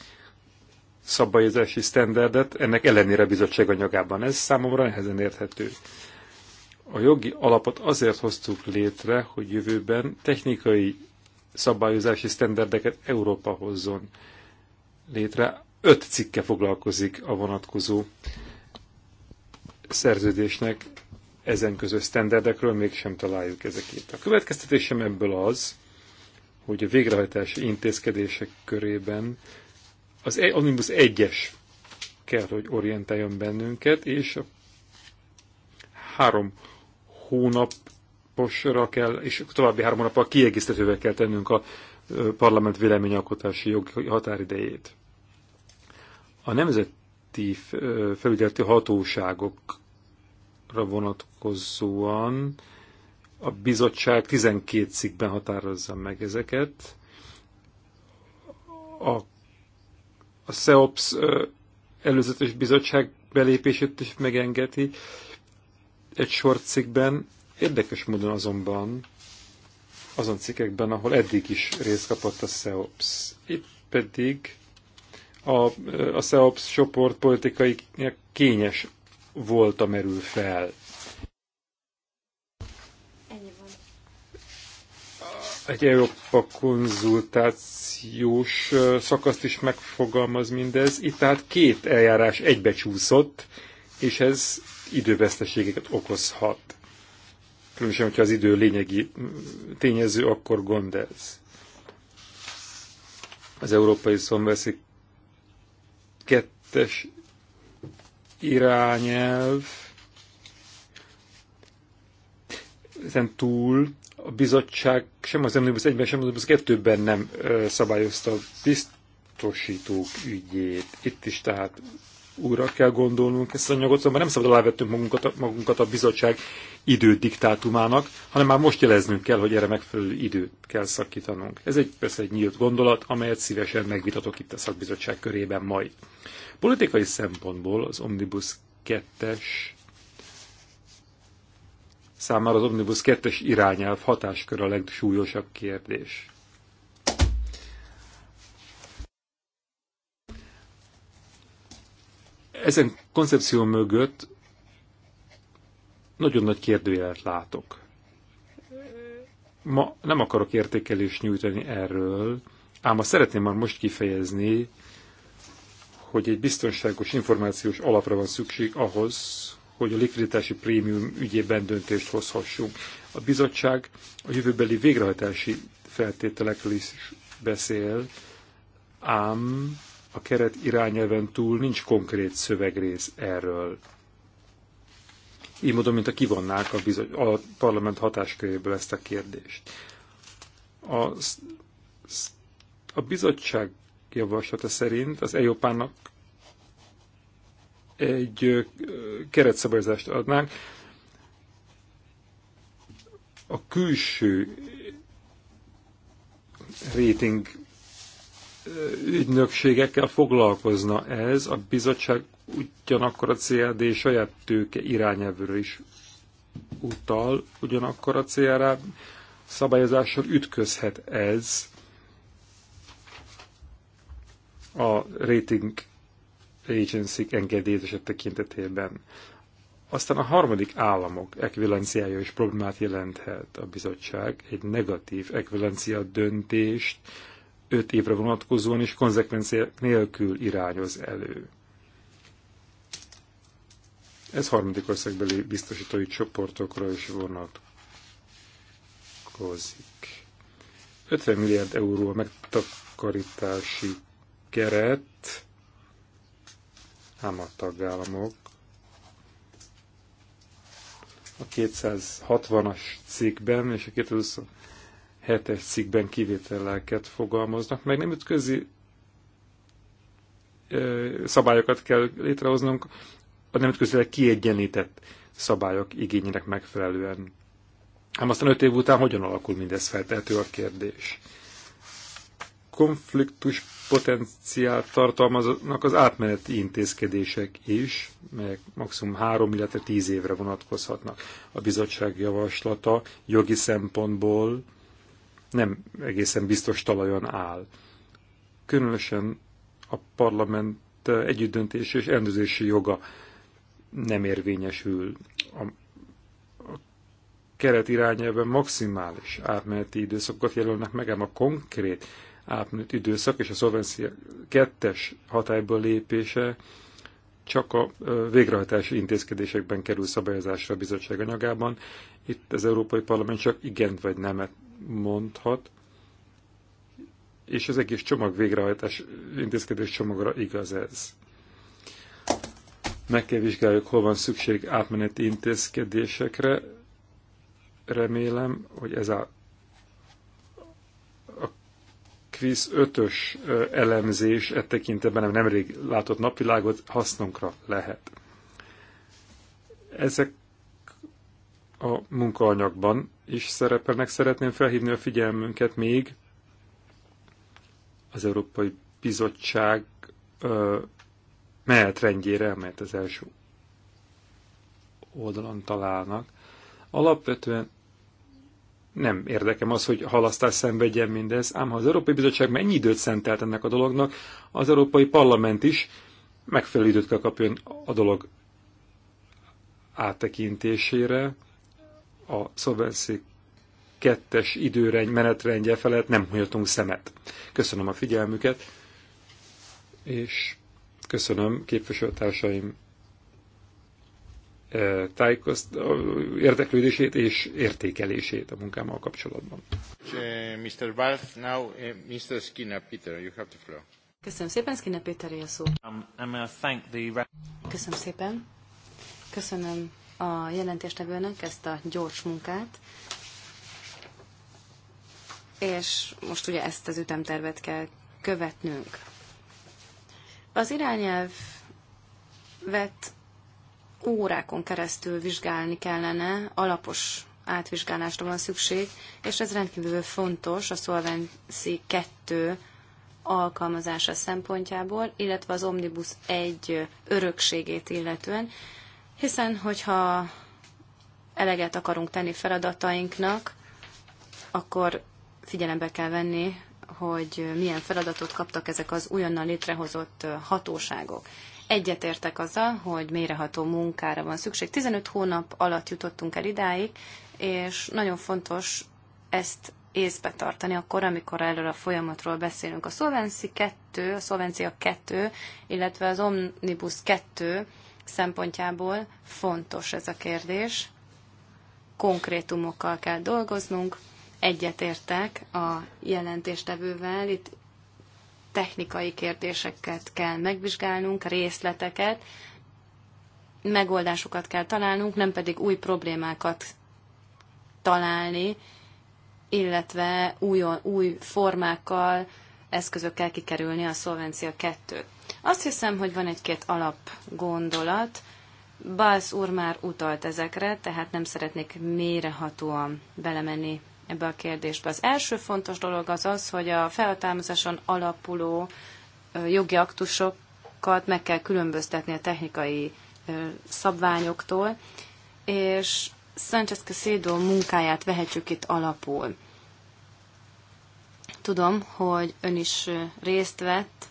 szabályozási sztenderdet, ennek ellenére a bizottság anyagában. Ez számomra nehezen érthető. A jogi alapot azért hoztuk létre, hogy jövőben technikai szabályozási sztenderdeket Európa hozzon létre. Öt cikke foglalkozik a vonatkozó szerződésnek ezen közös sztenderdekről mégsem találjuk ezekét. A következtetésem ebből az, hogy a végrehajtási intézkedések körében az e- Omnibus 1-es kell, hogy orientáljon bennünket, és a három hónaposra kell, és további három hónapra kiegészítővel kell tennünk a parlament véleményalkotási jogi határidejét. A nemzeti felügyeleti hatóságokra vonatkozóan a bizottság 12 cikkben határozza meg ezeket. A, a SEOPS előzetes bizottság belépését is megengedi egy sor cikkben. Érdekes módon azonban azon cikkekben, ahol eddig is részt kapott a SEOPS. Itt pedig a, a SEOPS csoport politikai kényes volt a merül fel. egy Európa konzultációs szakaszt is megfogalmaz mindez. Itt tehát két eljárás egybecsúszott, és ez időveszteségeket okozhat. Különösen, hogyha az idő lényegi mm, tényező, akkor gond ez. Az Európai Szomveszi kettes irányelv ezen túl a bizottság sem az Omnibus 1-ben, sem az Omnibus 2-ben nem szabályozta biztosítók ügyét. Itt is tehát újra kell gondolnunk ezt az anyagot, szóval nem szabad alávettünk magunkat, a, magunkat a bizottság idődiktátumának, hanem már most jeleznünk kell, hogy erre megfelelő időt kell szakítanunk. Ez egy persze egy nyílt gondolat, amelyet szívesen megvitatok itt a szakbizottság körében majd. Politikai szempontból az Omnibus 2-es számára az Omnibus 2-es irányelv hatáskör a legsúlyosabb kérdés. Ezen koncepció mögött nagyon nagy kérdőjelet látok. Ma nem akarok értékelést nyújtani erről, ám azt szeretném már most kifejezni, hogy egy biztonságos információs alapra van szükség ahhoz, hogy a likviditási prémium ügyében döntést hozhassunk. A bizottság a jövőbeli végrehajtási feltételekről is beszél, ám a keret irányelven túl nincs konkrét szövegrész erről. Így módon, mint a kivonnák a, bizony, a parlament hatásköréből ezt a kérdést. A, a bizottság javaslata szerint az EIOPának egy keretszabályzást adnánk. A külső rating ügynökségekkel foglalkozna ez, a bizottság ugyanakkor a CLD saját tőke irányelvről is utal, ugyanakkor a CRA szabályozással ütközhet ez a rating agency engedélyezése tekintetében. Aztán a harmadik államok ekvivalenciája is problémát jelenthet a bizottság. Egy negatív ekvivalencia döntést öt évre vonatkozóan is konzekvencia nélkül irányoz elő. Ez harmadik országbeli biztosítói csoportokra is vonatkozik. 50 milliárd euró a megtakarítási keret, ám a tagállamok a 260-as cikkben és a 227-es cikkben kivételeket fogalmaznak, meg nem ütközi szabályokat kell létrehoznunk a nemzetközileg kiegyenített szabályok igényének megfelelően. Ám aztán öt év után hogyan alakul mindez feltehető a kérdés konfliktus potenciált tartalmaznak az átmeneti intézkedések is, melyek maximum három, illetve tíz évre vonatkozhatnak. A bizottság javaslata jogi szempontból nem egészen biztos talajon áll. Különösen a parlament együttdöntés és rendezési joga nem érvényesül. A keret irányelven maximális átmeneti időszakot jelölnek meg, a konkrét átmenet időszak és a szolvencia kettes hatályba lépése csak a végrehajtási intézkedésekben kerül szabályozásra a bizottság anyagában. Itt az Európai Parlament csak igent vagy nemet mondhat, és az egész csomag végrehajtás intézkedés csomagra igaz ez. Meg kell vizsgáljuk, hol van szükség átmeneti intézkedésekre. Remélem, hogy ez a Quiz 5-ös elemzés e tekintetben nem nemrég látott napvilágot hasznunkra lehet. Ezek a munkaanyagban is szerepelnek. Szeretném felhívni a figyelmünket még az Európai Bizottság rendjére, amelyet az első oldalon találnak. Alapvetően nem érdekem az, hogy halasztás szenvedjen mindez, ám ha az Európai Bizottság mennyi időt szentelt ennek a dolognak, az Európai Parlament is megfelelő időt kell kapjon a dolog áttekintésére, a Solvency kettes időrend, menetrendje felett nem hújatunk szemet. Köszönöm a figyelmüket, és köszönöm képviselőtársaim érdeklődését és értékelését a munkámmal kapcsolatban. Mr. Barth, now Mr. Skinner, Peter, you have the floor. Köszönöm szépen, Skinner Péter a szó. Um, Köszönöm szépen. Köszönöm a jelentéstevőnek ezt a gyors munkát. És most ugye ezt az ütemtervet kell követnünk. Az irányelv vett órákon keresztül vizsgálni kellene, alapos átvizsgálásra van szükség, és ez rendkívül fontos a Solvency 2 alkalmazása szempontjából, illetve az Omnibus 1 örökségét illetően, hiszen hogyha eleget akarunk tenni feladatainknak, akkor figyelembe kell venni, hogy milyen feladatot kaptak ezek az újonnan létrehozott hatóságok. Egyetértek azzal, hogy mélyreható munkára van szükség. 15 hónap alatt jutottunk el idáig, és nagyon fontos ezt észbe tartani akkor, amikor erről a folyamatról beszélünk. A Solvency 2, a Solvencia 2, illetve az Omnibus 2 szempontjából fontos ez a kérdés. Konkrétumokkal kell dolgoznunk. Egyetértek a jelentéstevővel, itt technikai kérdéseket kell megvizsgálnunk, részleteket, megoldásokat kell találnunk, nem pedig új problémákat találni, illetve új, új formákkal, eszközökkel kikerülni a szolvencia kettőt. Azt hiszem, hogy van egy-két alap gondolat. Balsz úr már utalt ezekre, tehát nem szeretnék mélyrehatóan belemenni ebbe a kérdésbe. Az első fontos dolog az az, hogy a felhatalmazáson alapuló jogi aktusokat meg kell különböztetni a technikai szabványoktól, és Sanchez Casedo munkáját vehetjük itt alapul. Tudom, hogy ön is részt vett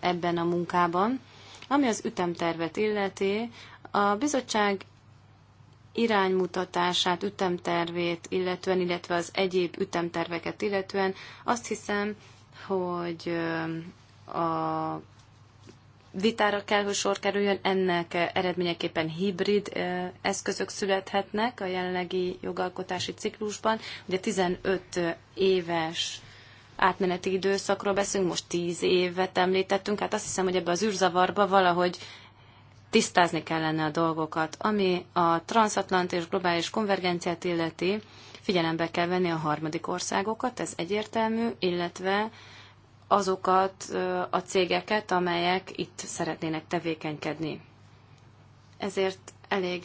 ebben a munkában. Ami az ütemtervet illeti, a bizottság iránymutatását, ütemtervét, illetően, illetve az egyéb ütemterveket illetően, azt hiszem, hogy a vitára kell, hogy sor kerüljön, ennek eredményeképpen hibrid eszközök születhetnek a jelenlegi jogalkotási ciklusban. Ugye 15 éves átmeneti időszakról beszélünk, most 10 évet említettünk, hát azt hiszem, hogy ebbe az űrzavarba valahogy tisztázni kellene a dolgokat. Ami a transatlant és globális konvergenciát illeti, figyelembe kell venni a harmadik országokat, ez egyértelmű, illetve azokat a cégeket, amelyek itt szeretnének tevékenykedni. Ezért elég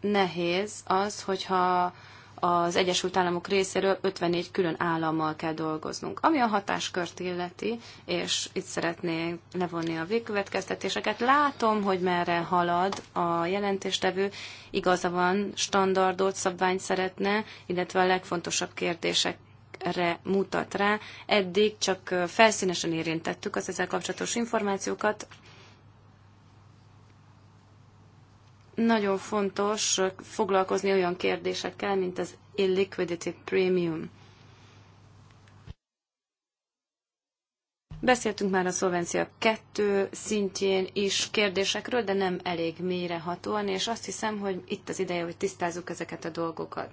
nehéz az, hogyha az Egyesült Államok részéről 54 külön állammal kell dolgoznunk. Ami a hatáskört illeti, és itt szeretné levonni a végkövetkeztetéseket, látom, hogy merre halad a jelentéstevő, igaza van, standardot, szabványt szeretne, illetve a legfontosabb kérdések mutat rá. Eddig csak felszínesen érintettük az ezzel kapcsolatos információkat, nagyon fontos foglalkozni olyan kérdésekkel, mint az illiquidity premium. Beszéltünk már a szolvencia kettő szintjén is kérdésekről, de nem elég mélyrehatóan, és azt hiszem, hogy itt az ideje, hogy tisztázzuk ezeket a dolgokat.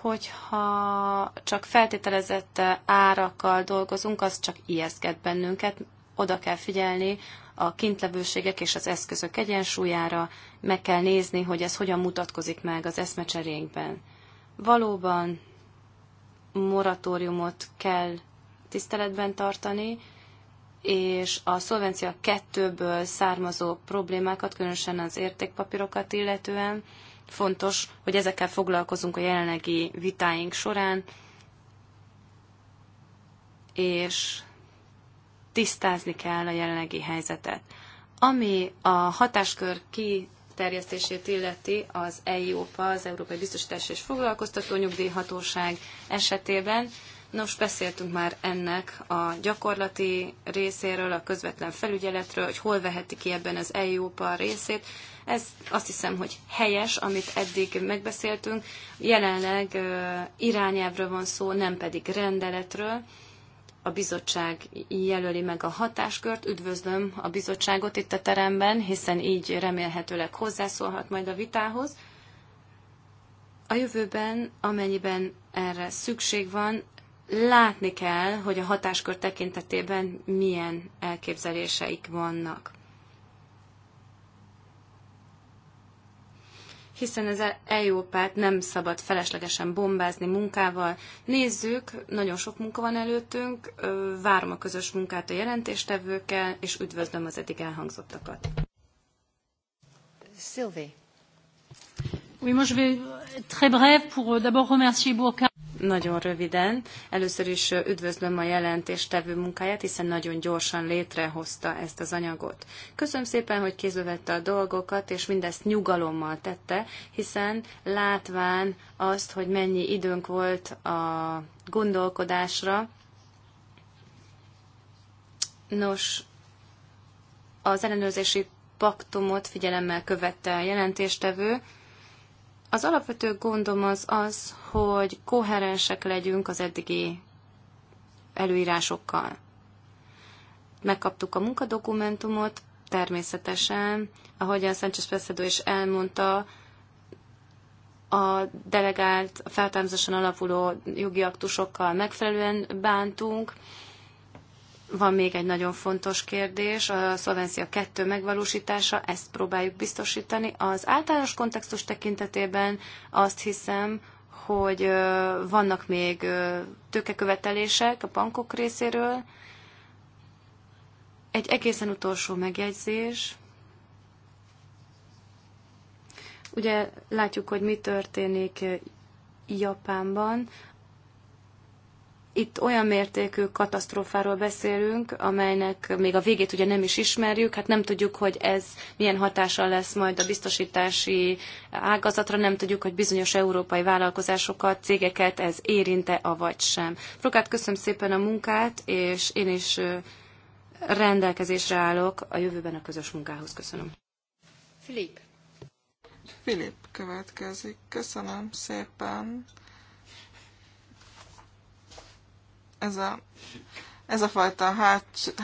Hogyha csak feltételezett árakkal dolgozunk, az csak ijeszget bennünket, oda kell figyelni a kintlevőségek és az eszközök egyensúlyára, meg kell nézni, hogy ez hogyan mutatkozik meg az eszmecserénkben. Valóban moratóriumot kell tiszteletben tartani, és a szolvencia kettőből származó problémákat, különösen az értékpapírokat illetően fontos, hogy ezekkel foglalkozunk a jelenlegi vitáink során, és tisztázni kell a jelenlegi helyzetet. Ami a hatáskör ki terjesztését illeti az EIOPA, az Európai Biztosítás és Foglalkoztató Nyugdíjhatóság esetében. Nos, beszéltünk már ennek a gyakorlati részéről, a közvetlen felügyeletről, hogy hol veheti ki ebben az EIOPA részét. Ez azt hiszem, hogy helyes, amit eddig megbeszéltünk. Jelenleg irányelvről van szó, nem pedig rendeletről a bizottság jelöli meg a hatáskört. Üdvözlöm a bizottságot itt a teremben, hiszen így remélhetőleg hozzászólhat majd a vitához. A jövőben, amennyiben erre szükség van, látni kell, hogy a hatáskör tekintetében milyen elképzeléseik vannak. hiszen az Európát nem szabad feleslegesen bombázni munkával. Nézzük, nagyon sok munka van előttünk, várom a közös munkát a jelentéstevőkkel, és üdvözlöm az eddig elhangzottakat. Sylvie. Oui, moi je vais très brève pour euh, d'abord remercier Burkhard. Nagyon röviden. Először is üdvözlöm a jelentéstevő munkáját, hiszen nagyon gyorsan létrehozta ezt az anyagot. Köszönöm szépen, hogy kézbevette a dolgokat, és mindezt nyugalommal tette, hiszen látván azt, hogy mennyi időnk volt a gondolkodásra. Nos, az ellenőrzési paktumot figyelemmel követte a jelentéstevő, az alapvető gondom az az, hogy koherensek legyünk az eddigi előírásokkal. Megkaptuk a munkadokumentumot, természetesen, a Sánchez Preszedő is elmondta, a delegált, feltámzáson alapuló jogi aktusokkal megfelelően bántunk, van még egy nagyon fontos kérdés, a szolvencia 2 megvalósítása, ezt próbáljuk biztosítani. Az általános kontextus tekintetében azt hiszem, hogy vannak még tőkekövetelések a bankok részéről. Egy egészen utolsó megjegyzés. Ugye látjuk, hogy mi történik Japánban itt olyan mértékű katasztrófáról beszélünk, amelynek még a végét ugye nem is ismerjük, hát nem tudjuk, hogy ez milyen hatással lesz majd a biztosítási ágazatra, nem tudjuk, hogy bizonyos európai vállalkozásokat, cégeket ez érinte, avagy sem. Prokát, köszönöm szépen a munkát, és én is rendelkezésre állok a jövőben a közös munkához. Köszönöm. Filip. Filip következik. Köszönöm szépen. ez a, ez a fajta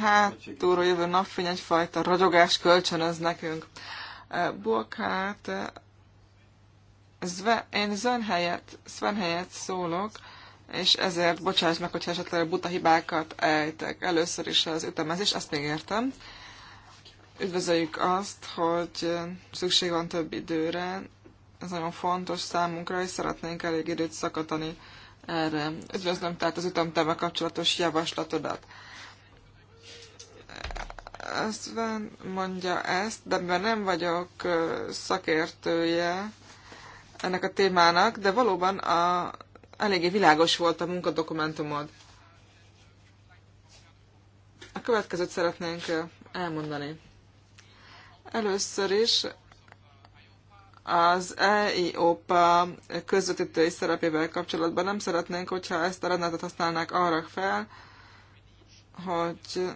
hát, jövő napfény egyfajta ragyogás kölcsönöz nekünk. E, Burkhát, e, én Zön helyett, Sven helyett szólok, és ezért bocsáss meg, hogyha esetleg buta hibákat ejtek. Először is az ütemezés, azt még értem. Üdvözöljük azt, hogy szükség van több időre. Ez nagyon fontos számunkra, és szeretnénk elég időt szakatani erre. Üdvözlöm tehát az ütemterve kapcsolatos javaslatodat. van, mondja ezt, de mivel nem vagyok szakértője ennek a témának, de valóban a, eléggé világos volt a munkadokumentumod. A következőt szeretnénk elmondani. Először is az EIOPA közvetítői szerepével kapcsolatban nem szeretnénk, hogyha ezt a rendeletet használnák arra fel, hogy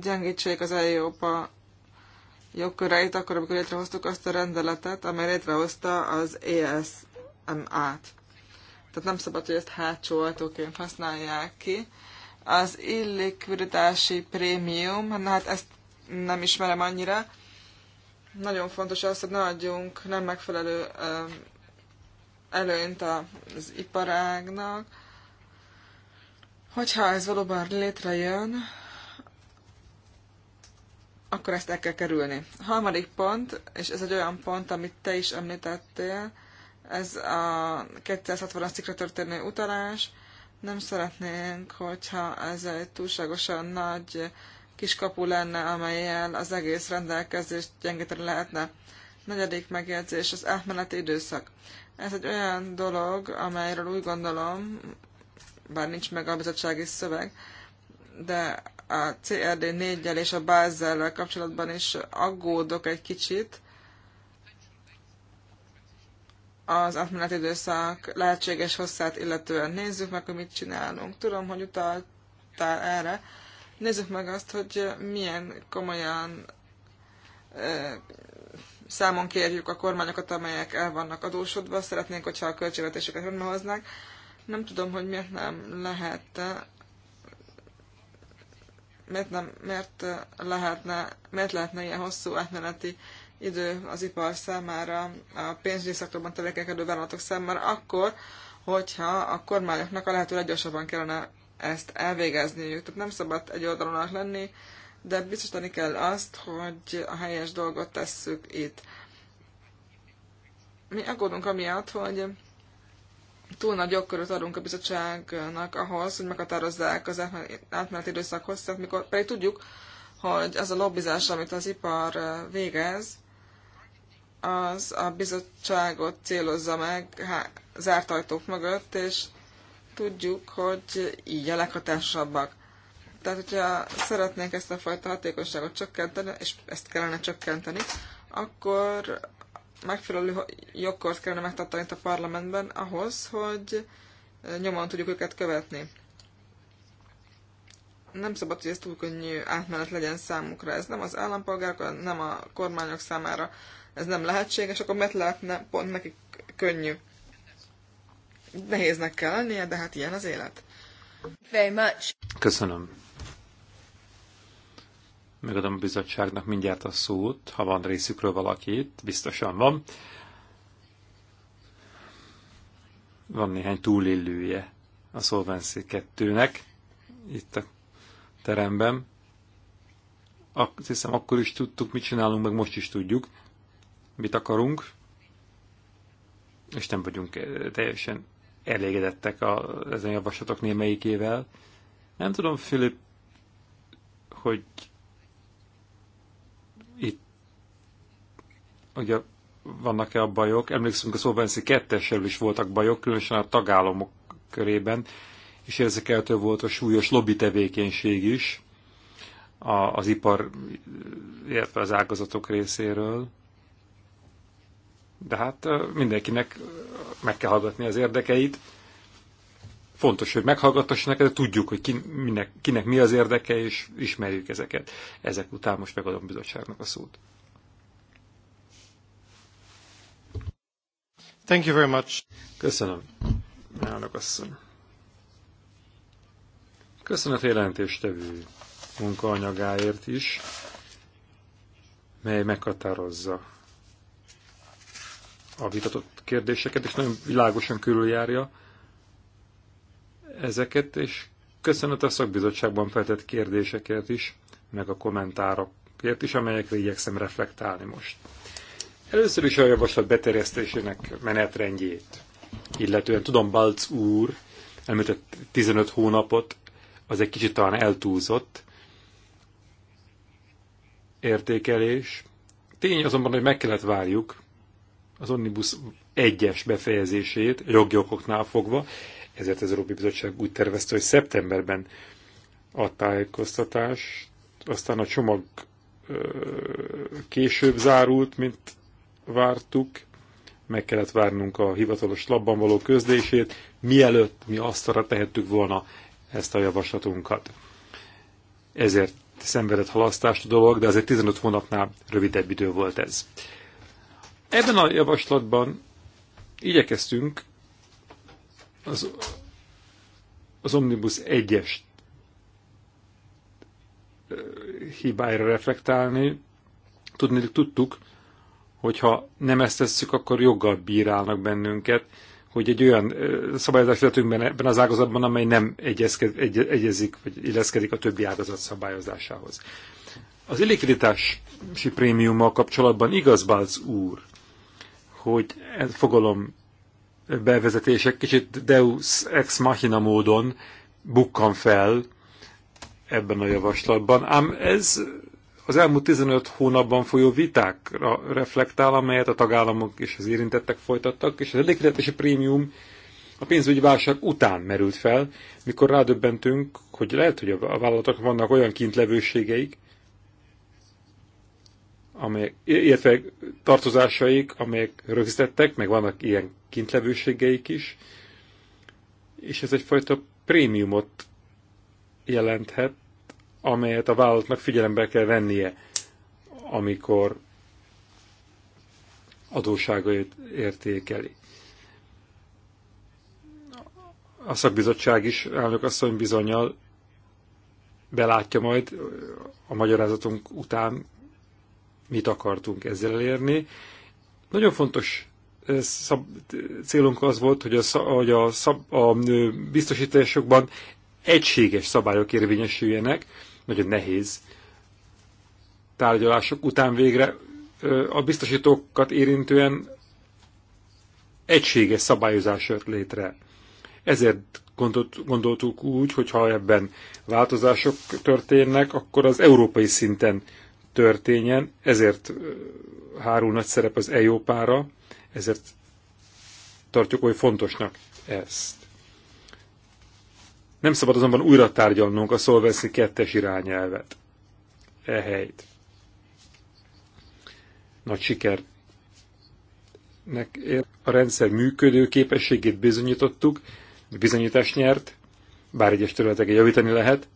gyengítsék az EIOPA jogköreit, akkor, amikor létrehoztuk azt a rendeletet, amely létrehozta az ESMA-t. Tehát nem szabad, hogy ezt hátsó ajtóként használják ki. Az illikviditási prémium, hát ezt nem ismerem annyira, nagyon fontos az, hogy ne adjunk nem megfelelő előnyt az iparágnak. Hogyha ez valóban létrejön, akkor ezt el kell kerülni. A harmadik pont, és ez egy olyan pont, amit te is említettél, ez a 260-as cikkre történő utalás. Nem szeretnénk, hogyha ez egy túlságosan nagy kiskapu lenne, amelyel az egész rendelkezést gyengíteni lehetne. Negyedik megjegyzés, az átmeneti időszak. Ez egy olyan dolog, amelyről úgy gondolom, bár nincs meg a bizottsági szöveg, de a CRD 4 és a Bázellel kapcsolatban is aggódok egy kicsit. Az átmeneti időszak lehetséges hosszát illetően nézzük meg, hogy mit csinálunk. Tudom, hogy utaltál erre, Nézzük meg azt, hogy milyen komolyan számon kérjük a kormányokat, amelyek el vannak adósodva. Szeretnénk, hogyha a költségvetéseket rendbehoznák. Nem tudom, hogy miért nem lehet miért, nem, miért, lehetne, miért lehetne ilyen hosszú átmeneti idő az ipar számára, a pénzügyi szektorban tevékenykedő vállalatok számára, akkor, hogyha a kormányoknak a lehető leggyorsabban kellene ezt elvégezniük. Tehát nem szabad egy oldalonak lenni, de biztosítani kell azt, hogy a helyes dolgot tesszük itt. Mi aggódunk amiatt, hogy túl nagy jogköröt adunk a bizottságnak ahhoz, hogy meghatározzák az átmeneti időszak hosszát, mikor pedig tudjuk, hogy az a lobbizás, amit az ipar végez, az a bizottságot célozza meg zárt ajtók mögött, és tudjuk, hogy így a leghatásabbak. Tehát, hogyha szeretnénk ezt a fajta hatékonyságot csökkenteni, és ezt kellene csökkenteni, akkor megfelelő jogkort kellene megtartani itt a parlamentben ahhoz, hogy nyomon tudjuk őket követni. Nem szabad, hogy ez túl könnyű átmenet legyen számukra. Ez nem az állampolgárok, nem a kormányok számára. Ez nem lehetséges, akkor mert lehetne pont nekik könnyű nehéznek kell lennie, de hát ilyen az élet. Very much. Köszönöm. Megadom a bizottságnak mindjárt a szót, ha van részükről valakit, biztosan van. Van néhány túlillője a Solvency 2-nek itt a teremben. Azt hiszem, akkor is tudtuk, mit csinálunk, meg most is tudjuk, mit akarunk, és nem vagyunk eh, teljesen elégedettek a, ezen javaslatok némelyikével. Nem tudom, Filip, hogy itt ugye vannak-e a bajok. Emlékszünk, a Szolvenci 2 is voltak bajok, különösen a tagállamok körében, és érzékeltő volt a súlyos lobby tevékenység is a, az ipar, illetve az ágazatok részéről de hát mindenkinek meg kell hallgatni az érdekeit. Fontos, hogy neked de tudjuk, hogy ki, minek, kinek mi az érdeke, és ismerjük ezeket. Ezek után most megadom bizottságnak a szót. Thank you very much. Köszönöm, elnök asszony. Köszönet jelentéstevő munkaanyagáért is, mely meghatározza a vitatott kérdéseket, és nagyon világosan körüljárja ezeket, és köszönet a szakbizottságban feltett kérdésekért is, meg a kommentárokért is, amelyekre igyekszem reflektálni most. Először is a javaslat beterjesztésének menetrendjét, illetően tudom, Balc úr említett 15 hónapot, az egy kicsit talán eltúlzott értékelés. Tény azonban, hogy meg kellett várjuk az Omnibus egyes befejezését, jogi okoknál fogva, ezért az Európai Bizottság úgy tervezte, hogy szeptemberben a tájékoztatás, aztán a csomag később zárult, mint vártuk, meg kellett várnunk a hivatalos labban való közlését, mielőtt mi asztalra tehettük volna ezt a javaslatunkat. Ezért szenvedett halasztást a dolog, de azért 15 hónapnál rövidebb idő volt ez. Ebben a javaslatban igyekeztünk az, az Omnibus 1-es hibáira reflektálni. Tudni tudtuk, hogy ha nem ezt tesszük, akkor joggal bírálnak bennünket, hogy egy olyan szabályozást vezetünk ebben az ágazatban, amely nem egyezke, egy, egyezik, vagy illeszkedik a többi ágazat szabályozásához. Az illikviditási prémiummal kapcsolatban igaz Balc úr, hogy ez fogalom bevezetések kicsit Deus ex machina módon bukkan fel ebben a javaslatban, ám ez az elmúlt 15 hónapban folyó vitákra reflektál, amelyet a tagállamok és az érintettek folytattak, és az elégedetési prémium a pénzügyi válság után merült fel, mikor rádöbbentünk, hogy lehet, hogy a vállalatok vannak olyan kintlevőségeik, amelyek, illetve tartozásaik, amelyek rögzítettek, meg vannak ilyen kintlevőségeik is, és ez egyfajta prémiumot jelenthet, amelyet a vállalatnak figyelembe kell vennie, amikor adóságait értékeli. A szakbizottság is asszony bizonyal belátja majd a magyarázatunk után, mit akartunk ezzel elérni. Nagyon fontos szab, célunk az volt, hogy a, hogy a, szab, a biztosításokban egységes szabályok érvényesüljenek, nagyon nehéz tárgyalások után végre a biztosítókat érintően egységes szabályozás jött létre. Ezért gondolt, gondoltuk úgy, hogy ha ebben változások történnek, akkor az európai szinten történjen, ezért hárul nagy szerep az EIOPára, ezért tartjuk oly fontosnak ezt. Nem szabad azonban újra tárgyalnunk a Solvency 2-es irányelvet. Ehelyt. Nagy siker. A rendszer működő képességét bizonyítottuk, bizonyítást nyert, bár egyes területeken javítani lehet,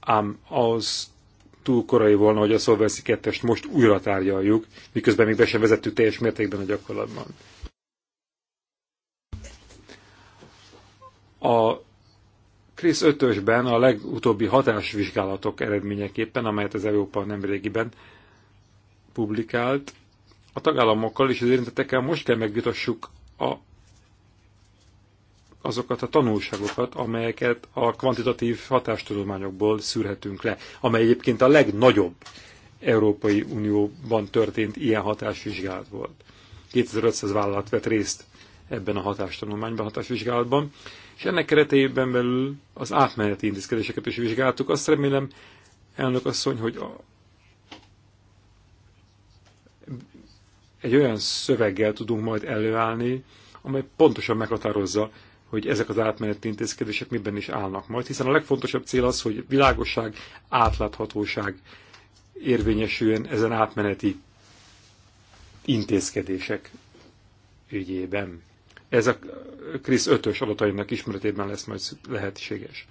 ám az túl korai volna, hogy a Solvency 2 most újra tárgyaljuk, miközben még be sem vezettük teljes mértékben a gyakorlatban. A Krisz 5-ösben a legutóbbi hatásvizsgálatok eredményeképpen, amelyet az Európa nemrégiben publikált, a tagállamokkal és az érintettekkel most kell megvitassuk a azokat a tanulságokat, amelyeket a kvantitatív hatástudományokból szűrhetünk le, amely egyébként a legnagyobb Európai Unióban történt ilyen hatásvizsgálat volt. 2500 vállalat vett részt ebben a hatástanulmányban, hatásvizsgálatban, és ennek keretében belül az átmeneti intézkedéseket is vizsgáltuk. Azt remélem, elnök asszony, hogy a... egy olyan szöveggel tudunk majd előállni, amely pontosan meghatározza hogy ezek az átmeneti intézkedések miben is állnak majd, hiszen a legfontosabb cél az, hogy világosság, átláthatóság érvényesüljön ezen átmeneti intézkedések ügyében. Ez a Krisz 5-ös adatainak ismeretében lesz majd lehetséges.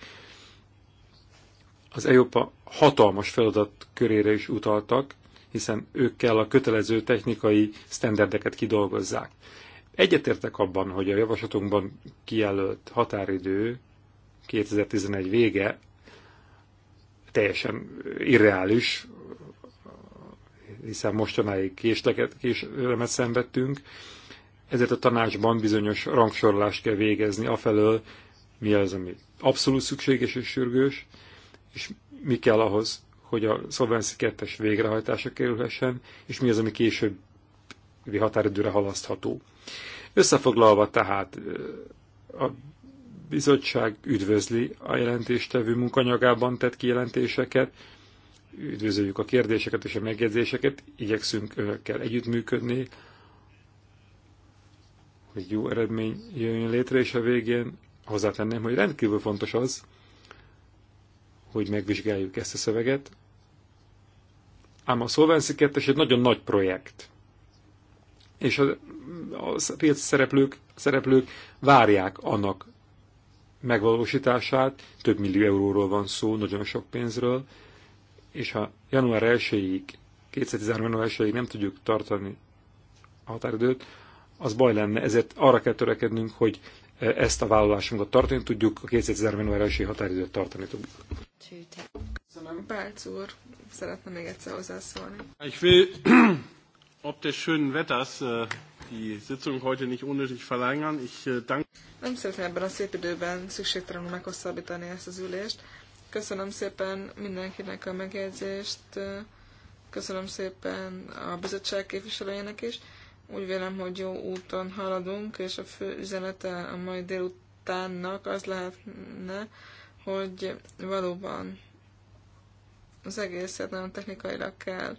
Az európa hatalmas feladat körére is utaltak, hiszen ők kell a kötelező technikai sztenderdeket kidolgozzák. Egyetértek abban, hogy a javaslatunkban kijelölt határidő 2011 vége teljesen irreális, hiszen mostanáig késleket, késlemet szenvedtünk, ezért a tanácsban bizonyos rangsorolást kell végezni afelől, mi az, ami abszolút szükséges és sürgős, és mi kell ahhoz, hogy a Solvency 2-es végrehajtása kerülhessen, és mi az, ami később határidőre halasztható. Összefoglalva tehát a bizottság üdvözli a jelentéstevő munkanyagában tett kijelentéseket, üdvözöljük a kérdéseket és a megjegyzéseket, igyekszünk önökkel együttműködni, hogy jó eredmény jöjjön létre, és a végén hozzátenném, hogy rendkívül fontos az, hogy megvizsgáljuk ezt a szöveget, ám a Solvency 2 egy nagyon nagy projekt és a, a piac szereplők, szereplők várják annak megvalósítását, több millió euróról van szó, nagyon sok pénzről, és ha január 1-ig, 2013. január 1-ig nem tudjuk tartani a határidőt, az baj lenne, ezért arra kell törekednünk, hogy e, ezt a vállalásunkat tartani tudjuk, a 2013. január 1 határidőt tartani tudjuk. Köszönöm. Bálc úr, szeretne még egyszer hozzászólni. Egy will ob des schönen Wetters äh, die Sitzung heute nicht unnötig verlängern. Ich äh, danke. Nem szeretném ebben a szép időben szükségtelenül meghosszabbítani ezt az ülést. Köszönöm szépen mindenkinek a megjegyzést, köszönöm szépen a bizottság képviselőjének is. Úgy vélem, hogy jó úton haladunk, és a fő üzenete a mai délutánnak az lehetne, hogy valóban az egészet nagyon technikailag kell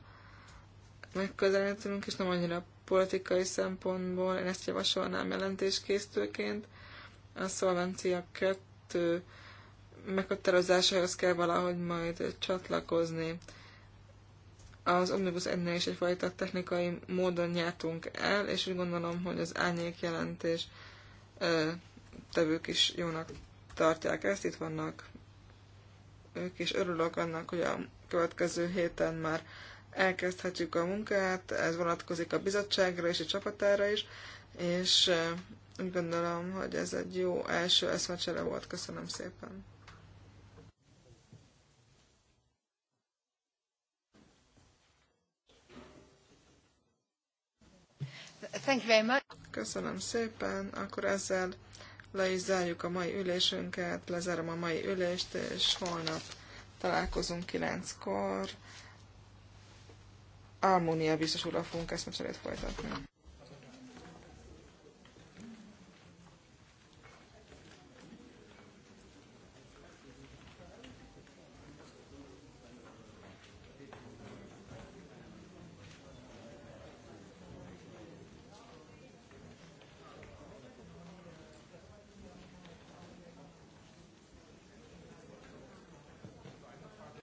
megközelítünk, és nem annyira politikai szempontból, én ezt javasolnám jelentéskészítőként, a szolvencia kettő meghatározásához kell valahogy majd csatlakozni. Az Omnibus 1 is egyfajta technikai módon nyertünk el, és úgy gondolom, hogy az ányék jelentés tevők is jónak tartják ezt, itt vannak ők is örülök annak, hogy a következő héten már elkezdhetjük a munkát, ez vonatkozik a bizottságra és a csapatára is, és úgy gondolom, hogy ez egy jó első eszmecsere volt. Köszönöm szépen! Thank you very much. Köszönöm szépen, akkor ezzel le is zárjuk a mai ülésünket, lezárom a mai ülést, és holnap találkozunk kilenckor. Almónia biztos úrral fogunk ezt most folytatni.